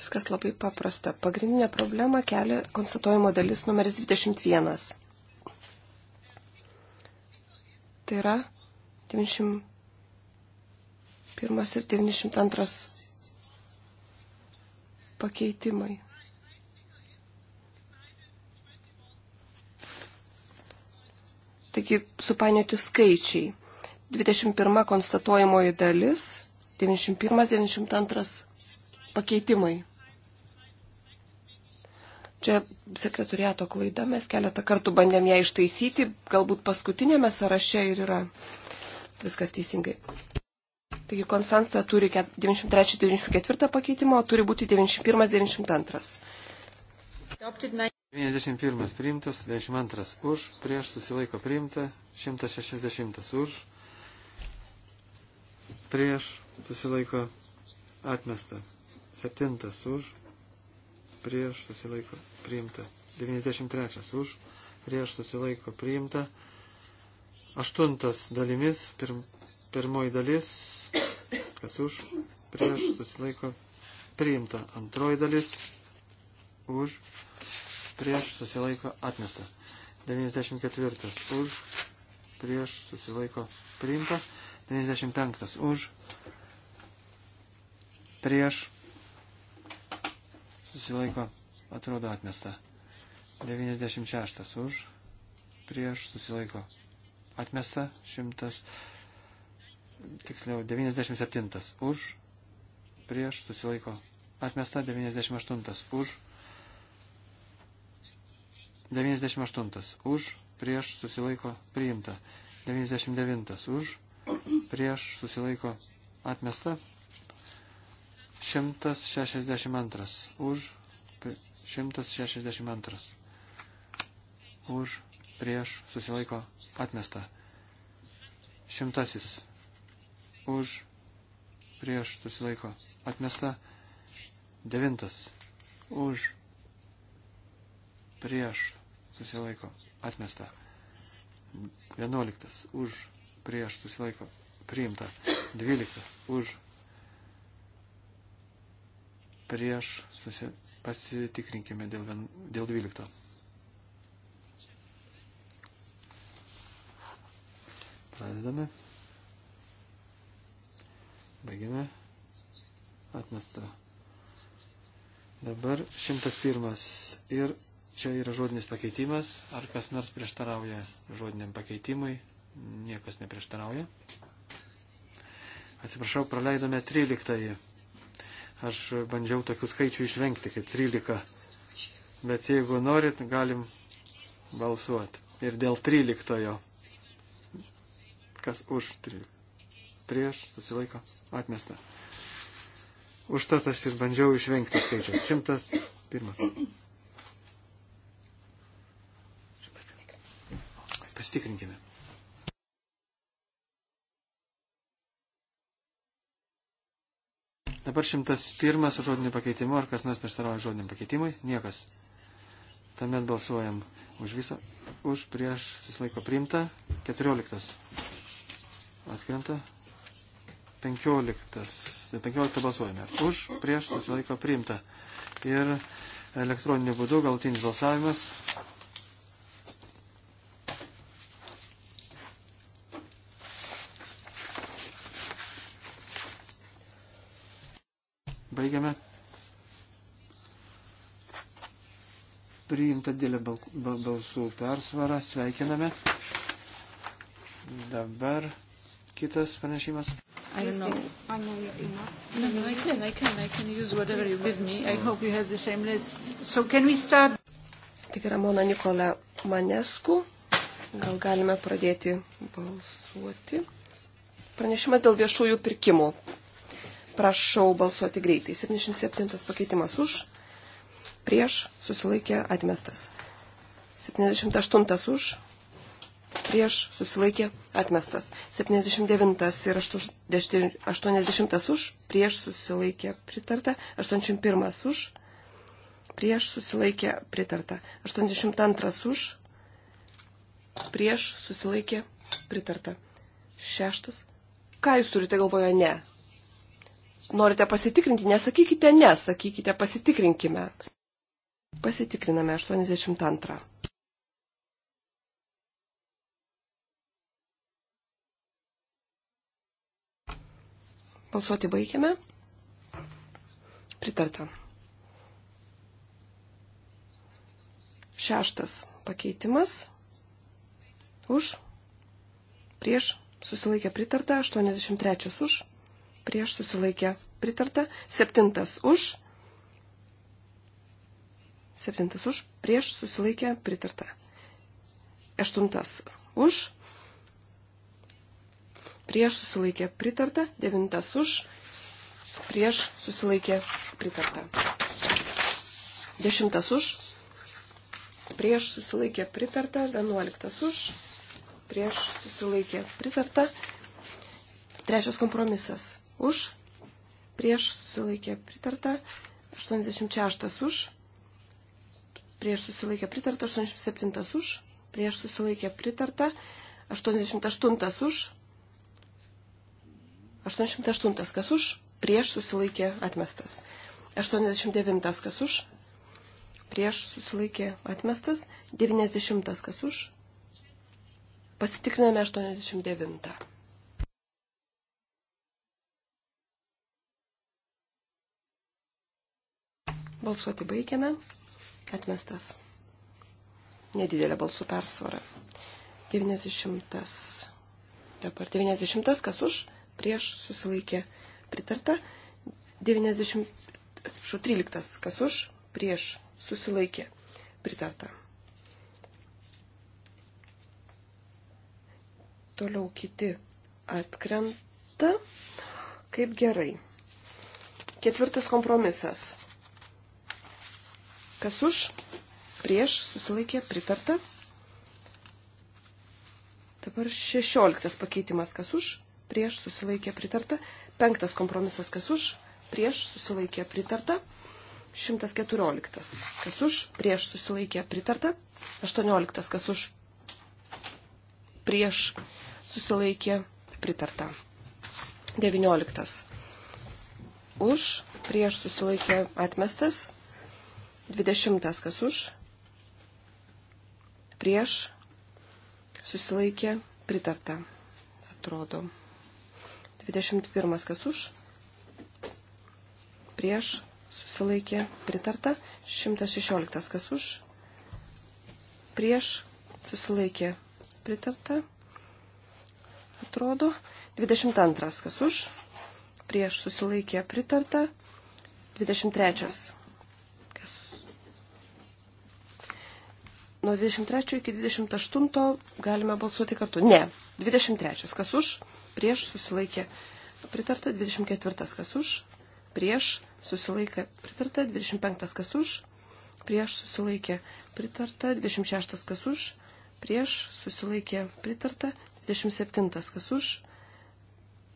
Viskas labai paprasta. Pagrindinė problema kelia konstatuojimo dalis numeris 21. Tai yra 91 ir 92 pakeitimai. Taigi supainioti skaičiai. 21 konstatuojamoji dalis, 91-92 pakeitimai. Čia sekretoriato klaida, mes keletą kartų bandėm ją ištaisyti, galbūt paskutinėme sąraše ir yra viskas teisingai. Taigi Konstansta turi 93-94 pakeitimo, turi būti 91-92. 91 priimtas, 92 už, prieš susilaiko priimta, 160 už, prieš susilaiko atmesta, 7 už prieš susilaiko priimta. 93 už, prieš susilaiko priimta. Aštuntas dalimis, pirm, pirmoji dalis, kas už, prieš susilaiko priimta. Antroji dalis, už, prieš susilaiko atmesta. 94 už, prieš susilaiko priimta. 95 už, prieš susilaiko atrodo atmesta. 96 už, prieš susilaiko atmesta, 100, tiksliau 97 už, prieš susilaiko atmesta, 98 už, 98 už, prieš susilaiko priimta, 99 už, prieš susilaiko atmesta, 162 už, 162 už, prieš, susilaiko, atmesta. Šimtasis už, prieš, susilaiko, atmesta. Devintas už, prieš, susilaiko, atmesta. Vienuoliktas už, prieš, susilaiko, priimta. Dvyliktas už, prieš susi... pasitikrinkime dėl, vien... dėl 12. Pradedame. Baigiame. Atmesta. Dabar 101. Ir čia yra žodinis pakeitimas. Ar kas nors prieštarauja žodiniam pakeitimui? Niekas neprieštarauja. Atsiprašau, praleidome 13. Aš bandžiau tokių skaičių išvengti, kaip 13. Bet jeigu norit, galim balsuoti. Ir dėl 13. Kas už 13? Prieš susilaiko atmesta. Užtat aš ir bandžiau išvengti skaičiaus. 101. Pasitikrinkime. Dabar šimtas pirmas su žodiniu pakeitimu, ar kas nors prieštarauja žodiniam pakeitimui? Niekas. Tuomet balsuojam už visą, už prieš susilaiko priimta, keturioliktas atkrenta, penkioliktas, penkioliktą balsuojame, už prieš susilaiko priimta. Ir elektroniniu būdu galtinis balsavimas, baigiame. Priimta dėlė balsų persvarą. Sveikiname. Dabar kitas pranešimas. I don't know. I know you do not. No, no, I can, I can, I can use whatever you give me. I hope you have the same list. So can we start? Tik Ramona Nikola Manesku. Gal galime pradėti balsuoti. Pranešimas dėl viešųjų pirkimų. Prašau balsuoti greitai. 77 pakeitimas už, prieš, susilaikė, atmestas. 78 už, prieš, susilaikė, atmestas. 79 ir 80 už, prieš, susilaikė, pritarta. 81 už, prieš, susilaikė, pritarta. 82 už, prieš, susilaikė, pritarta. Šeštas. Ką jūs turite galvoje? Ne norite pasitikrinti, nesakykite ne, sakykite pasitikrinkime. Pasitikriname 82. Balsuoti baigiame. Pritarta. Šeštas pakeitimas. Už. Prieš. Susilaikė pritarta. 83 už prieš susilaikė pritarta, septintas už, septintas už, prieš susilaikė pritarta, aštuntas už, prieš susilaikė pritarta, devintas už, prieš susilaikė pritarta, dešimtas už, prieš susilaikė pritarta, vienuoliktas už, prieš susilaikė pritarta, trečias kompromisas už, prieš susilaikė pritarta, 86 už, prieš susilaikė pritarta, 87 už, prieš susilaikė pritarta, 88 už, 88 kas už, prieš susilaikė atmestas, 89 kas už, prieš susilaikė atmestas, 90 kas už, pasitikriname 89. Balsuoti baigiame. Atmestas. Nedidelė balsų persvara. 90. Dabar 90. Kas už? Prieš susilaikė. Pritarta. 90. Atsiprašau, 13. Kas už? Prieš susilaikė. Pritarta. Toliau kiti atkrenta. Kaip gerai. Ketvirtas kompromisas Kas už? Prieš susilaikė pritarta. Dabar šešioliktas pakeitimas. Kas už? Prieš susilaikė pritarta. Penktas kompromisas. Kas už? Prieš susilaikė pritarta. 114. Kas už, prieš susilaikė pritarta. 18. Kas už, prieš susilaikė pritarta. 19. Už, prieš susilaikė atmestas. 20 kas už, prieš, susilaikė, pritarta, atrodo. 21 kas už, prieš, susilaikė, pritarta, 116 kas už, prieš, susilaikė, pritarta, atrodo. 22 kas už, prieš, susilaikė, pritarta, 23 Nuo 23 iki 28 galime balsuoti kartu. Ne. 23. Kas už? Prieš susilaikė. Pritarta. 24. Kas už? Prieš susilaikė. Pritarta. 25. Kas už? Prieš susilaikė. Pritarta. 26. Kas už? Prieš susilaikė. Pritarta. 27. Kas už?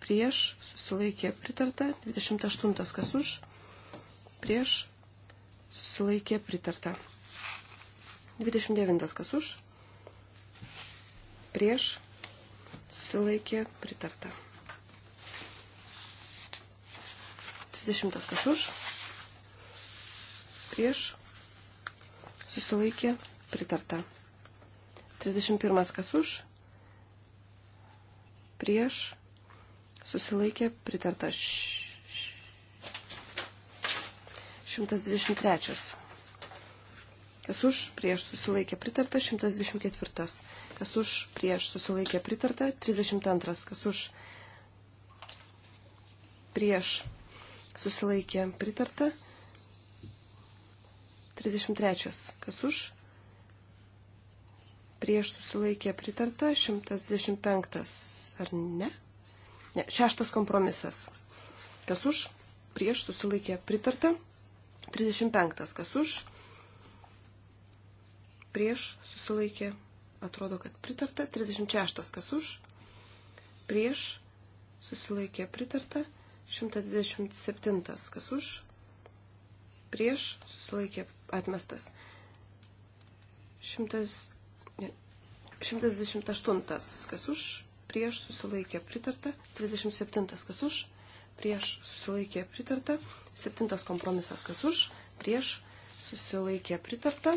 Prieš susilaikė. Pritarta. 28. Kas už? Prieš susilaikė. Pritarta. 29 kas už, prieš, susilaikė, pritarta. 30 kas už, prieš, susilaikė, pritarta. 31 kas už, prieš, susilaikė, pritarta. 123 kas už, prieš susilaikė pritarta, 124, kas už, prieš susilaikė pritarta, 32, kas už, prieš susilaikė pritarta, 33, kas už, prieš susilaikė pritarta, 125, ar ne? Ne, šeštas kompromisas. Kas už, prieš susilaikė pritarta, 35, kas už, prieš susilaikė pritarta prieš susilaikė, atrodo, kad pritarta. 36 kas už, prieš susilaikė, pritarta. 127 kas už, prieš susilaikė, atmestas. 100, 128 kas už, prieš susilaikė, pritarta. 37 kas už, prieš susilaikė, pritarta. 7 kompromisas kas už, prieš susilaikė, pritarta.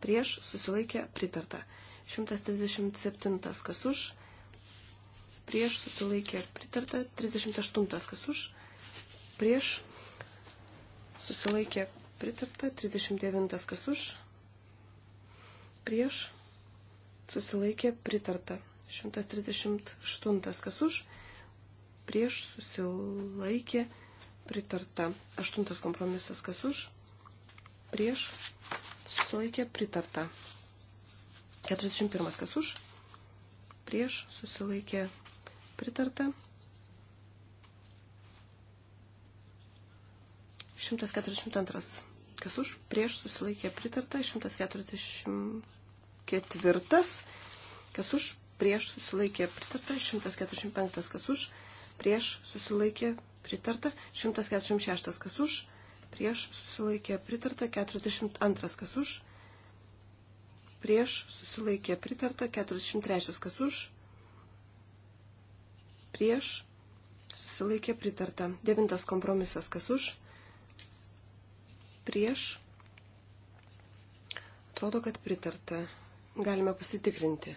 prieš susilaikė pritarta. 137 kas už, prieš susilaikė pritarta. 38 kas už, prieš susilaikė pritarta. 39 kas už, prieš susilaikė pritarta. 138 kas už, prieš susilaikė pritarta. 8 kompromisas kas už, prieš susilaikė pritarta. 41 kas už, prieš susilaikė pritarta. 142 kas už, prieš susilaikė pritarta. 144 kas už, prieš susilaikė pritarta. 145 kas už, prieš susilaikė pritarta. 146 kas už, prieš susilaikė pritarta 42 kas už, prieš susilaikė pritarta 43 kas už, prieš susilaikė pritarta 9 kompromisas kas už, prieš atrodo, kad pritarta. Galime pasitikrinti.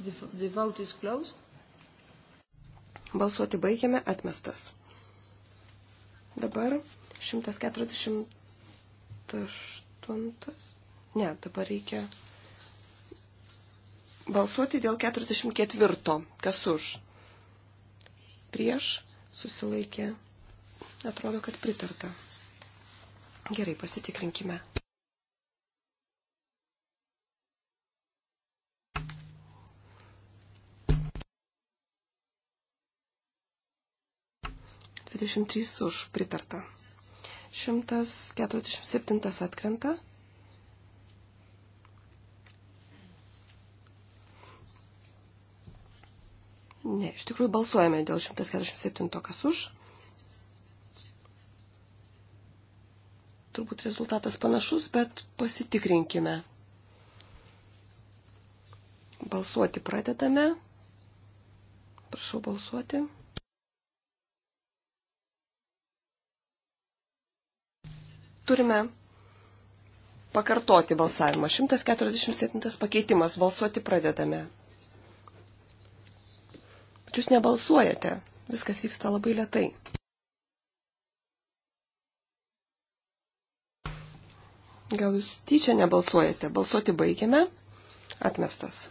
The, the vote is closed. Balsuoti baigiame atmestas. Dabar 148. Ne, dabar reikia balsuoti dėl 44. Kas už? Prieš susilaikė. Atrodo, kad pritarta. Gerai, pasitikrinkime. 23 už pritarta. 147 atkrenta. Ne, iš tikrųjų balsuojame dėl 147, kas už. Turbūt rezultatas panašus, bet pasitikrinkime. Balsuoti pradedame. Prašau balsuoti. turime pakartoti balsavimą. 147 pakeitimas. Balsuoti pradedame. Bet jūs nebalsuojate. Viskas vyksta labai lietai. Gal jūs tyčia nebalsuojate? Balsuoti baigiame. Atmestas.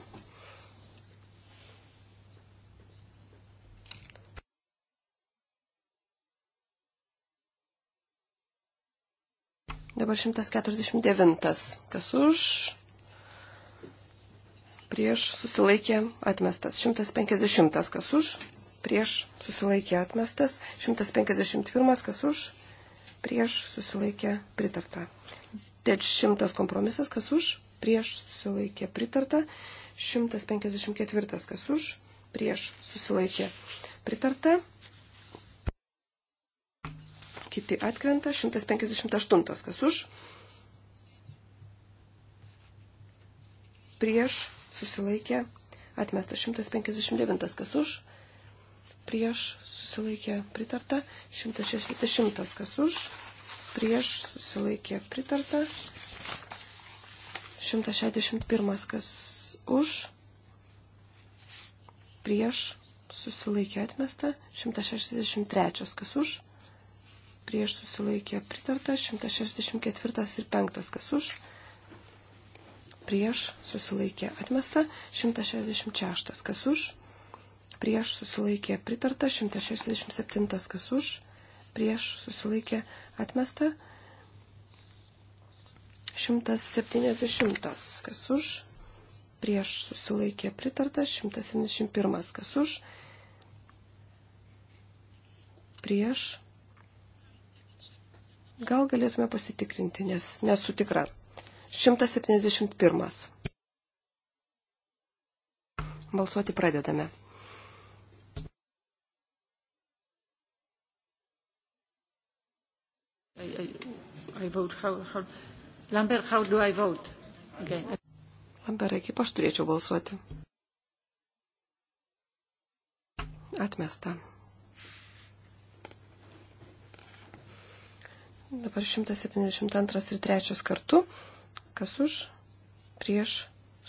Dabar 149. Kas už? Prieš susilaikė atmestas. 150. Kas už? Prieš susilaikė atmestas. 151. Kas už? Prieš susilaikė pritarta. Teč 100 kompromisas. Kas už? Prieš susilaikė pritarta. 154. Kas už? Prieš susilaikė pritarta kiti atkrenta, 158, kas už, prieš, susilaikė, atmesta 159, kas už, prieš, susilaikė, pritarta, 160, kas už, prieš, susilaikė, pritarta, 161, kas už, prieš, susilaikė, atmesta, 163, kas už, prieš susilaikė pritarta, 164 ir 5 kas už, prieš susilaikė atmesta, 166 kas už, prieš susilaikė pritarta, 167 kas už, prieš susilaikė atmesta, 170 kas už, prieš susilaikė pritarta, 171 kas už, prieš Gal galėtume pasitikrinti, nes nesu tikra. 171. Balsuoti pradedame. I, I, I vote how, how... Lambert, how do I vote? Okay. Lamberai, kaip aš turėčiau balsuoti? Atmesta. Dabar 172 ir 3 kartu. Kas už, prieš,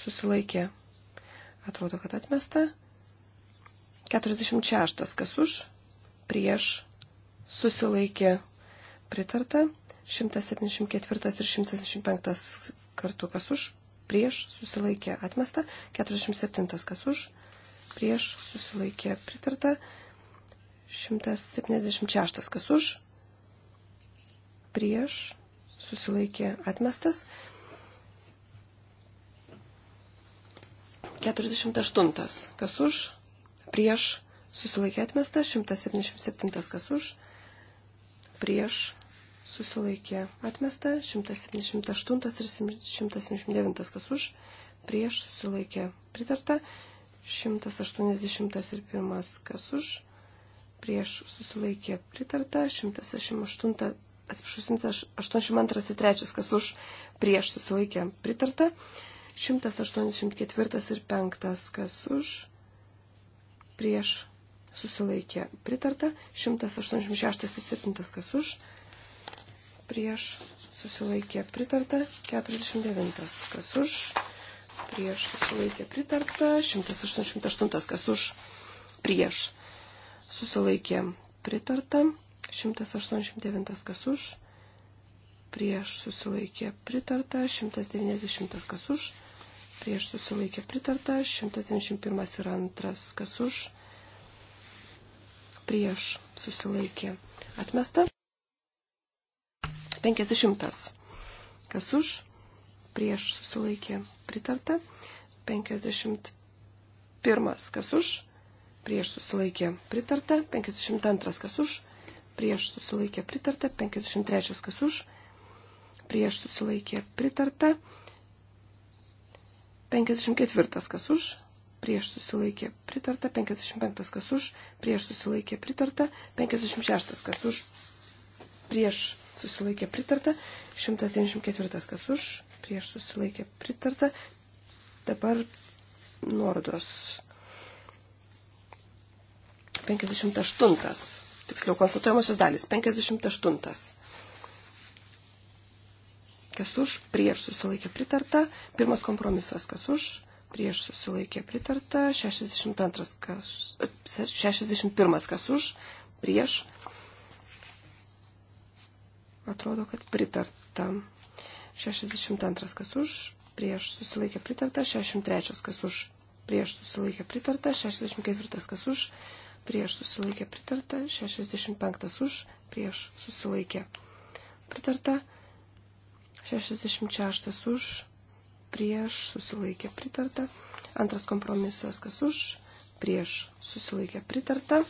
susilaikė. Atrodo, kad atmesta. 46. Kas už, prieš, susilaikė. Pritarta. 174 ir 175 kartu. Kas už, prieš, susilaikė. Atmesta. 47. Kas už, prieš, susilaikė. Pritarta. 176. Kas už, prieš, susilaikė atmestas. 48. Kas už, prieš, susilaikė atmestas. 177. Kas už, prieš, susilaikė atmestas. 178 ir 179. Kas už, prieš, susilaikė pritarta. 180 ir 1. Kas už, prieš, susilaikė pritarta. 188 atsiprašau, 182 ir 3, kas už prieš susilaikė pritarta, 184 ir 5, kas už prieš susilaikė pritarta, 186 ir 7, kas už prieš susilaikė pritarta, 49, kas už prieš susilaikė pritarta, 188, kas už prieš susilaikė pritarta. 189 kas už, prieš susilaikė pritarta, 190 kas už, prieš susilaikė pritarta, 191 ir 2 kas už, prieš susilaikė atmesta, 50 kas už, prieš susilaikė pritarta, 51 kas už, prieš susilaikė pritarta, 52 kas už, prieš susilaikė pritarta, 53 kas už, prieš susilaikė pritarta, 54 kas už, prieš susilaikė pritarta, 55 kas už, prieš susilaikė pritarta, 56 kas už, prieš susilaikė pritarta, 194 kas už, prieš susilaikė pritarta, dabar nuorodos 58 tiksliau konstatuojamosios dalys, 58. Kas už, prieš susilaikė pritarta, pirmas kompromisas, kas už, prieš susilaikė pritarta, 62, kas, 61, kas už, prieš, atrodo, kad pritarta, 62, kas už, prieš susilaikė pritarta, 63, kas už, prieš susilaikė pritarta, 64, kas už, prieš, prieš susilaikė pritarta, 65 už, prieš susilaikė pritarta, 66 už, prieš susilaikė pritarta, antras kompromisas kas už, prieš susilaikė pritarta,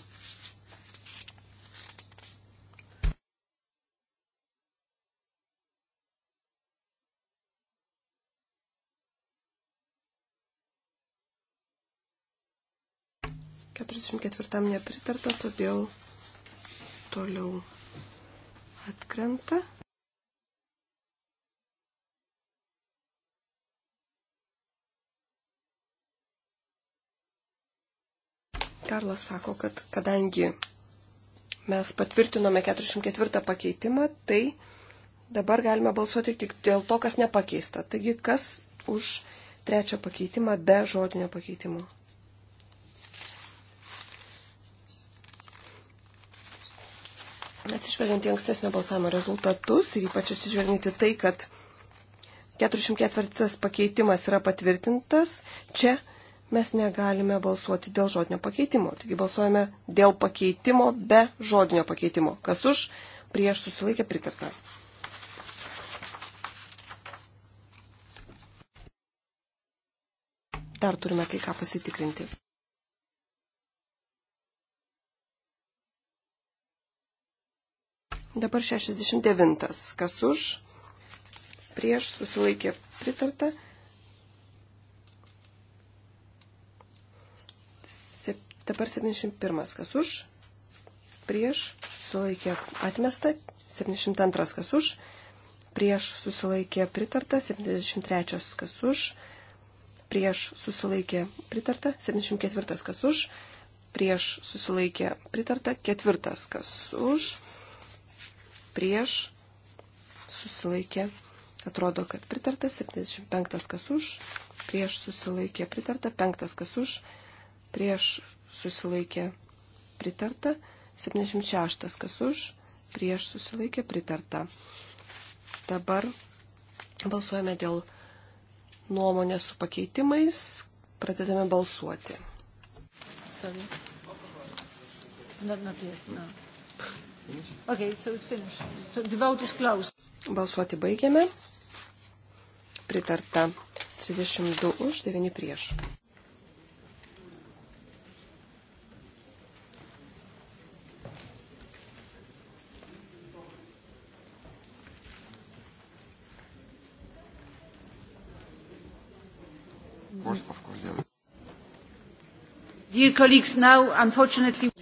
134 nepritarta, todėl toliau atkrenta. Karlas sako, kad kadangi mes patvirtinome 44 pakeitimą, tai dabar galime balsuoti tik dėl to, kas nepakeista. Taigi, kas už trečią pakeitimą be žodinio pakeitimo? Atsižvelgiant į ankstesnio balsavimo rezultatus ir ypač atsižvelgiant į tai, kad 404 pakeitimas yra patvirtintas, čia mes negalime balsuoti dėl žodinio pakeitimo. Taigi balsuojame dėl pakeitimo be žodinio pakeitimo. Kas už, prieš susilaikė pritarta. Dar turime kai ką pasitikrinti. Dabar 69. Kas už? Prieš susilaikė pritarta. 7, dabar 71. Kas už? Prieš susilaikė atmesta. 72. Kas už? Prieš susilaikė pritarta. 73. Kas už? Prieš susilaikė pritarta. 74. Kas už? Prieš susilaikė pritarta. 4. Kas už? prieš, susilaikė, atrodo, kad pritarta, 75 kas už, prieš susilaikė, pritarta, 5 kas už, prieš susilaikė, pritarta, 76 kas už, prieš susilaikė, pritarta. Dabar balsuojame dėl nuomonės su pakeitimais, pradedame balsuoti. Sorry. Not, not yet, no. Okay, so it's finished. So the vote is closed. Balsuoti baigiame. Pritarta 32 už, 9 prieš.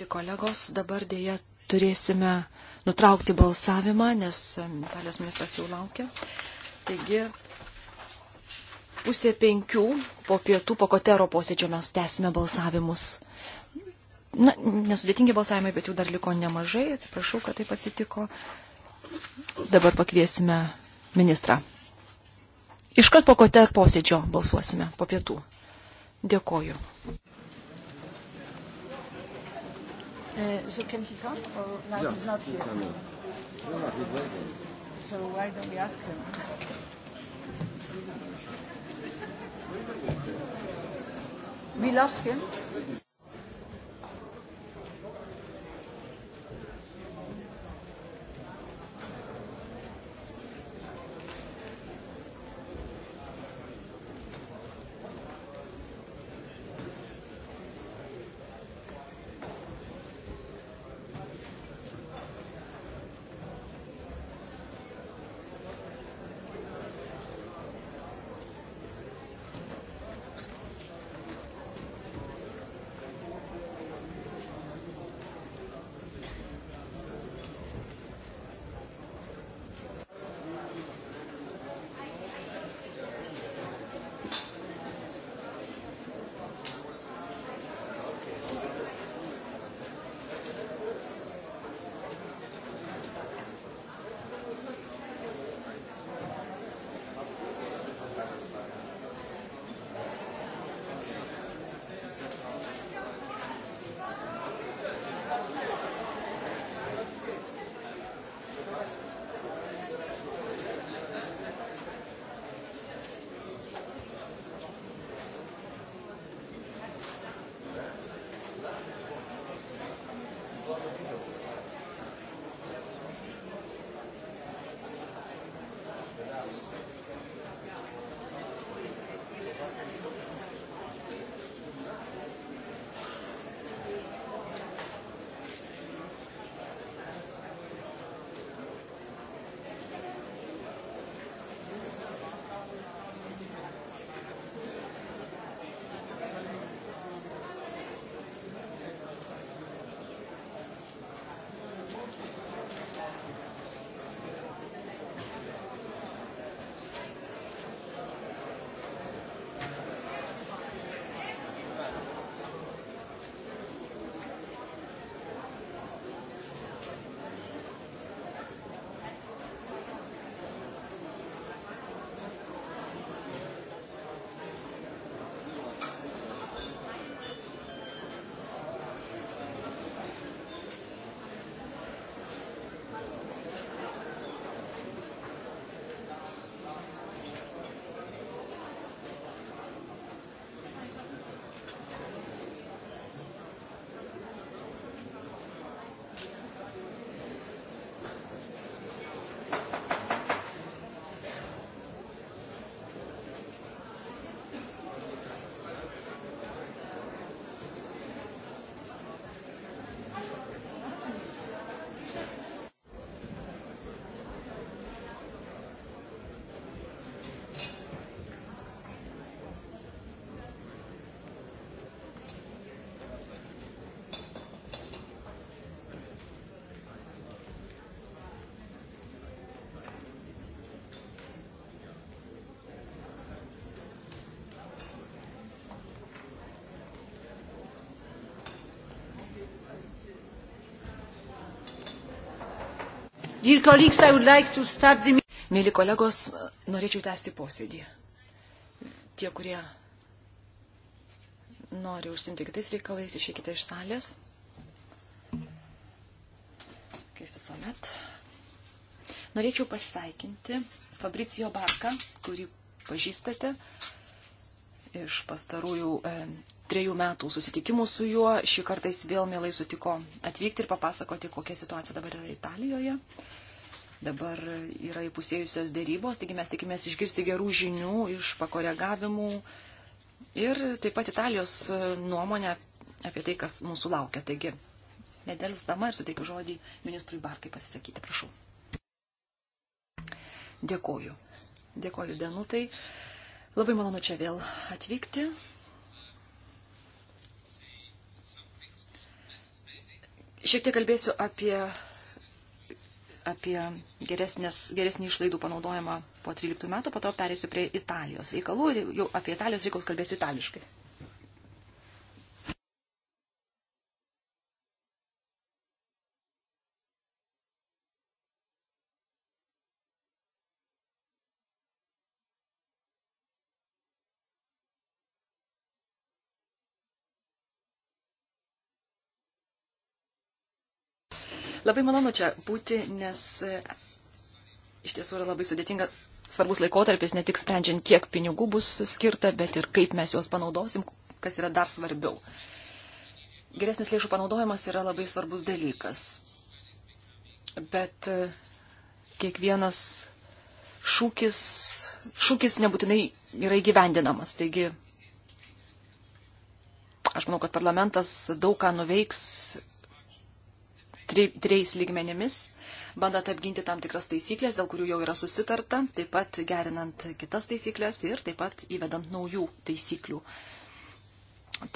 Kolegos, dabar dėja turėsime nutraukti balsavimą, nes Italijos ministras jau laukia. Taigi, pusė penkių po pietų po kotero posėdžio mes tęsime balsavimus. Na, nesudėtingi balsavimai, bet jų dar liko nemažai. Atsiprašau, kad taip atsitiko. Dabar pakviesime ministrą. Iškart po koter posėdžio balsuosime po pietų. Dėkoju. Uh, so can he come? Or oh, now yeah, he's not he's here. Coming. No, no, he's waiting. So why don't we ask him? We lost him. Mėly kolegos, norėčiau tęsti posėdį. Tie, kurie nori užsimti kitais reikalais, išeikite iš salės. Kaip visuomet. Norėčiau pasveikinti Fabricijo Barką, kurį pažįstate iš pastarųjų trejų metų susitikimų su juo. Šį kartą jis vėl mielai sutiko atvykti ir papasakoti, kokia situacija dabar yra Italijoje. Dabar yra įpusėjusios dėrybos, taigi mes tikimės išgirsti gerų žinių iš pakoregavimų ir taip pat Italijos nuomonę apie tai, kas mūsų laukia. Taigi, nedelsdama ir suteikiu žodį ministrui Barkai pasisakyti, prašau. Dėkoju. Dėkoju Denutai. Labai malonu čia vėl atvykti Šiek tiek kalbėsiu apie, apie geresnės, geresnį išlaidų panaudojimą po 13 metų, po to perėsiu prie Italijos reikalų ir jau apie Italijos reikalus kalbėsiu itališkai. Labai malonu čia būti, nes e, iš tiesų yra labai sudėtinga svarbus laikotarpis, ne tik sprendžiant, kiek pinigų bus skirta, bet ir kaip mes juos panaudosim, kas yra dar svarbiau. Geresnis lėšų panaudojimas yra labai svarbus dalykas. Bet e, kiekvienas šūkis, šūkis nebūtinai yra įgyvendinamas. Taigi, aš manau, kad parlamentas daug ką nuveiks tri, trejais lygmenimis, bandant apginti tam tikras taisyklės, dėl kurių jau yra susitarta, taip pat gerinant kitas taisyklės ir taip pat įvedant naujų taisyklių.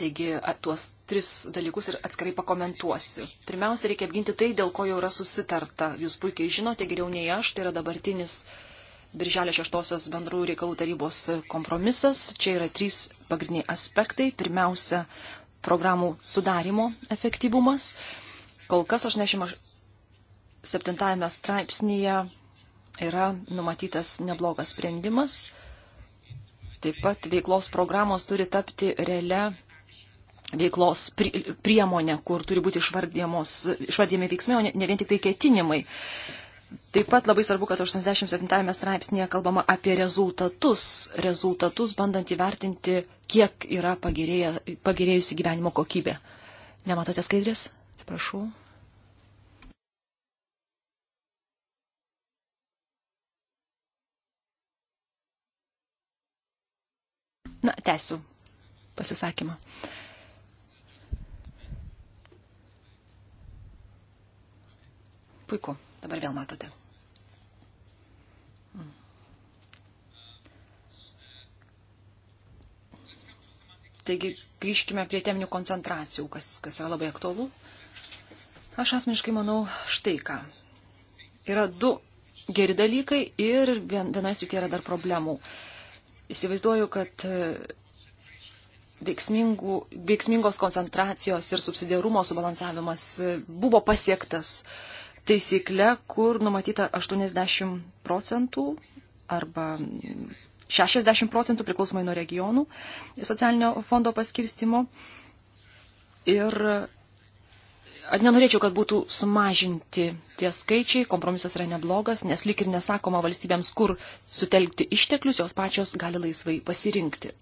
Taigi tuos tris dalykus ir atskirai pakomentuosiu. Pirmiausia, reikia apginti tai, dėl ko jau yra susitarta. Jūs puikiai žinote, geriau nei aš, tai yra dabartinis Birželio 6 bendrų reikalų tarybos kompromisas. Čia yra trys pagrindiniai aspektai. Pirmiausia, programų sudarimo efektyvumas. Kol kas 87 straipsnėje yra numatytas neblogas sprendimas. Taip pat veiklos programos turi tapti realią veiklos priemonę, kur turi būti išvardėmi veiksmai, o ne vien tik tai ketinimai. Taip pat labai svarbu, kad 87 straipsnėje kalbama apie rezultatus, rezultatus bandant įvertinti, kiek yra pagerėjusi gyvenimo kokybė. Nematote skaidrės? Atsiprašau. Na, tęsiu pasisakymą. Puiku, dabar vėl matote. Taigi grįžkime prie teminių koncentracijų, kas, kas yra labai aktualu. Aš asmeniškai manau štai ką. Yra du geri dalykai ir vienai srityje yra dar problemų. Įsivaizduoju, kad e, veiksmingos koncentracijos ir subsidiarumo subalansavimas e, buvo pasiektas taisykle, kur numatyta 80 procentų arba 60 procentų priklausomai nuo regionų socialinio fondo paskirstimo. Ir Nenorėčiau, kad būtų sumažinti tie skaičiai, kompromisas yra neblogas, nes lik ir nesakoma valstybėms, kur sutelkti išteklius, jos pačios gali laisvai pasirinkti.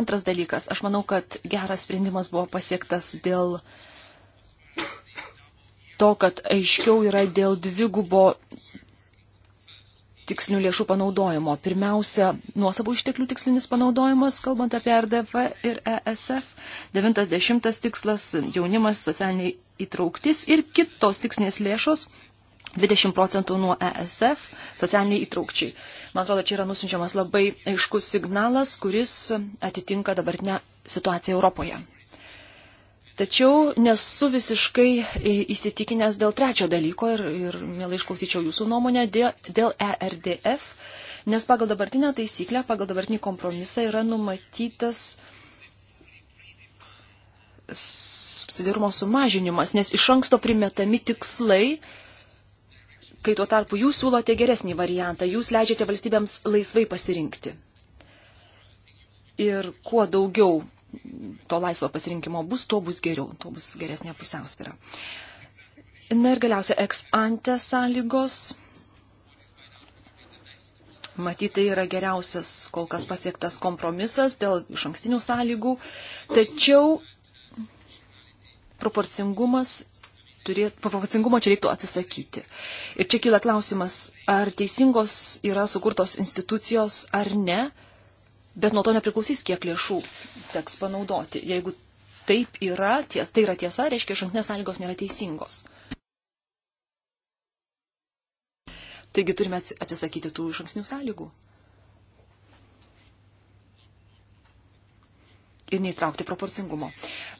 Antras dalykas, aš manau, kad geras sprendimas buvo pasiektas dėl to, kad aiškiau yra dėl dvigubo tikslinių lėšų panaudojimo. Pirmiausia, nuosavų išteklių tikslinis panaudojimas, kalbant apie RDF ir ESF. 90 tikslas - jaunimas, socialiniai įtrauktis ir kitos tikslinės lėšos. 20 procentų nuo ESF socialiniai įtraukčiai. Man atrodo, čia yra nusinčiamas labai aiškus signalas, kuris atitinka dabartinę situaciją Europoje. Tačiau nesu visiškai įsitikinęs dėl trečio dalyko ir, ir mielai išklausyčiau jūsų nuomonę dėl, dėl ERDF, nes pagal dabartinę taisyklę, pagal dabartinį kompromisą yra numatytas subsidiarumo sumažinimas, nes iš anksto primetami tikslai, kai tuo tarpu jūs siūlote geresnį variantą, jūs leidžiate valstybėms laisvai pasirinkti. Ir kuo daugiau to laisvo pasirinkimo bus, tuo bus geriau, tuo bus geresnė pusiausvyrą. Na ir galiausia, ex ante sąlygos. Matyt, tai yra geriausias kol kas pasiektas kompromisas dėl iš ankstinių sąlygų, tačiau proporcingumas turėt, proporcingumo čia reiktų atsisakyti. Ir čia kyla klausimas, ar teisingos yra sukurtos institucijos ar ne, bet nuo to nepriklausys, kiek lėšų teks panaudoti. Jeigu taip yra, ties, tai yra tiesa, reiškia, šanknės sąlygos nėra teisingos. Taigi turime atsisakyti tų šanksnių sąlygų. Ir neįtraukti proporcingumo.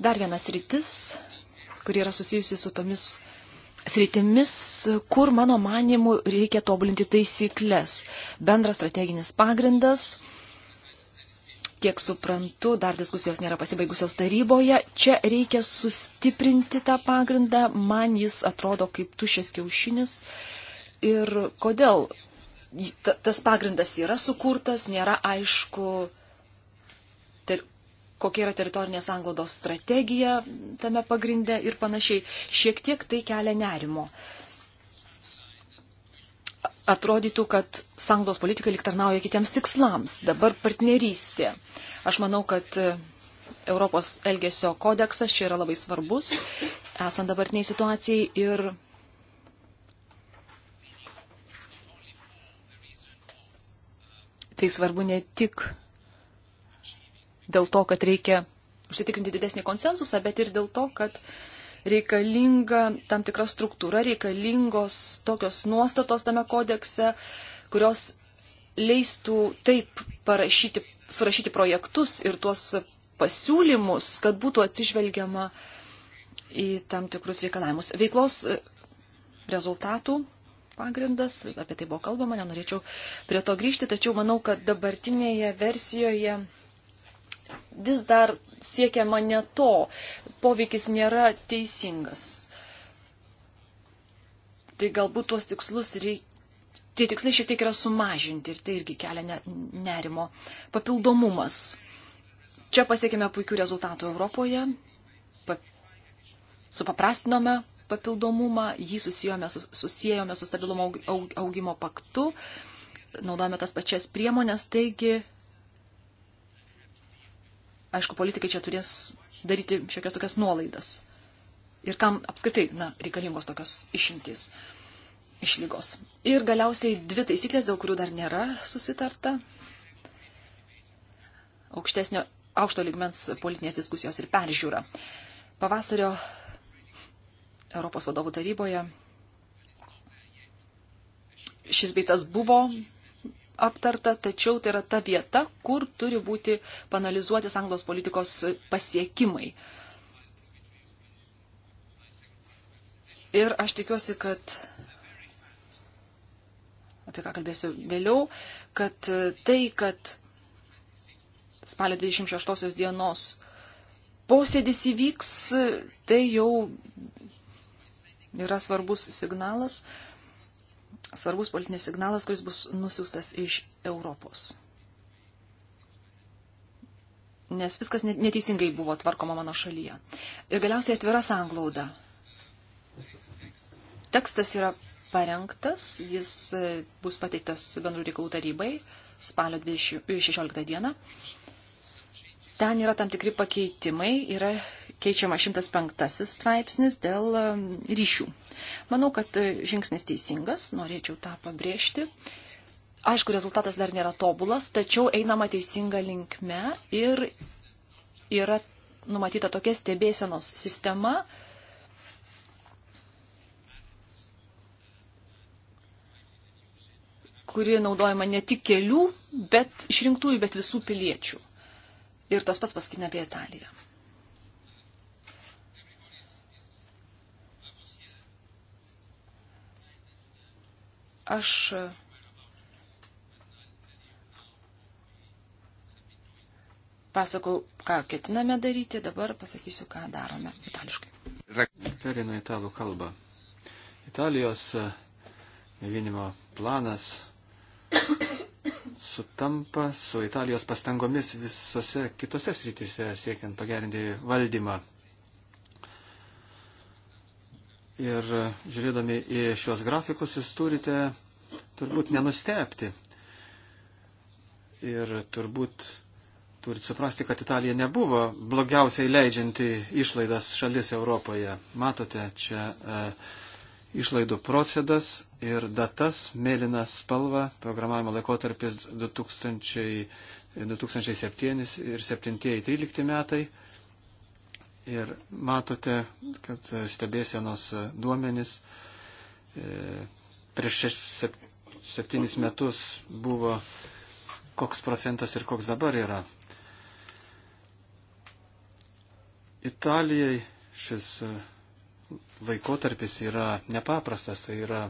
Dar vienas rytis, kuri yra susijusi su tomis sritimis, kur mano manimu reikia tobulinti taisyklės. Bendras strateginis pagrindas kiek suprantu, dar diskusijos nėra pasibaigusios taryboje. Čia reikia sustiprinti tą pagrindą. Man jis atrodo kaip tušės kiaušinis. Ir kodėl tas pagrindas yra sukurtas, nėra aišku, ter, kokia yra teritorinės anglodos strategija tame pagrindė ir panašiai. Šiek tiek tai kelia nerimo. Uh, atrodytų, kad sanglos politika lik tarnauja kitiems tikslams. Dabar partnerystė. Aš manau, kad e, Europos elgesio kodeksas čia yra labai svarbus, esant dabartiniai situacijai ir tai svarbu ne tik dėl to, kad reikia užsitikrinti didesnį konsensusą, bet ir dėl to, kad uh, reikalinga tam tikra struktūra, reikalingos tokios nuostatos tame kodekse, kurios leistų taip parašyti, surašyti projektus ir tuos pasiūlymus, kad būtų atsižvelgiama į tam tikrus reikalavimus. Veiklos e, rezultatų pagrindas, apie tai buvo kalbama, nenorėčiau prie to grįžti, tačiau manau, kad dabartinėje versijoje vis dar siekiama ne to, poveikis nėra teisingas. Tai galbūt tuos tikslus reikia. Tie tikslai šiek tiek yra sumažinti ir tai irgi kelia ne, nerimo. Papildomumas. Čia pasiekime puikių rezultatų Europoje, pa, supaprastinome papildomumą, jį susijome, susijome su stabilumo augimo paktu, naudojame tas pačias priemonės, taigi aišku, politikai čia turės daryti šiokias tokias nuolaidas. Ir kam apskritai, na, reikalingos tokios išimtys, išlygos. Ir galiausiai dvi taisyklės, dėl kurių dar nėra susitarta. Aukštesnio, aukšto ligmens politinės diskusijos ir peržiūra. Pavasario Europos vadovų taryboje šis beitas buvo aptarta, tačiau tai yra ta vieta, kur turi būti panalizuoti anglos politikos pasiekimai. Ir aš tikiuosi, kad apie ką kalbėsiu vėliau, kad tai, kad spalio 26 dienos posėdis įvyks, tai jau yra svarbus signalas svarbus politinis signalas, kuris bus nusiųstas iš Europos. Nes viskas neteisingai buvo tvarkoma mano šalyje. Ir galiausiai atvira sanglauda. Tekstas yra parengtas, jis e, bus pateiktas bendrų reikalų tarybai spalio 16 dieną. Ten yra tam tikri pakeitimai, yra keičiama 105 straipsnis dėl um, ryšių. Manau, kad e, žingsnis teisingas, norėčiau tą pabrėžti. Aišku, rezultatas dar nėra tobulas, tačiau einama teisinga linkme ir yra numatyta tokia stebėsenos sistema, kuri naudojama ne tik kelių, bet išrinktųjų, bet visų piliečių. Ir tas pats pasakytina apie Italiją. Aš pasakau, ką ketiname daryti, dabar pasakysiu, ką darome itališkai. Perinu italų kalbą. Italijos e, gyvenimo planas sutampa su Italijos pastangomis visose kitose srityse siekiant pagerinti valdymą Ir žiūrėdami į šios grafikus, jūs turite turbūt nenustepti. Ir turbūt turite suprasti, kad Italija nebuvo blogiausiai leidžianti išlaidas šalis Europoje. Matote čia e, išlaidų procedas ir datas, mėlynas spalva, programavimo laikotarpis 2000, 2007 ir 2013 metai. Ir matote, kad stebėsienos duomenys e, prieš septynis metus buvo koks procentas ir koks dabar yra. Italijai šis e, laikotarpis yra nepaprastas, tai yra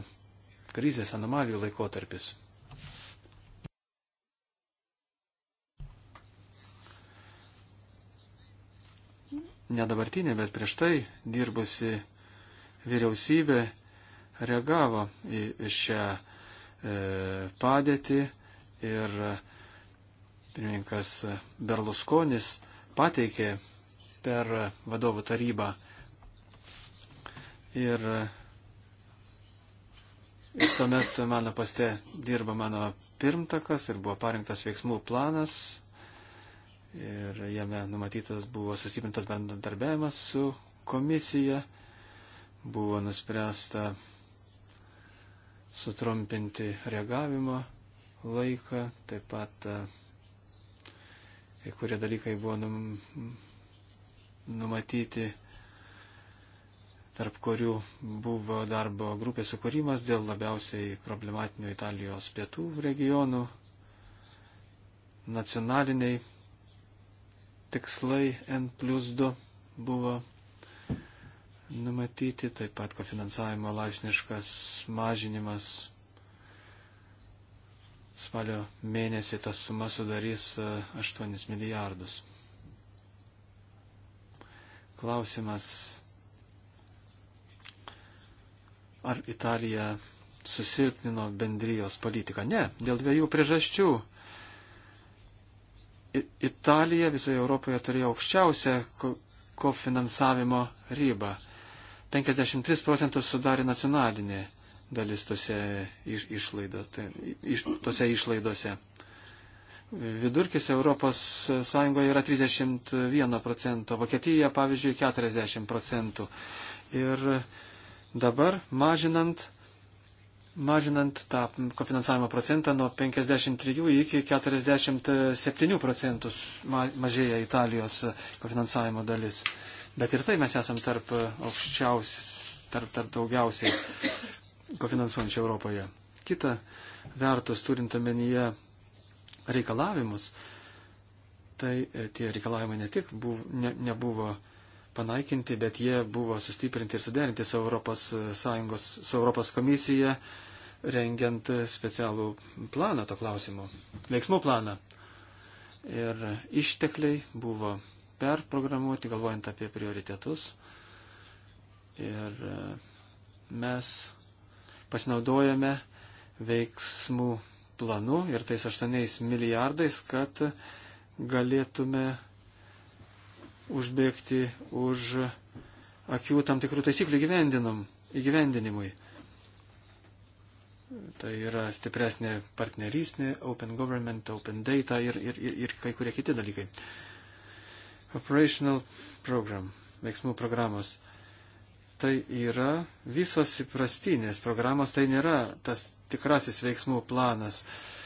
krizės anomalijų laikotarpis. nedabartinė, bet prieš tai dirbusi vyriausybė reagavo į šią e, padėtį ir pirmininkas Berlusconis pateikė per vadovų tarybą ir, ir tuomet mano paste dirba mano pirmtakas ir buvo parinktas veiksmų planas ir jame numatytas buvo sustiprintas bendradarbiavimas su komisija, buvo nuspręsta sutrumpinti reagavimo laiką, taip pat e, kai kurie dalykai buvo num, numatyti, tarp kurių buvo darbo grupės sukūrimas dėl labiausiai problematinių Italijos pietų regionų, nacionaliniai tikslai N plus 2 buvo numatyti, taip pat kofinansavimo laipsniškas mažinimas spalio mėnesį tas suma sudarys 8 e, milijardus. Klausimas, ar Italija susilpnino bendrijos politiką? Ne, dėl dviejų priežasčių. Italija visoje Europoje turėjo aukščiausią kofinansavimo ribą. 53 procentus sudarė nacionalinė dalis tose, iš, išlaido, tai, iš, tose išlaidose. Vidurkis Europos Sąjungoje yra 31 procento, Vokietija, pavyzdžiui, 40 procentų. Ir dabar mažinant mažinant tą kofinansavimo procentą nuo 53 iki 47 procentų mažėja Italijos kofinansavimo dalis. Bet ir tai mes esam tarp aukščiausių, tarp, tarp daugiausiai kofinansuojančių Europoje. Kita vertus, turint omenyje reikalavimus, tai e, tie reikalavimai ne tik buvo, ne, nebuvo panaikinti, bet jie buvo sustiprinti ir suderinti su Europos, e, Sąjungos, su Europos komisija, rengiant specialų planą to klausimo, veiksmų planą. Ir ištekliai buvo perprogramuoti, galvojant apie prioritetus. Ir e, mes pasinaudojame veiksmų planu ir tais 8 milijardais, kad galėtume užbėgti už akių tam tikrų taisyklių įgyvendinimui. Tai yra stipresnė partnerystė, open government, open data ir, ir, ir, ir kai kurie kiti dalykai. Operational program, veiksmų programos. Tai yra visos įprastinės programos, tai nėra tas tikrasis veiksmų planas. Uh,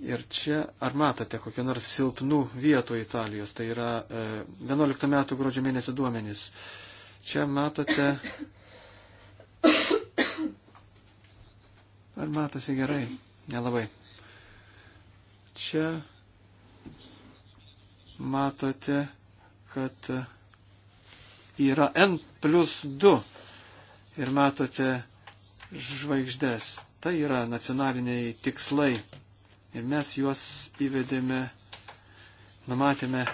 Ir čia, ar matote kokią nors silpnų vietų Italijos, tai yra 11 e, metų gruodžio mėnesio duomenys. Čia matote. Ar matosi gerai? Nelabai. Čia matote, kad yra N plus 2 ir matote žvaigždės. Tai yra nacionaliniai tikslai Ir mes juos įvedėme, numatėme,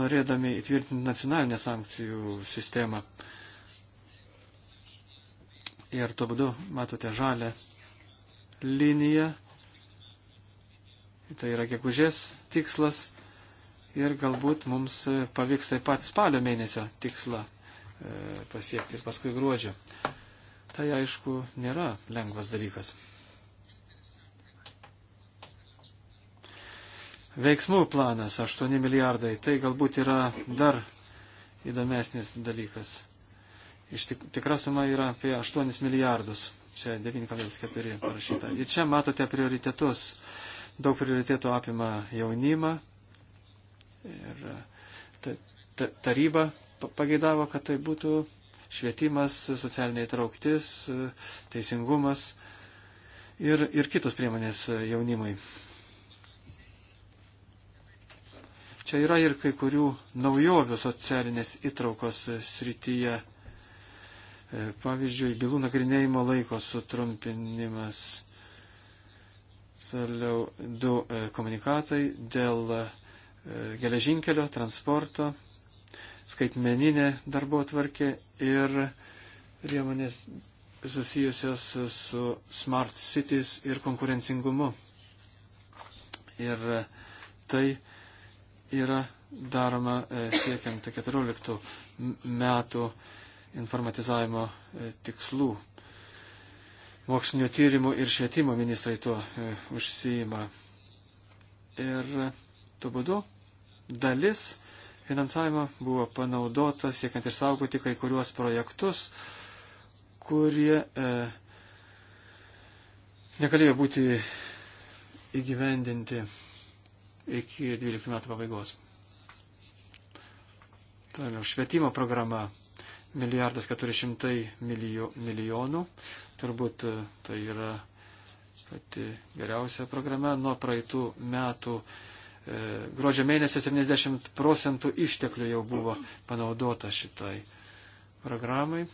norėdami įtvirtinti nacionalinę sankcijų sistemą. Ir tuo būdu matote žalę liniją. Tai yra gegužės tikslas. Ir galbūt mums pavyks taip pat spalio mėnesio tikslą e, pasiekti ir paskui gruodžio. Tai aišku nėra lengvas dalykas. Veiksmų planas 8 milijardai, tai galbūt yra dar įdomesnis dalykas. Iš tik, tikra suma yra apie 8 milijardus, čia 9,4 parašyta. Ir čia matote prioritetus. Daug prioritetų apima jaunimą ir e, ta, ta, taryba pageidavo, kad tai būtų švietimas, socialinė įtrauktis, e, teisingumas ir, ir kitos priemonės e, jaunimui Čia yra ir kai kurių naujovių socialinės įtraukos srityje. E, pavyzdžiui, bylų nagrinėjimo laiko sutrumpinimas. Toliau du e, komunikatai dėl e, geležinkelio, transporto, skaitmeninė darbo tvarkė ir priemonės susijusios su smart cities ir konkurencingumu. Ir tai yra daroma e, siekiant 14 metų informatizavimo e, tikslų. Mokslinio tyrimų ir švietimo ministrai tuo e, užsijima. Ir tuo būdu dalis finansavimo buvo panaudota siekiant išsaugoti kai kuriuos projektus, kurie e, negalėjo būti įgyvendinti iki 12 metų pabaigos. Toliau švietimo programa milijardas 400 milijonų. Turbūt e, tai yra pati geriausia programa. Nuo praeitų metų e, gruodžio mėnesio 70 procentų išteklių jau buvo panaudota šitai programai.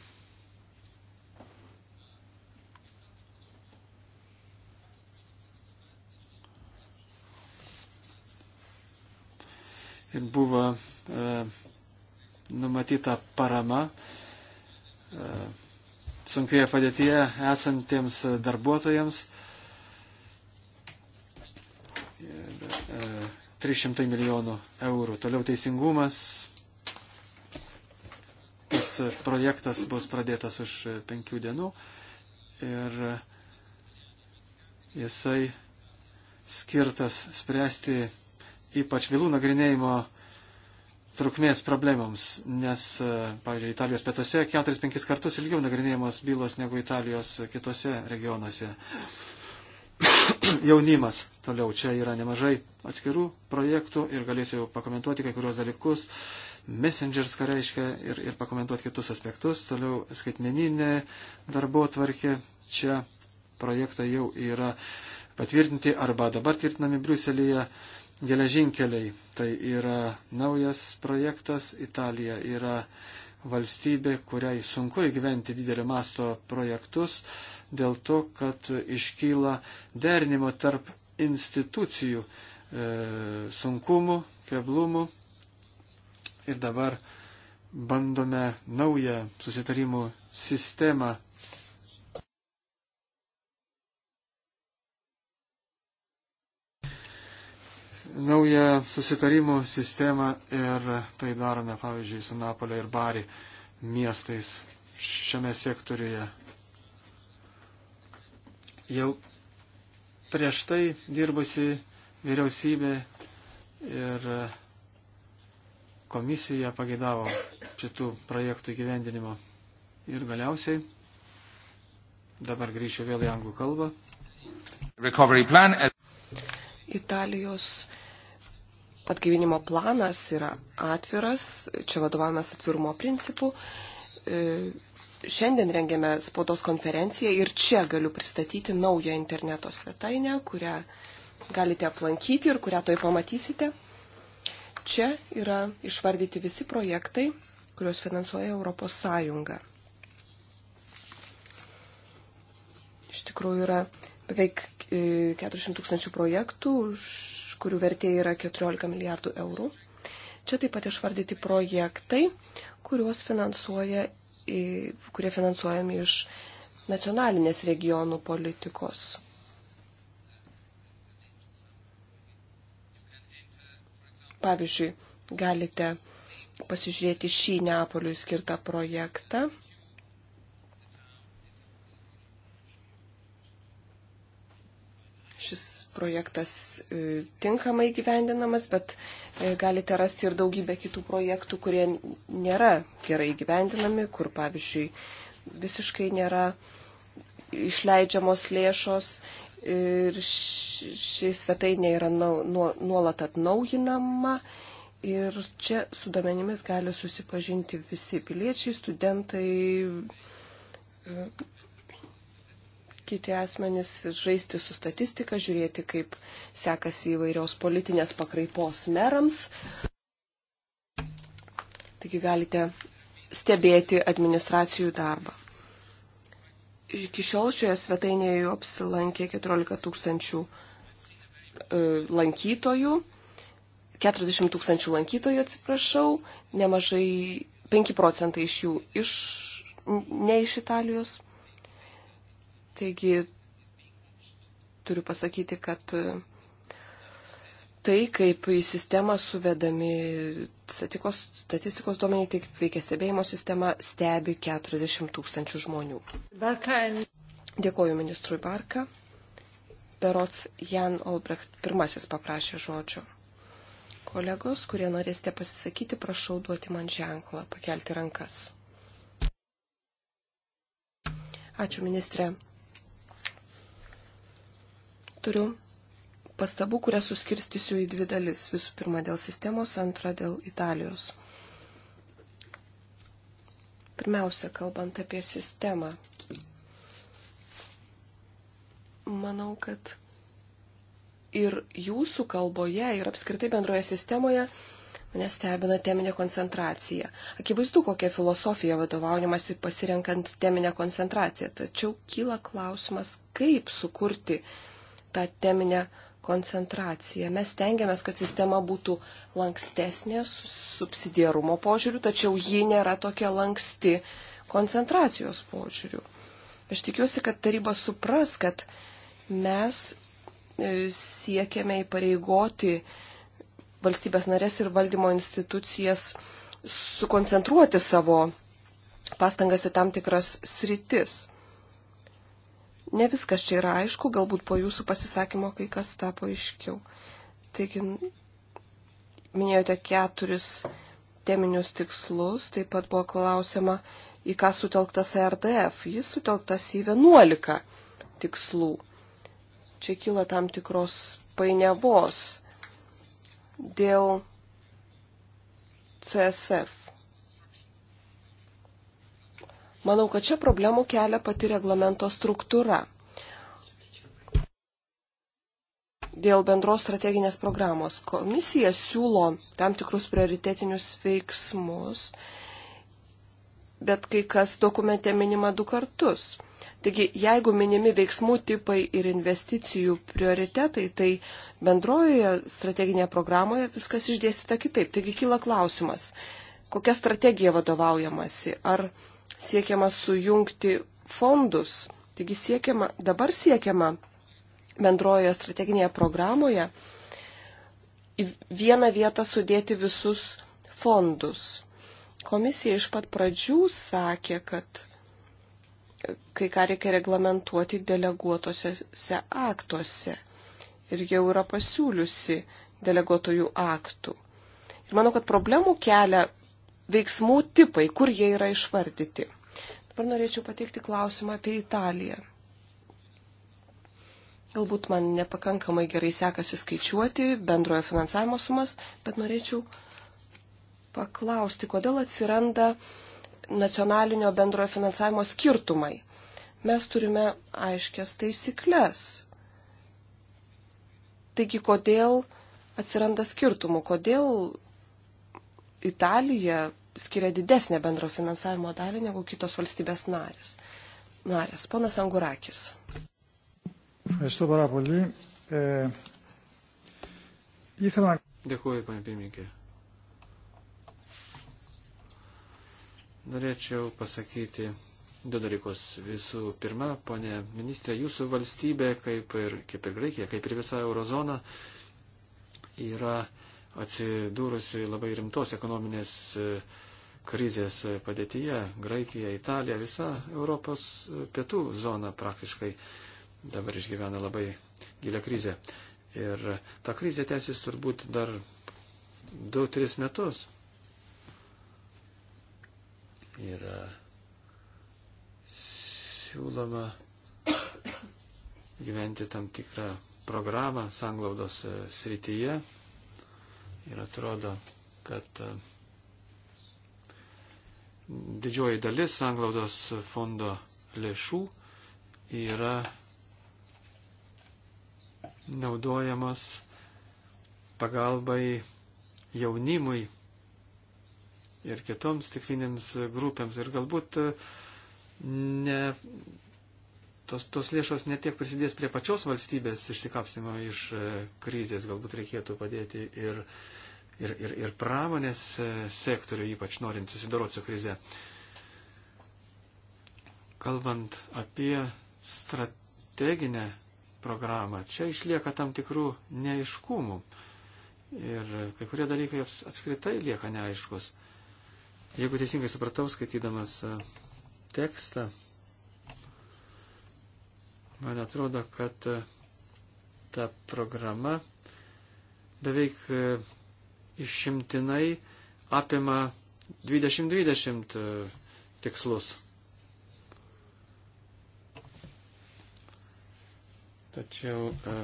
buvo e, numatyta parama e, sunkioje padėtyje esantiems darbuotojams. Ir, e, 300 milijonų eurų. Toliau teisingumas. Tas projektas bus pradėtas už penkių dienų ir jisai skirtas spręsti ypač vilų nagrinėjimo trukmės problemams, nes, e, pavyzdžiui, Italijos pietuose 4-5 kartus ilgiau nagrinėjamos bylos negu Italijos kitose regionuose. Jaunimas toliau čia yra nemažai atskirų projektų ir galėsiu pakomentuoti kai kurios dalykus. Messengers, ką reiškia, ir, ir pakomentuoti kitus aspektus. Toliau skaitmeninė darbo tvarkė. Čia projektai jau yra patvirtinti arba dabar tvirtinami Briuselėje geležinkeliai. Tai yra naujas projektas. Italija yra valstybė, kuriai sunku įgyventi didelio masto projektus dėl to, kad iškyla derinimo tarp institucijų e, sunkumų, keblumų. Ir dabar bandome naują susitarimų sistemą naują susitarimų sistemą ir tai darome, pavyzdžiui, su Napolio ir Bari miestais šiame sektoriuje. Jau prieš tai dirbusi vyriausybė ir komisija pagėdavo šitų projektų įgyvendinimo. Ir galiausiai, dabar grįšiu vėl į anglų kalbą. Italijos atgyvinimo planas yra atviras, čia vadovavomės atvirumo principu. E, šiandien rengėme spaudos konferenciją ir čia galiu pristatyti naują interneto svetainę, kurią galite aplankyti ir kurią toj pamatysite. Čia yra išvardyti visi projektai, kuriuos finansuoja Europos Sąjunga. Iš tikrųjų yra beveik 400 e, tūkstančių projektų už kurių vertė yra 14 milijardų eurų. Čia taip pat išvardyti projektai, finansuoja, kurie finansuojami iš nacionalinės regionų politikos. Pavyzdžiui, galite pasižiūrėti šį Neapoliui skirtą projektą. Šis projektas e, tinkamai gyvendinamas, bet e, galite rasti ir daugybę kitų projektų, kurie nėra gerai gyvendinami, kur pavyzdžiui visiškai nėra išleidžiamos lėšos ir ši svetainė yra nuolat atnaujinama. Ir čia su domenimis gali susipažinti visi piliečiai, studentai, e, kiti asmenys žaisti su statistika, žiūrėti, kaip sekasi įvairios politinės pakraipos merams. Taigi galite stebėti administracijų darbą. Iki šiol šioje svetainėje jau apsilankė 14 tūkstančių e, lankytojų, 40 tūkstančių lankytojų atsiprašau, nemažai 5 procentai iš jų iš, ne iš Italijos. Taigi turiu pasakyti, kad tai, kaip į sistemą suvedami statikos, statistikos duomeniai, taip veikia stebėjimo sistema, stebi 40 tūkstančių žmonių. Dėkoju ministrui Barka. Berots Jan Olbrecht pirmasis paprašė žodžio. Kolegos, kurie norėsite pasisakyti, prašau duoti man ženklą, pakelti rankas. Ačiū, ministrė turiu pastabų, kurias suskirstysiu į dvi dalis. Visų pirma, dėl sistemos, antra, dėl Italijos. Pirmiausia, kalbant apie sistemą. Manau, kad ir jūsų kalboje, ir apskritai bendroje sistemoje mane stebina teminė koncentracija. Akivaizdu, kokia filosofija vadovaujamasi pasirenkant teminę koncentraciją. Tačiau kyla klausimas, kaip sukurti uh, tą teminę koncentraciją. Mes tengiamės, kad sistema būtų lankstesnė subsidiarumo požiūriu, tačiau ji nėra tokia lanksti koncentracijos požiūriu. Aš tikiuosi, kad taryba supras, kad mes e, siekiame įpareigoti valstybės narės ir valdymo institucijas sukoncentruoti savo pastangas į tam tikras sritis. Ne viskas čia yra aišku, galbūt po jūsų pasisakymo kai kas tapo aiškiau. Taigi, minėjote keturis teminius tikslus, taip pat buvo klausima, į ką sutelktas RDF. Jis sutelktas į 11 tikslų. Čia kyla tam tikros painiavos dėl CSF. Manau, kad čia problemų kelia pati reglamento struktūra. Dėl bendros strateginės programos komisija siūlo tam tikrus prioritetinius veiksmus, bet kai kas dokumente minima du kartus. Taigi, jeigu minimi veiksmų tipai ir investicijų prioritetai, tai bendrojoje strateginėje programoje viskas išdėstyta kitaip. Taigi kyla klausimas, kokia strategija vadovaujamasi, ar siekiama sujungti fondus. Taigi siekiama, dabar siekiama bendrojoje strateginėje programoje į vieną vietą sudėti visus fondus. Komisija iš pat pradžių sakė, kad kai ką reikia reglamentuoti deleguotosiuose aktuose ir jau yra pasiūliusi deleguotojų aktų. Ir manau, kad problemų kelia veiksmų tipai, kur jie yra išvardyti. Dabar norėčiau pateikti klausimą apie Italiją. Galbūt man nepakankamai gerai sekasi skaičiuoti bendrojo finansavimo sumas, bet norėčiau paklausti, kodėl atsiranda nacionalinio bendrojo finansavimo skirtumai. Mes turime aiškias taisyklės. Taigi, kodėl atsiranda skirtumų, kodėl Italija skiria didesnę bendro finansavimo dalį negu kitos valstybės narės. Narės, ponas Angurakis. E, Dėkuoju, panė pirmininkė. Norėčiau pasakyti du dalykus. Visų pirma, ponė ministrė, jūsų valstybė, kaip ir, kaip ir Graikija, kaip ir visa eurozona, yra atsidūrusi labai rimtos ekonominės e, krizės e, padėtyje. Graikija, Italija, visa Europos e, pietų zona praktiškai dabar išgyvena labai gilę krizę. Ir ta krizė tęsis turbūt dar 2-3 metus. Ir siūloma gyventi tam tikrą programą sanglaudos srityje. Ir atrodo, kad e, didžioji dalis anglaudos fondo lėšų yra naudojamas pagalbai jaunimui ir kitoms tikslinėms grupėms. Ir galbūt e, ne, tos, tos lėšos netiek prisidės prie pačios valstybės išsikapsimo iš e, krizės, galbūt reikėtų padėti ir uh, ir, ir, ir pramonės e, sektorių, ypač norint susidoroti su krize. Kalbant apie strateginę programą, čia išlieka tam tikrų neaiškumų. Ir kai kurie dalykai aps, apskritai lieka neaiškus. Jeigu teisingai supratau, skaitydamas e, tekstą, man atrodo, kad e, ta programa beveik išimtinai apima 2020 e, tikslus. Tačiau e,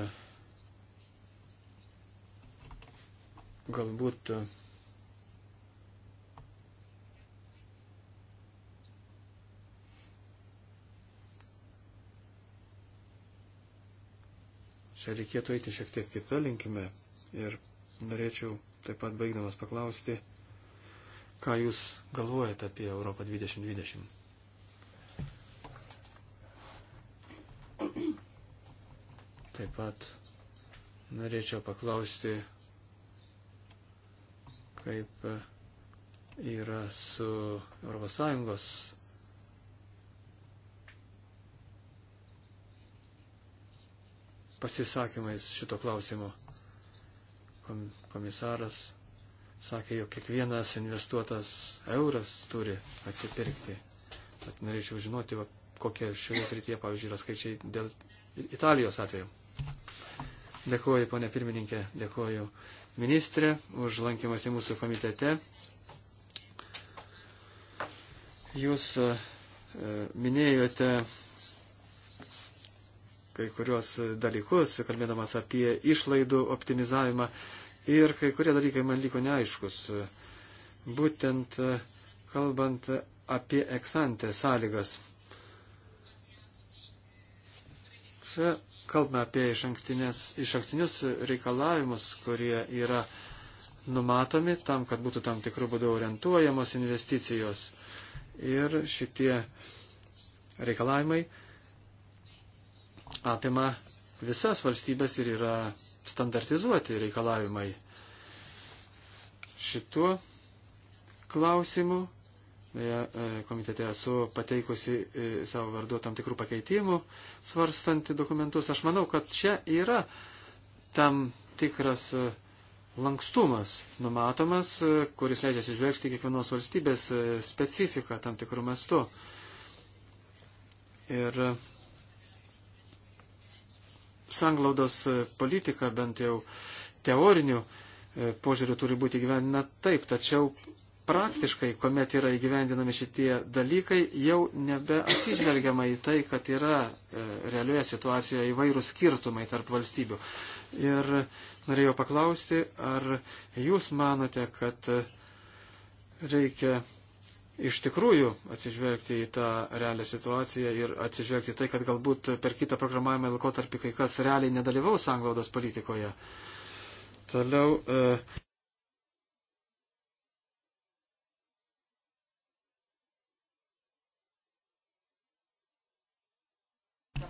galbūt e, čia reikėtų eiti šiek tiek kitą linkime ir norėčiau taip pat baigdamas paklausti, ką Jūs galvojate apie Europą 2020. Taip pat norėčiau paklausti, kaip yra su ES pasisakymais šito klausimo komisaras sakė, jog kiekvienas investuotas euras turi atsipirkti. Tad norėčiau žinoti, va, kokie šioje srityje, pavyzdžiui, yra skaičiai dėl Italijos atveju. Dėkuoju, ponė pirmininkė, dėkuoju ministrė už lankymasi mūsų komitete. Jūs e, e, minėjote kai kurios dalykus, kalbėdamas apie išlaidų optimizavimą ir kai kurie dalykai man liko neaiškus. Būtent e, kalbant apie eksantę sąlygas. Čia kalbame apie iš, iš ankstinius reikalavimus, kurie yra numatomi tam, kad būtų tam tikrų būdų orientuojamos investicijos. Ir šitie reikalavimai apima visas valstybės ir yra standartizuoti reikalavimai. Šituo klausimu Beje, e, komitete esu pateikusi e, savo vardu tam tikrų pakeitimų, svarstanti dokumentus. Aš manau, kad čia yra tam tikras e, lankstumas numatomas, kuris leidžia atsižvelgti kiekvienos valstybės specifiką tam tikrų mastų. Ir sanglaudos e, politika bent jau teorinių e, požiūrių turi būti gyvenina taip, tačiau praktiškai, kuomet yra įgyvendinami šitie dalykai, jau nebeatsižvelgiama į tai, kad yra e, realioje situacijoje įvairūs skirtumai tarp valstybių. Ir norėjau paklausti, ar jūs manote, kad reikia iš tikrųjų atsižvelgti į tą realią situaciją ir atsižvelgti tai, kad galbūt per kitą programavimą laikotarpį kai kas realiai nedalyvaus anglaudos politikoje. Toliau. E,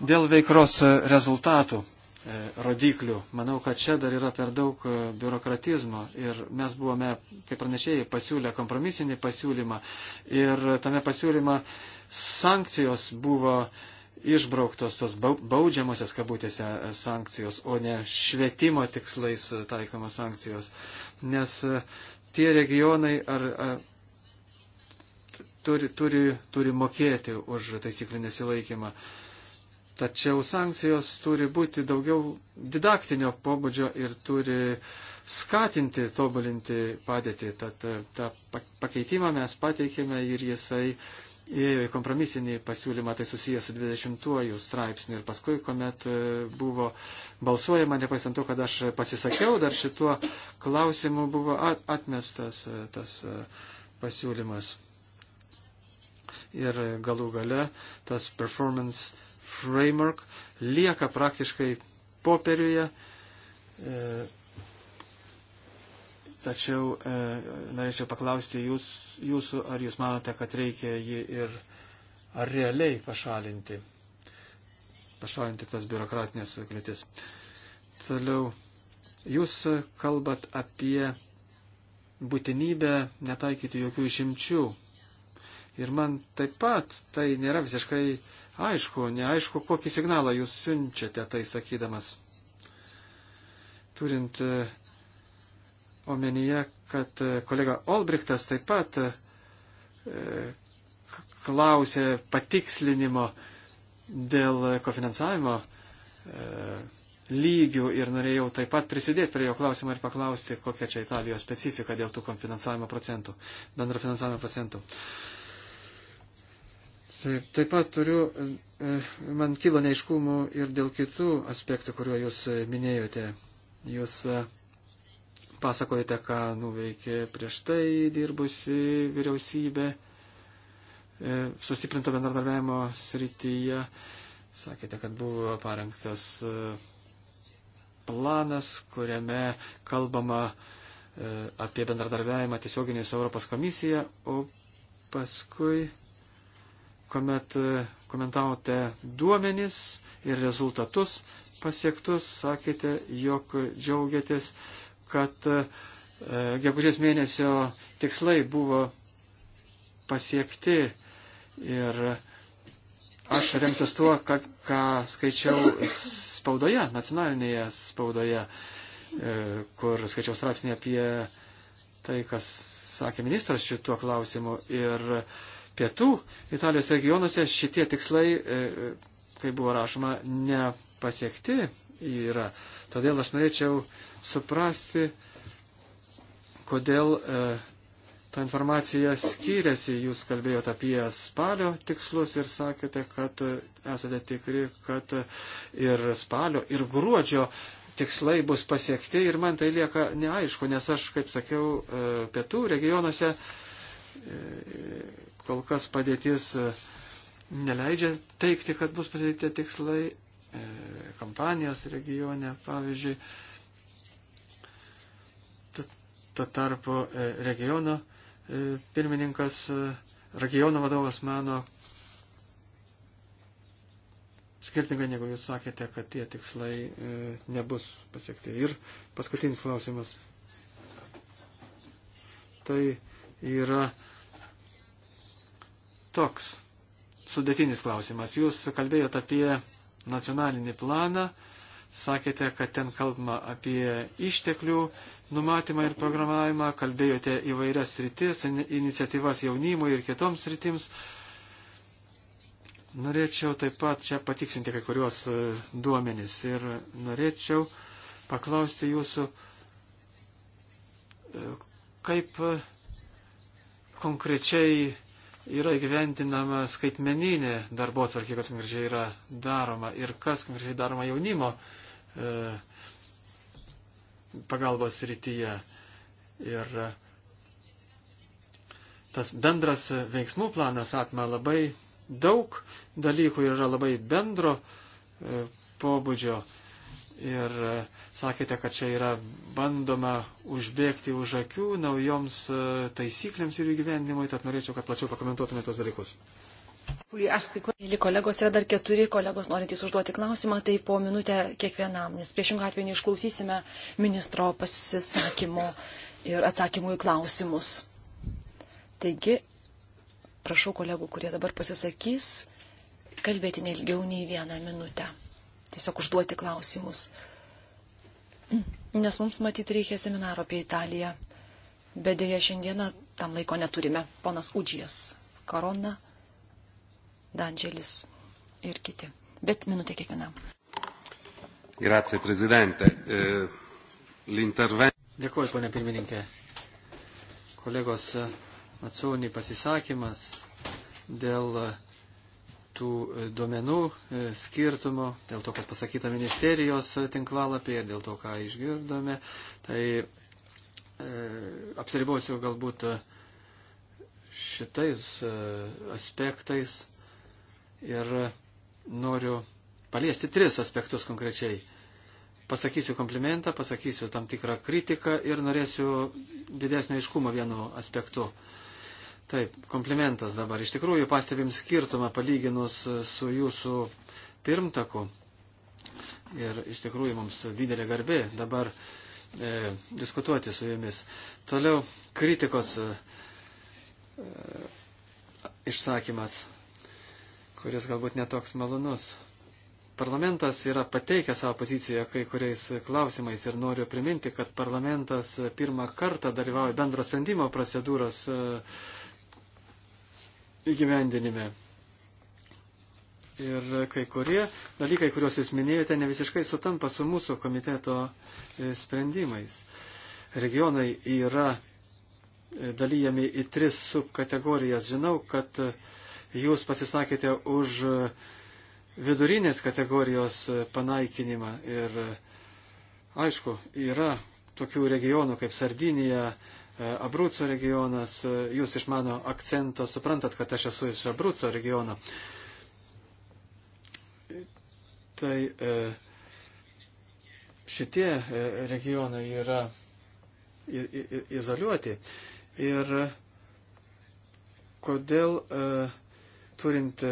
Dėl veikros rezultatų E, rodiklių. Manau, kad čia dar yra per daug e, biurokratizmo ir mes buvome, kaip pranešėjai, pasiūlę kompromisinį pasiūlymą ir tame pasiūlyma sankcijos buvo išbrauktos tos baudžiamosios kabutėse e, sankcijos, o ne švietimo tikslais taikomos sankcijos. Nes tie regionai ar, ar, turi, turi, turi mokėti už taisyklių nesilaikymą. Uh, Tačiau sankcijos turi būti daugiau didaktinio pobūdžio ir turi skatinti, tobulinti padėtį. Tad e, tą pakeitimą mes pateikėme ir jisai įėjo į kompromisinį pasiūlymą, tai susijęs su 20-uoju straipsniu. Ir paskui, kuomet e, buvo balsuojama, nepaisant to, kad aš pasisakiau, dar šituo klausimu buvo atmestas e, tas pasiūlymas. Ir galų gale tas performance framework lieka praktiškai popieriuje, e, tačiau e, norėčiau paklausti jūs, jūsų, ar jūs manote, kad reikia jį ir ar realiai pašalinti, pašalinti tas biurokratinės kliūtis. Toliau, jūs kalbat apie būtinybę netaikyti jokių išimčių Ir man taip pat tai nėra visiškai aišku, neaišku, kokį signalą jūs siunčiate tai sakydamas. Turint e, omenyje, kad e, kolega Olbrichtas taip pat e, klausė patikslinimo dėl kofinansavimo lygių ir norėjau taip pat prisidėti prie jo klausimą ir paklausti, kokia čia Italijos specifika dėl tų kofinansavimo procentų, bendro finansavimo procentų. Uh, Taip, taip pat turiu, e, e, man kilo neiškumų ir dėl kitų aspektų, kuriuo jūs e, minėjote. Jūs pasakojate, ką nuveikė prieš tai dirbusi vyriausybė, sustiprinto bendradarbiavimo srityje. Sakėte, kad buvo parengtas planas, kuriame kalbama apie bendradarbiavimą tiesioginį su Europos komisija, o paskui kuomet e, komentavote duomenis ir rezultatus pasiektus, sakėte, jog džiaugiatės, kad e, gegužės mėnesio tikslai buvo pasiekti ir aš remsiuos tuo, ką, ką skaičiau spaudoje, nacionalinėje spaudoje, e, kur skaičiau straipsnį apie tai, kas sakė ministras šituo klausimu ir pietų Italijos regionuose šitie tikslai, e, e, kai buvo rašoma, nepasiekti yra. Todėl aš norėčiau suprasti, kodėl e, ta informacija skiriasi. Jūs kalbėjote apie spalio tikslus ir sakėte, kad esate tikri, kad ir spalio, ir gruodžio tikslai bus pasiekti ir man tai lieka neaišku, nes aš, kaip sakiau, pietų regionuose kol kas padėtis e, neleidžia teikti, kad bus pasiekti tikslai e, kampanijos regione, pavyzdžiui, Tuo tarpu e, regiono pirmininkas, regiono vadovas mano skirtingai, negu jūs sakėte, kad tie tikslai nebus pasiekti. Ir paskutinis klausimas. Tai yra toks sudėtinis klausimas. Jūs kalbėjote apie nacionalinį planą, sakėte, kad ten kalbama apie išteklių numatymą ir programavimą, kalbėjote įvairias sritis, iniciatyvas jaunimui ir kitoms sritims. Norėčiau taip pat čia patiksinti kai kuriuos e, duomenys ir norėčiau paklausti jūsų, e, kaip e, konkrečiai yra įgyvendinama skaitmeninė darbo atvarkė, kas konkrečiai yra daroma ir kas konkrečiai daroma jaunimo e, pagalbos rytyje. Ir e, tas bendras veiksmų planas atma labai daug dalykų yra labai bendro e, pobūdžio ir e, sakėte, kad čia yra bandoma užbėgti už akių naujoms e, taisyklėms ir įgyvendinimui, tad norėčiau, kad plačiau pakomentuotumėte tos dalykus. Mėly kolegos, yra dar keturi kolegos norintys užduoti klausimą, tai po minutę kiekvienam, nes priešingą atveju neišklausysime ministro pasisakymo ir atsakymų į klausimus. Taigi, prašau kolegų, kurie dabar pasisakys, kalbėti neilgiau nei vieną minutę tiesiog užduoti klausimus. Nes mums matyti reikia seminaro apie Italiją, bet dėja šiandieną tam laiko neturime. Ponas Udžijas, Korona, Dangelis ir kiti. Bet minutė kiekvienam. Grazie, prezidente. E, l'intervento. Dėkuoju, ponė pirmininkė. Kolegos Matsūnį pasisakymas dėl uh, tų e, duomenų e, skirtumų, dėl to, kas pasakyta ministerijos e, tinklalapyje, dėl to, ką išgirdome, tai e, apsiribosiu galbūt šitais e, aspektais ir noriu paliesti tris aspektus konkrečiai. Pasakysiu komplimentą, pasakysiu tam tikrą kritiką ir norėsiu didesnio iškumo vienu aspektu. E, Taip, komplimentas dabar. Iš tikrųjų, pastebim skirtumą palyginus su jūsų pirmtaku. Ir iš tikrųjų mums didelė garbė dabar e, diskutuoti su jumis. Toliau kritikos e, e išsakymas, kuris galbūt netoks malonus. Parlamentas yra pateikę savo poziciją kai kuriais klausimais ir noriu priminti, kad parlamentas pirmą kartą dalyvauja bendro sprendimo procedūros. E, įgyvendinime. Ir kai kurie dalykai, kuriuos jūs minėjote, ne visiškai sutampa su mūsų komiteto e, sprendimais. Regionai yra e, dalyjami į tris subkategorijas. Žinau, kad e, jūs pasisakėte už vidurinės kategorijos panaikinimą. Ir aišku, yra tokių regionų kaip Sardinija, E, Abruco regionas, e, jūs iš mano akcento suprantat, kad aš esu iš Abruco regiono. Tai e, šitie regionai yra izoliuoti. Ir kodėl turint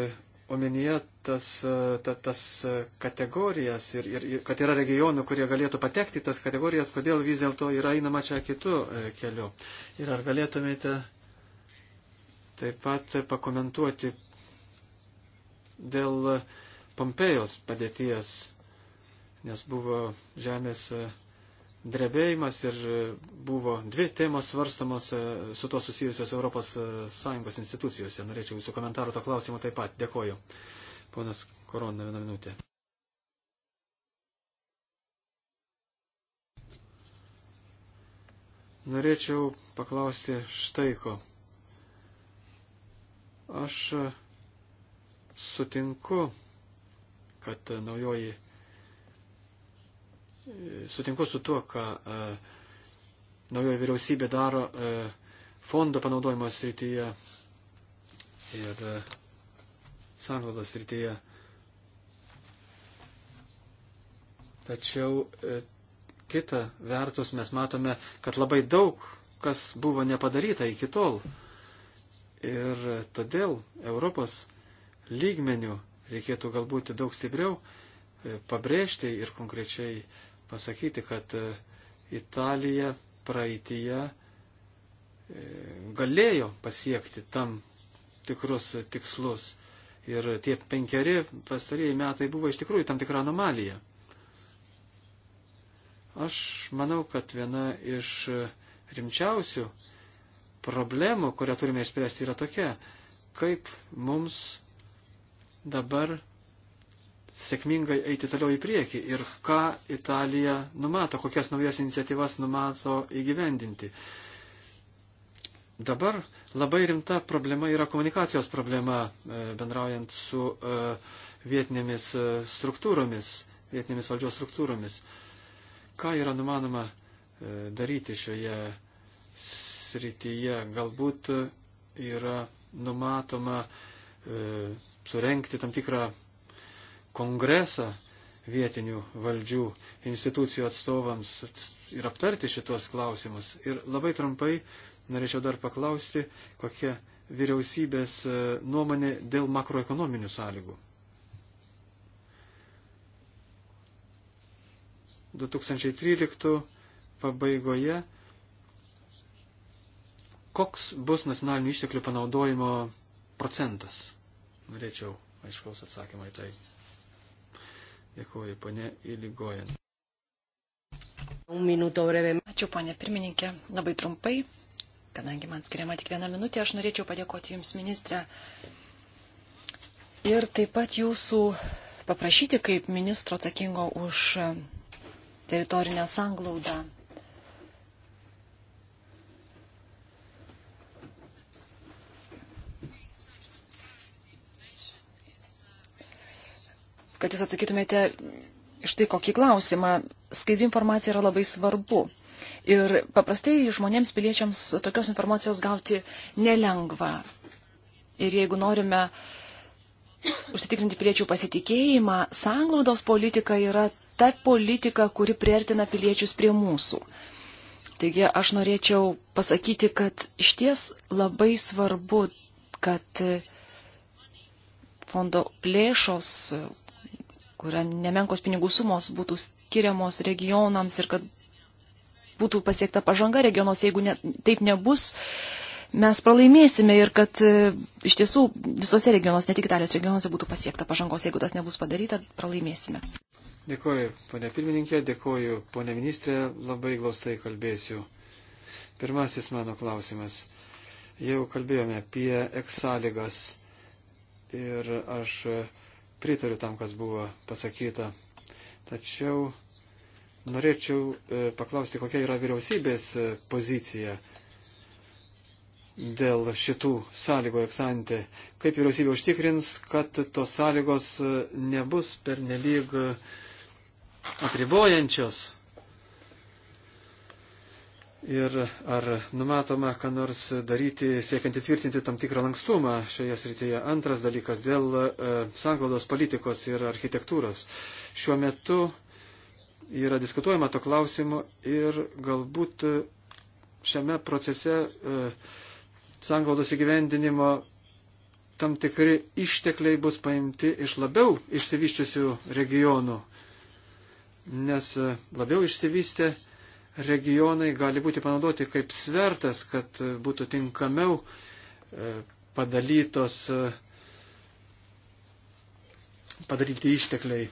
omenyje tas, e, ta, tas e, kategorijas ir, ir, ir kad yra regionų, kurie galėtų patekti tas kategorijas, kodėl vis dėlto yra einama čia kitų e, kelių. Ir ar galėtumėte taip pat pakomentuoti dėl Pompėjos padėties, nes buvo žemės drebėjimas ir buvo dvi temos svarstamos e, su tuo susijusios ES e, institucijose. Norėčiau jūsų komentarų to klausimo taip pat. Dėkoju. Ponas Korona, vieną minutę. Norėčiau paklausti štai ko. Aš e, sutinku, kad naujoji sutinku su tuo, ką e, naujoji vyriausybė daro e, fondo panaudojimo srityje ir e, sanglados srityje. Tačiau kita vertus mes matome, kad labai daug kas buvo nepadaryta iki tol. Ir todėl Europos lygmenių reikėtų galbūt daug stipriau pabrėžti ir konkrečiai pasakyti, kad e, Italija praeitie e, galėjo pasiekti tam tikrus tikslus. Ir tie penkeri pastarieji metai buvo iš tikrųjų tam tikra anomalija. Aš manau, kad viena iš rimčiausių problemų, kurią turime išspręsti, yra tokia, kaip mums dabar sėkmingai eiti toliau į priekį ir ką Italija numato, kokias naujas iniciatyvas numato įgyvendinti. Dabar labai rimta problema yra komunikacijos problema e, bendraujant su e, vietinėmis e, struktūromis, vietinėmis valdžios struktūromis. Ką yra numanoma daryti šioje srityje? Galbūt yra numatoma surenkti tam tikrą kongresą vietinių valdžių institucijų atstovams ir aptarti šitos klausimus. Ir labai trumpai norėčiau dar paklausti, kokia vyriausybės e, nuomonė dėl makroekonominių sąlygų. 2013 pabaigoje koks bus nacionalinių išteklių panaudojimo procentas? Norėčiau aiškaus atsakymą į tai. Dėkuoju, ponė Iligojant. Ačiū, ponė pirmininkė. Labai trumpai, kadangi man skiriama tik viena minutė, aš norėčiau padėkoti Jums, ministrė. Ir taip pat Jūsų paprašyti kaip ministro atsakingo už teritorinę sanglaudą kad jūs atsakytumėte iš tai kokį klausimą. Skaidri informacija yra labai svarbu. Ir paprastai žmonėms, piliečiams tokios informacijos gauti nelengva. Ir jeigu norime užsitikrinti piliečių pasitikėjimą, sanglaudos politika yra ta politika, kuri priartina piliečius prie mūsų. Taigi aš norėčiau pasakyti, kad iš ties labai svarbu, kad fondo lėšos, kuria nemenkos pinigų sumos būtų skiriamos regionams ir kad būtų pasiekta pažanga regionuose, jeigu ne, taip nebus, mes pralaimėsime ir kad e, iš tiesų visose regionuose, ne tik Italijos regionuose, būtų pasiekta pažangos, jeigu tas nebus padaryta, pralaimėsime. Dėkuoju, ponė pirmininkė, dėkuoju, ponė ministrė, labai glaustai kalbėsiu. Pirmasis mano klausimas. Jau kalbėjome apie eksaligas ir aš pritariu tam, kas buvo pasakyta. Tačiau norėčiau e, paklausti, kokia yra vyriausybės e, pozicija dėl šitų sąlygų eksante. Kaip vyriausybė užtikrins, kad tos sąlygos e, nebus pernelyg apribojančios Ir ar numatoma, ką nors daryti, siekiant įtvirtinti tam tikrą lankstumą šioje srityje? Antras dalykas dėl e, sanglaudos politikos ir architektūros. Šiuo metu yra diskutuojama to klausimu ir galbūt šiame procese e, sanglaudos įgyvendinimo tam tikri ištekliai bus paimti iš labiau išsivyščiusių regionų, nes e, labiau išsivystę regionai gali būti panaudoti kaip svertas, kad būtų tinkamiau e, padalytos, e, padaryti ištekliai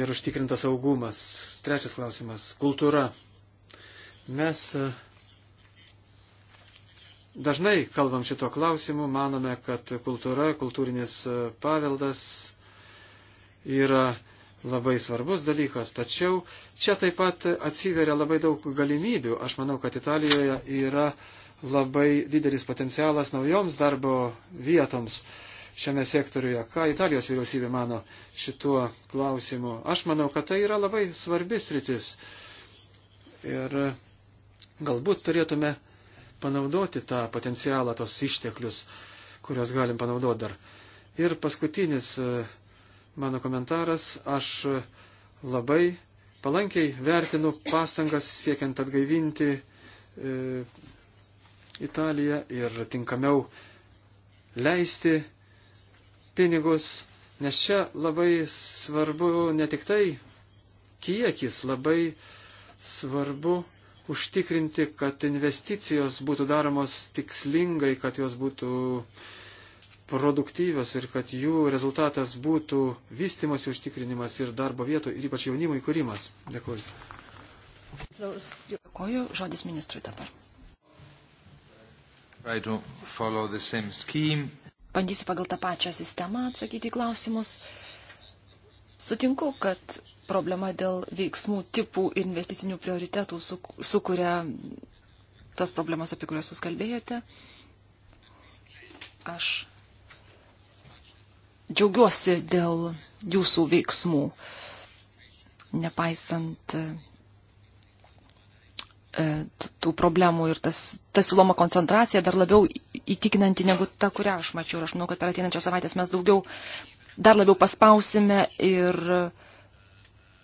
ir užtikrintas saugumas. Trečias klausimas - kultūra. Mes e, dažnai kalbam šito klausimu, manome, kad kultūra, kultūrinis paveldas yra labai svarbus dalykas, tačiau čia taip pat atsiveria labai daug galimybių. Aš manau, kad Italijoje yra labai didelis potencialas naujoms darbo vietoms šiame sektoriuje. Ką Italijos vyriausybė mano šituo klausimu? Aš manau, kad tai yra labai svarbis rytis. Ir galbūt turėtume panaudoti tą potencialą, tos išteklius, kuriuos galim panaudoti dar. Ir paskutinis uh, mano komentaras. Aš labai palankiai vertinu pastangas siekiant atgaivinti e, Italiją ir tinkamiau leisti pinigus, nes čia labai svarbu ne tik tai kiekis, labai svarbu užtikrinti, kad investicijos būtų daromos tikslingai, kad jos būtų e, produktyvios ir kad jų rezultatas būtų vystimas užtikrinimas ir darbo vietų, ir ypač jaunimo įkūrimas. Dėkuoju. Dėkuoju. Žodis ministrui dabar. Bandysiu pagal tą pačią sistemą atsakyti į klausimus. Sutinku, kad problema dėl veiksmų tipų investicinių prioritetų sukuria tas problemas, apie kurias jūs kalbėjote. Aš džiaugiuosi dėl jūsų veiksmų, nepaisant e, tų problemų ir tas, ta siūloma koncentracija dar labiau įtikinanti negu ta, kurią aš mačiau. Ir aš manau, kad per ateinančią savaitę mes daugiau, dar labiau paspausime ir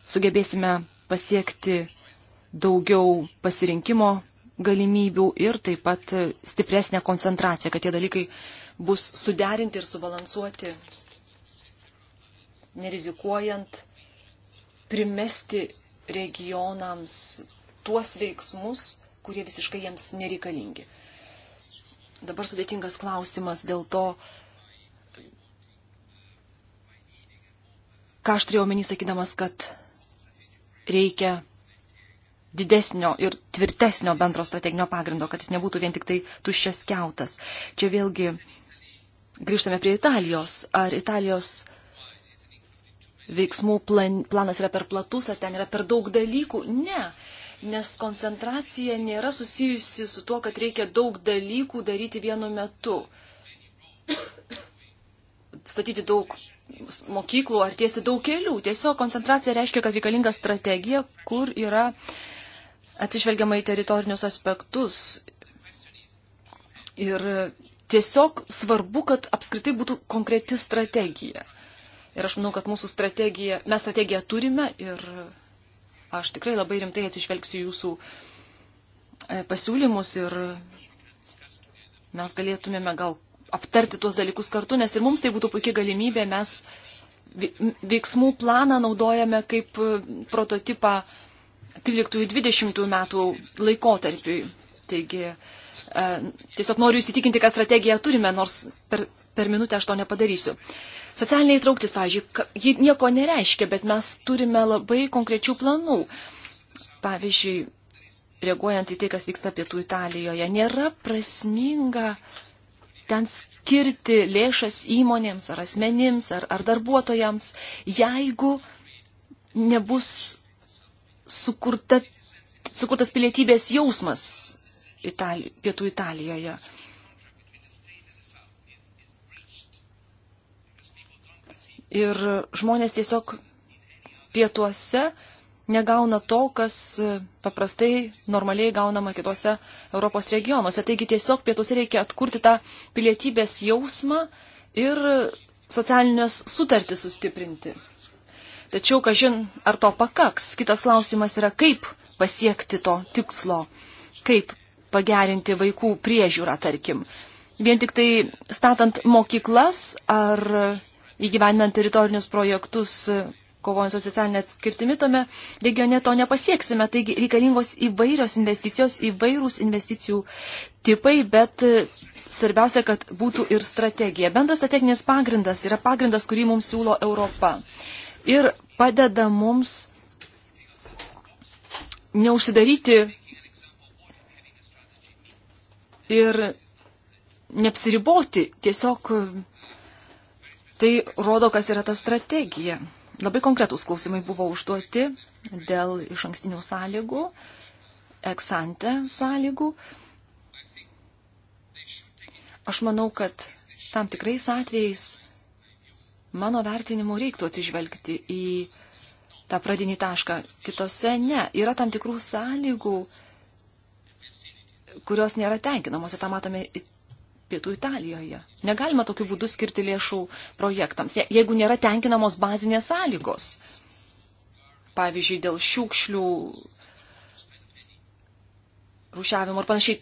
sugebėsime pasiekti daugiau pasirinkimo galimybių ir taip pat stipresnę koncentraciją, kad tie dalykai bus suderinti ir subalansuoti nerizikuojant primesti regionams tuos veiksmus, kurie visiškai jiems nereikalingi. Dabar sudėtingas klausimas dėl to, ką aš turėjau menys sakydamas, kad reikia didesnio ir tvirtesnio bendro strateginio pagrindo, kad jis nebūtų vien tik tai tuščias keutas. Čia vėlgi grįžtame prie Italijos. Ar Italijos veiksmų plan, planas yra per platus, ar ten yra per daug dalykų. Ne, nes koncentracija nėra susijusi su tuo, kad reikia daug dalykų daryti vienu metu. Statyti daug mokyklų ar tiesi daug kelių. Tiesiog koncentracija reiškia, kad reikalinga strategija, kur yra atsižvelgiama į teritorinius aspektus. Ir tiesiog svarbu, kad apskritai būtų konkreti strategija. Ir aš manau, kad mūsų strategija, mes strategiją turime ir aš tikrai labai rimtai atsižvelgsiu jūsų e, pasiūlymus ir mes galėtumėme gal aptarti tuos dalykus kartu, nes ir mums tai būtų puikia galimybė, mes veiksmų planą naudojame kaip e, prototipą 13-20 metų laikotarpiui. Taigi e, tiesiog noriu įsitikinti, kad strategiją turime, nors per, per minutę aš to nepadarysiu. Socialinė įtrauktis, pavyzdžiui, ji nieko nereiškia, bet mes turime labai konkrečių planų. Pavyzdžiui, reaguojant į tai, kas vyksta pietų Italijoje, nėra prasminga ten skirti lėšas įmonėms ar asmenims ar, ar darbuotojams, jeigu nebus sukurta, sukurtas pilietybės jausmas Itali, pietų Italijoje. Ir žmonės tiesiog pietuose negauna to, kas paprastai normaliai gaunama kitose Europos regionuose. Taigi tiesiog pietuose reikia atkurti tą pilietybės jausmą ir socialinės sutartį sustiprinti. Tačiau, kažin, ar to pakaks, kitas klausimas yra, kaip pasiekti to tikslo, kaip pagerinti vaikų priežiūrą, tarkim. Vien tik tai statant mokyklas ar įgyvendinant teritorinius projektus kovojant su socialinė atskirtimi, tome regione to nepasieksime. Taigi reikalingos įvairios investicijos, įvairūs investicijų tipai, bet e, svarbiausia, kad būtų ir strategija. Bendras strateginis pagrindas yra pagrindas, kurį mums siūlo Europa. Ir padeda mums neužsidaryti ir neapsiriboti tiesiog Tai rodo, kas yra ta strategija. Labai konkretūs klausimai buvo užduoti dėl iš ankstinių sąlygų, eksante sąlygų. Aš manau, kad tam tikrais atvejais mano vertinimu reiktų atsižvelgti į tą pradinį tašką, kitose ne. Yra tam tikrų sąlygų, kurios nėra tenkinamos ir tą matome pietų Italijoje. Negalima tokiu būdu skirti lėšų projektams, jeigu nėra tenkinamos bazinės sąlygos. Pavyzdžiui, dėl šiukšlių rūšiavimo ir panašiai.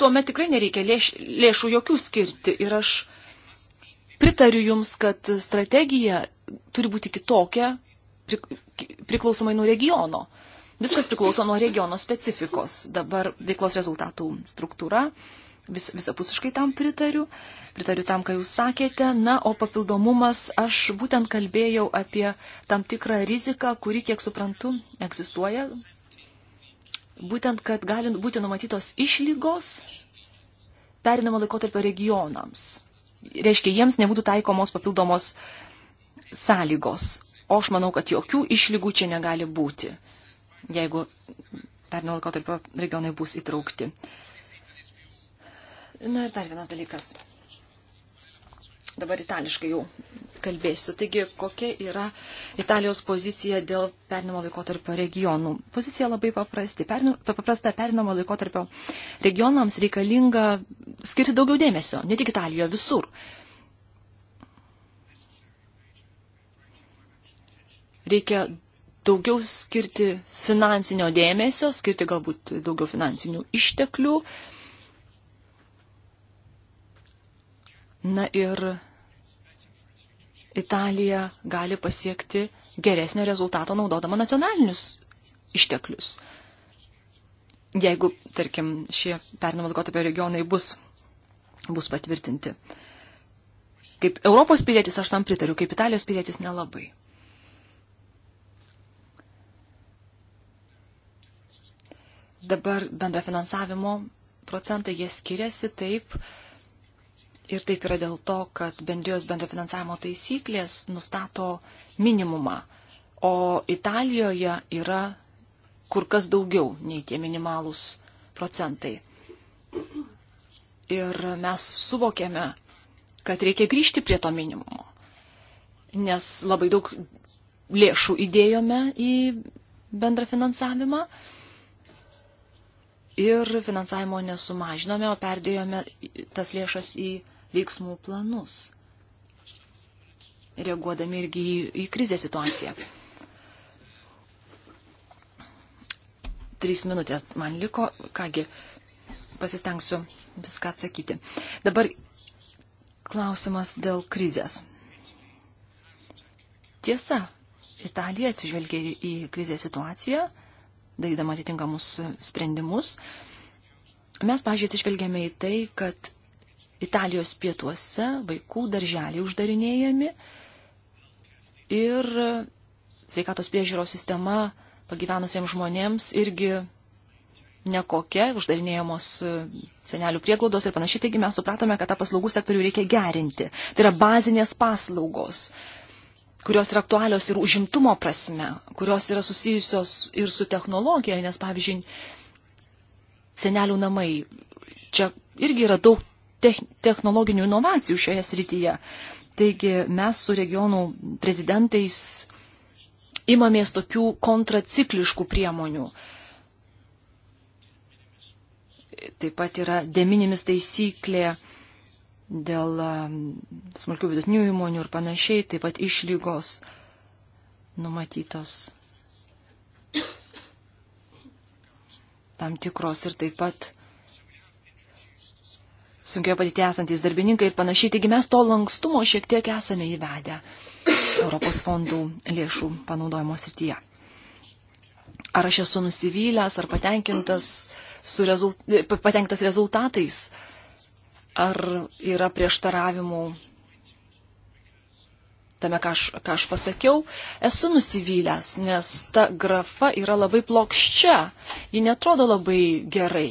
Tuomet tikrai nereikia lėš, lėšų jokių skirti. Ir aš pritariu Jums, kad strategija turi būti kitokia priklausomai nuo regiono. Viskas priklauso nuo regiono specifikos. Dabar veiklos rezultatų struktūra. Uh, vis, visapusiškai tam pritariu, pritariu tam, ką jūs sakėte. Na, o papildomumas, aš būtent kalbėjau apie tam tikrą riziką, kuri, kiek suprantu, egzistuoja. Būtent, kad gali būti numatytos išlygos perinamo laikotarpio regionams. Reiškia, jiems nebūtų taikomos papildomos sąlygos. O aš manau, kad jokių išlygų čia negali būti, jeigu perinamo laikotarpio regionai bus įtraukti. Uh, Na ir dar vienas dalykas. Dabar itališkai jau kalbėsiu. Taigi, kokia yra Italijos pozicija dėl perinamo laikotarpio regionų? Pozicija labai paprasti. Perni, paprasta perinamo laikotarpio regionams reikalinga skirti daugiau dėmesio, ne tik Italijoje, visur. Reikia daugiau skirti finansinio dėmesio, skirti galbūt daugiau finansinių išteklių. Uh, Na ir Italija gali pasiekti geresnio rezultato naudodama nacionalinius išteklius. Jeigu, tarkim, šie pernamo laikotarpio regionai bus, bus patvirtinti. Kaip Europos pilietis aš tam pritariu, kaip Italijos pilietis nelabai. Dabar bendra finansavimo procentai, jie skiriasi taip, Ir taip yra dėl to, kad bendrijos bendrofinansavimo taisyklės nustato minimumą, o Italijoje yra kur kas daugiau nei tie minimalūs procentai. Ir mes suvokėme, kad reikia grįžti prie to minimumo, nes labai daug lėšų įdėjome į bendrą finansavimą ir finansavimo nesumažinome, o perdėjome tas lėšas į veiksmų planus, reaguodami irgi į, į krizę situaciją. Trys minutės man liko, kągi, pasistengsiu viską atsakyti. Dabar klausimas dėl krizės. Tiesa, Italija atsižvelgia į krizės situaciją, darydama atitinkamus sprendimus. Mes, pažiūrėjau, atsižvelgėme į tai, kad Italijos pietuose vaikų darželiai uždarinėjami ir sveikatos priežiūros sistema pagyvenusiems žmonėms irgi nekokia, uždarinėjamos senelių prieglaudos ir panašiai. Taigi mes supratome, kad tą paslaugų sektorių reikia gerinti. Tai yra bazinės paslaugos, kurios yra aktualios ir užimtumo prasme, kurios yra susijusios ir su technologija, nes pavyzdžiui, senelių namai. Čia irgi yra daug technologinių inovacijų šioje srityje. Taigi mes su regionų prezidentais imamės tokių kontracikliškų priemonių. Taip pat yra deminimis taisyklė dėl um, smulkių vidutinių įmonių ir panašiai, taip pat išlygos numatytos tam tikros ir taip pat sunkioje padėtyje esantys darbininkai ir panašiai. Taigi mes to lankstumo šiek tiek esame įvedę Europos fondų lėšų panaudojimo srityje. Ar aš esu nusivylęs, ar patenkintas, rezult... patenkintas rezultatais, ar yra prieštaravimų tame, ką aš, ką aš pasakiau, esu nusivylęs, nes ta grafa yra labai plokščia, ji netrodo labai gerai.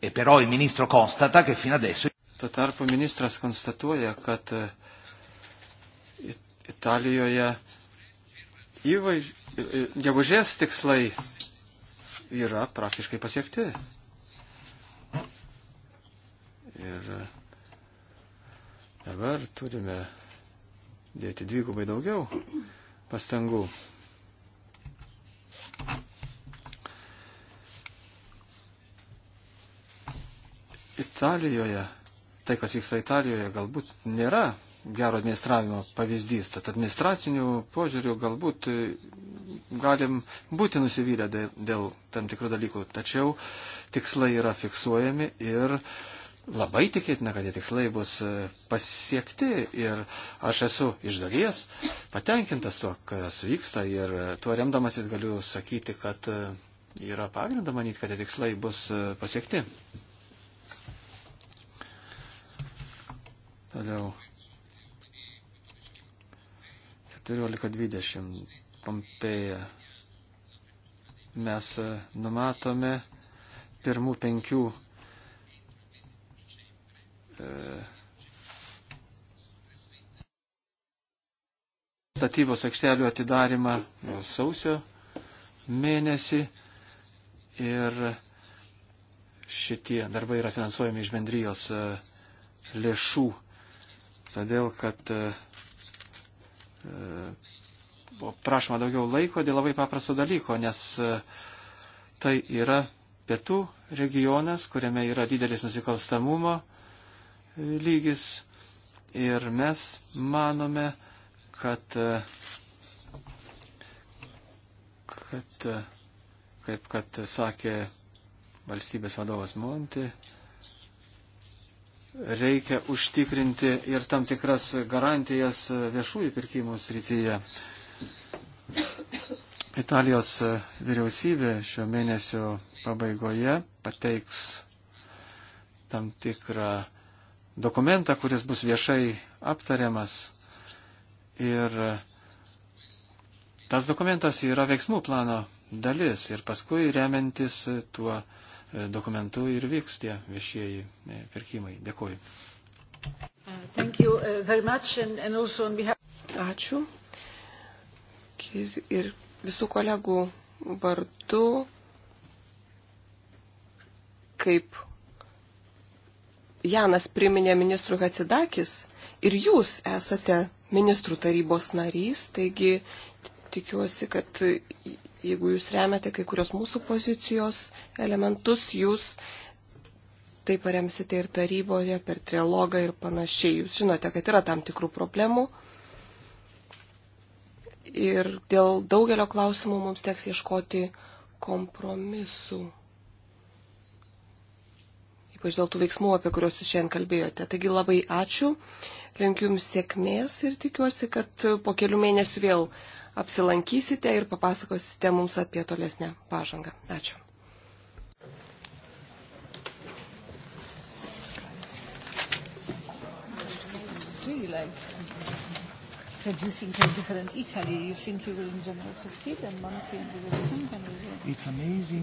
E però il ministro constata che fino adesso. Tuo tarpu ministras konstatuoja, kad eh, Italijoje įvaiž... Eh, gegužės tikslai yra praktiškai pasiekti. Ir eh, dabar turime dėti dvigubai daugiau pastangų. Italijoje, tai kas vyksta Italijoje, galbūt nėra gero administravimo pavyzdys. Tad administracinių požiūrių galbūt galim būti nusivylę dėl, dėl tam tikrų dalykų, tačiau tikslai yra fiksuojami ir labai tikėtina, kad tie tikslai bus e, pasiekti ir aš esu iš dalies patenkintas tuo, kas vyksta ir tuo remdamasis galiu sakyti, kad e, yra pagrindą manyti, kad tie tikslai bus e, pasiekti. Toliau. 14.20 Pompeja. Mes e, numatome pirmų penkių e, statybos aikštelių atidarimą sausio mėnesį ir šitie darbai yra finansuojami iš bendrijos e, lėšų todėl kad e, e prašoma daugiau laiko dėl labai paprasto dalyko, nes e, tai yra pietų regionas, kuriame yra didelis nusikalstamumo e, lygis ir mes manome, kad, e, kad kaip kad sakė valstybės vadovas Monti, reikia užtikrinti ir tam tikras garantijas viešųjų pirkimų srityje. Italijos vyriausybė šio mėnesio pabaigoje pateiks tam tikrą dokumentą, kuris bus viešai aptariamas. Ir tas dokumentas yra veiksmų plano dalis. Ir paskui remiantis tuo dokumentu ir vyks tie viešieji e, pirkimai. Dėkuoju. Uh, and, and behalf... Ačiū. Ir visų kolegų vardu, kaip Janas priminė ministrų Hatsidakis, ir jūs esate ministrų tarybos narys, taigi tikiuosi, kad jeigu jūs remiate kai kurios mūsų pozicijos elementus, jūs tai paremsite ir taryboje, per trilogą ir panašiai. Jūs žinote, kad yra tam tikrų problemų. Ir dėl daugelio klausimų mums teks ieškoti kompromisų. Ypač dėl tų veiksmų, apie kuriuos jūs šiandien kalbėjote. Taigi labai ačiū, linkiu jums sėkmės ir tikiuosi, kad po kelių mėnesių vėl apsilankysite ir papasakosite mums apie tolesnę pažangą. Ačiū. Really like producing a different Italy, you think you will in general succeed, and one thing you will think, and you will. It's amazing.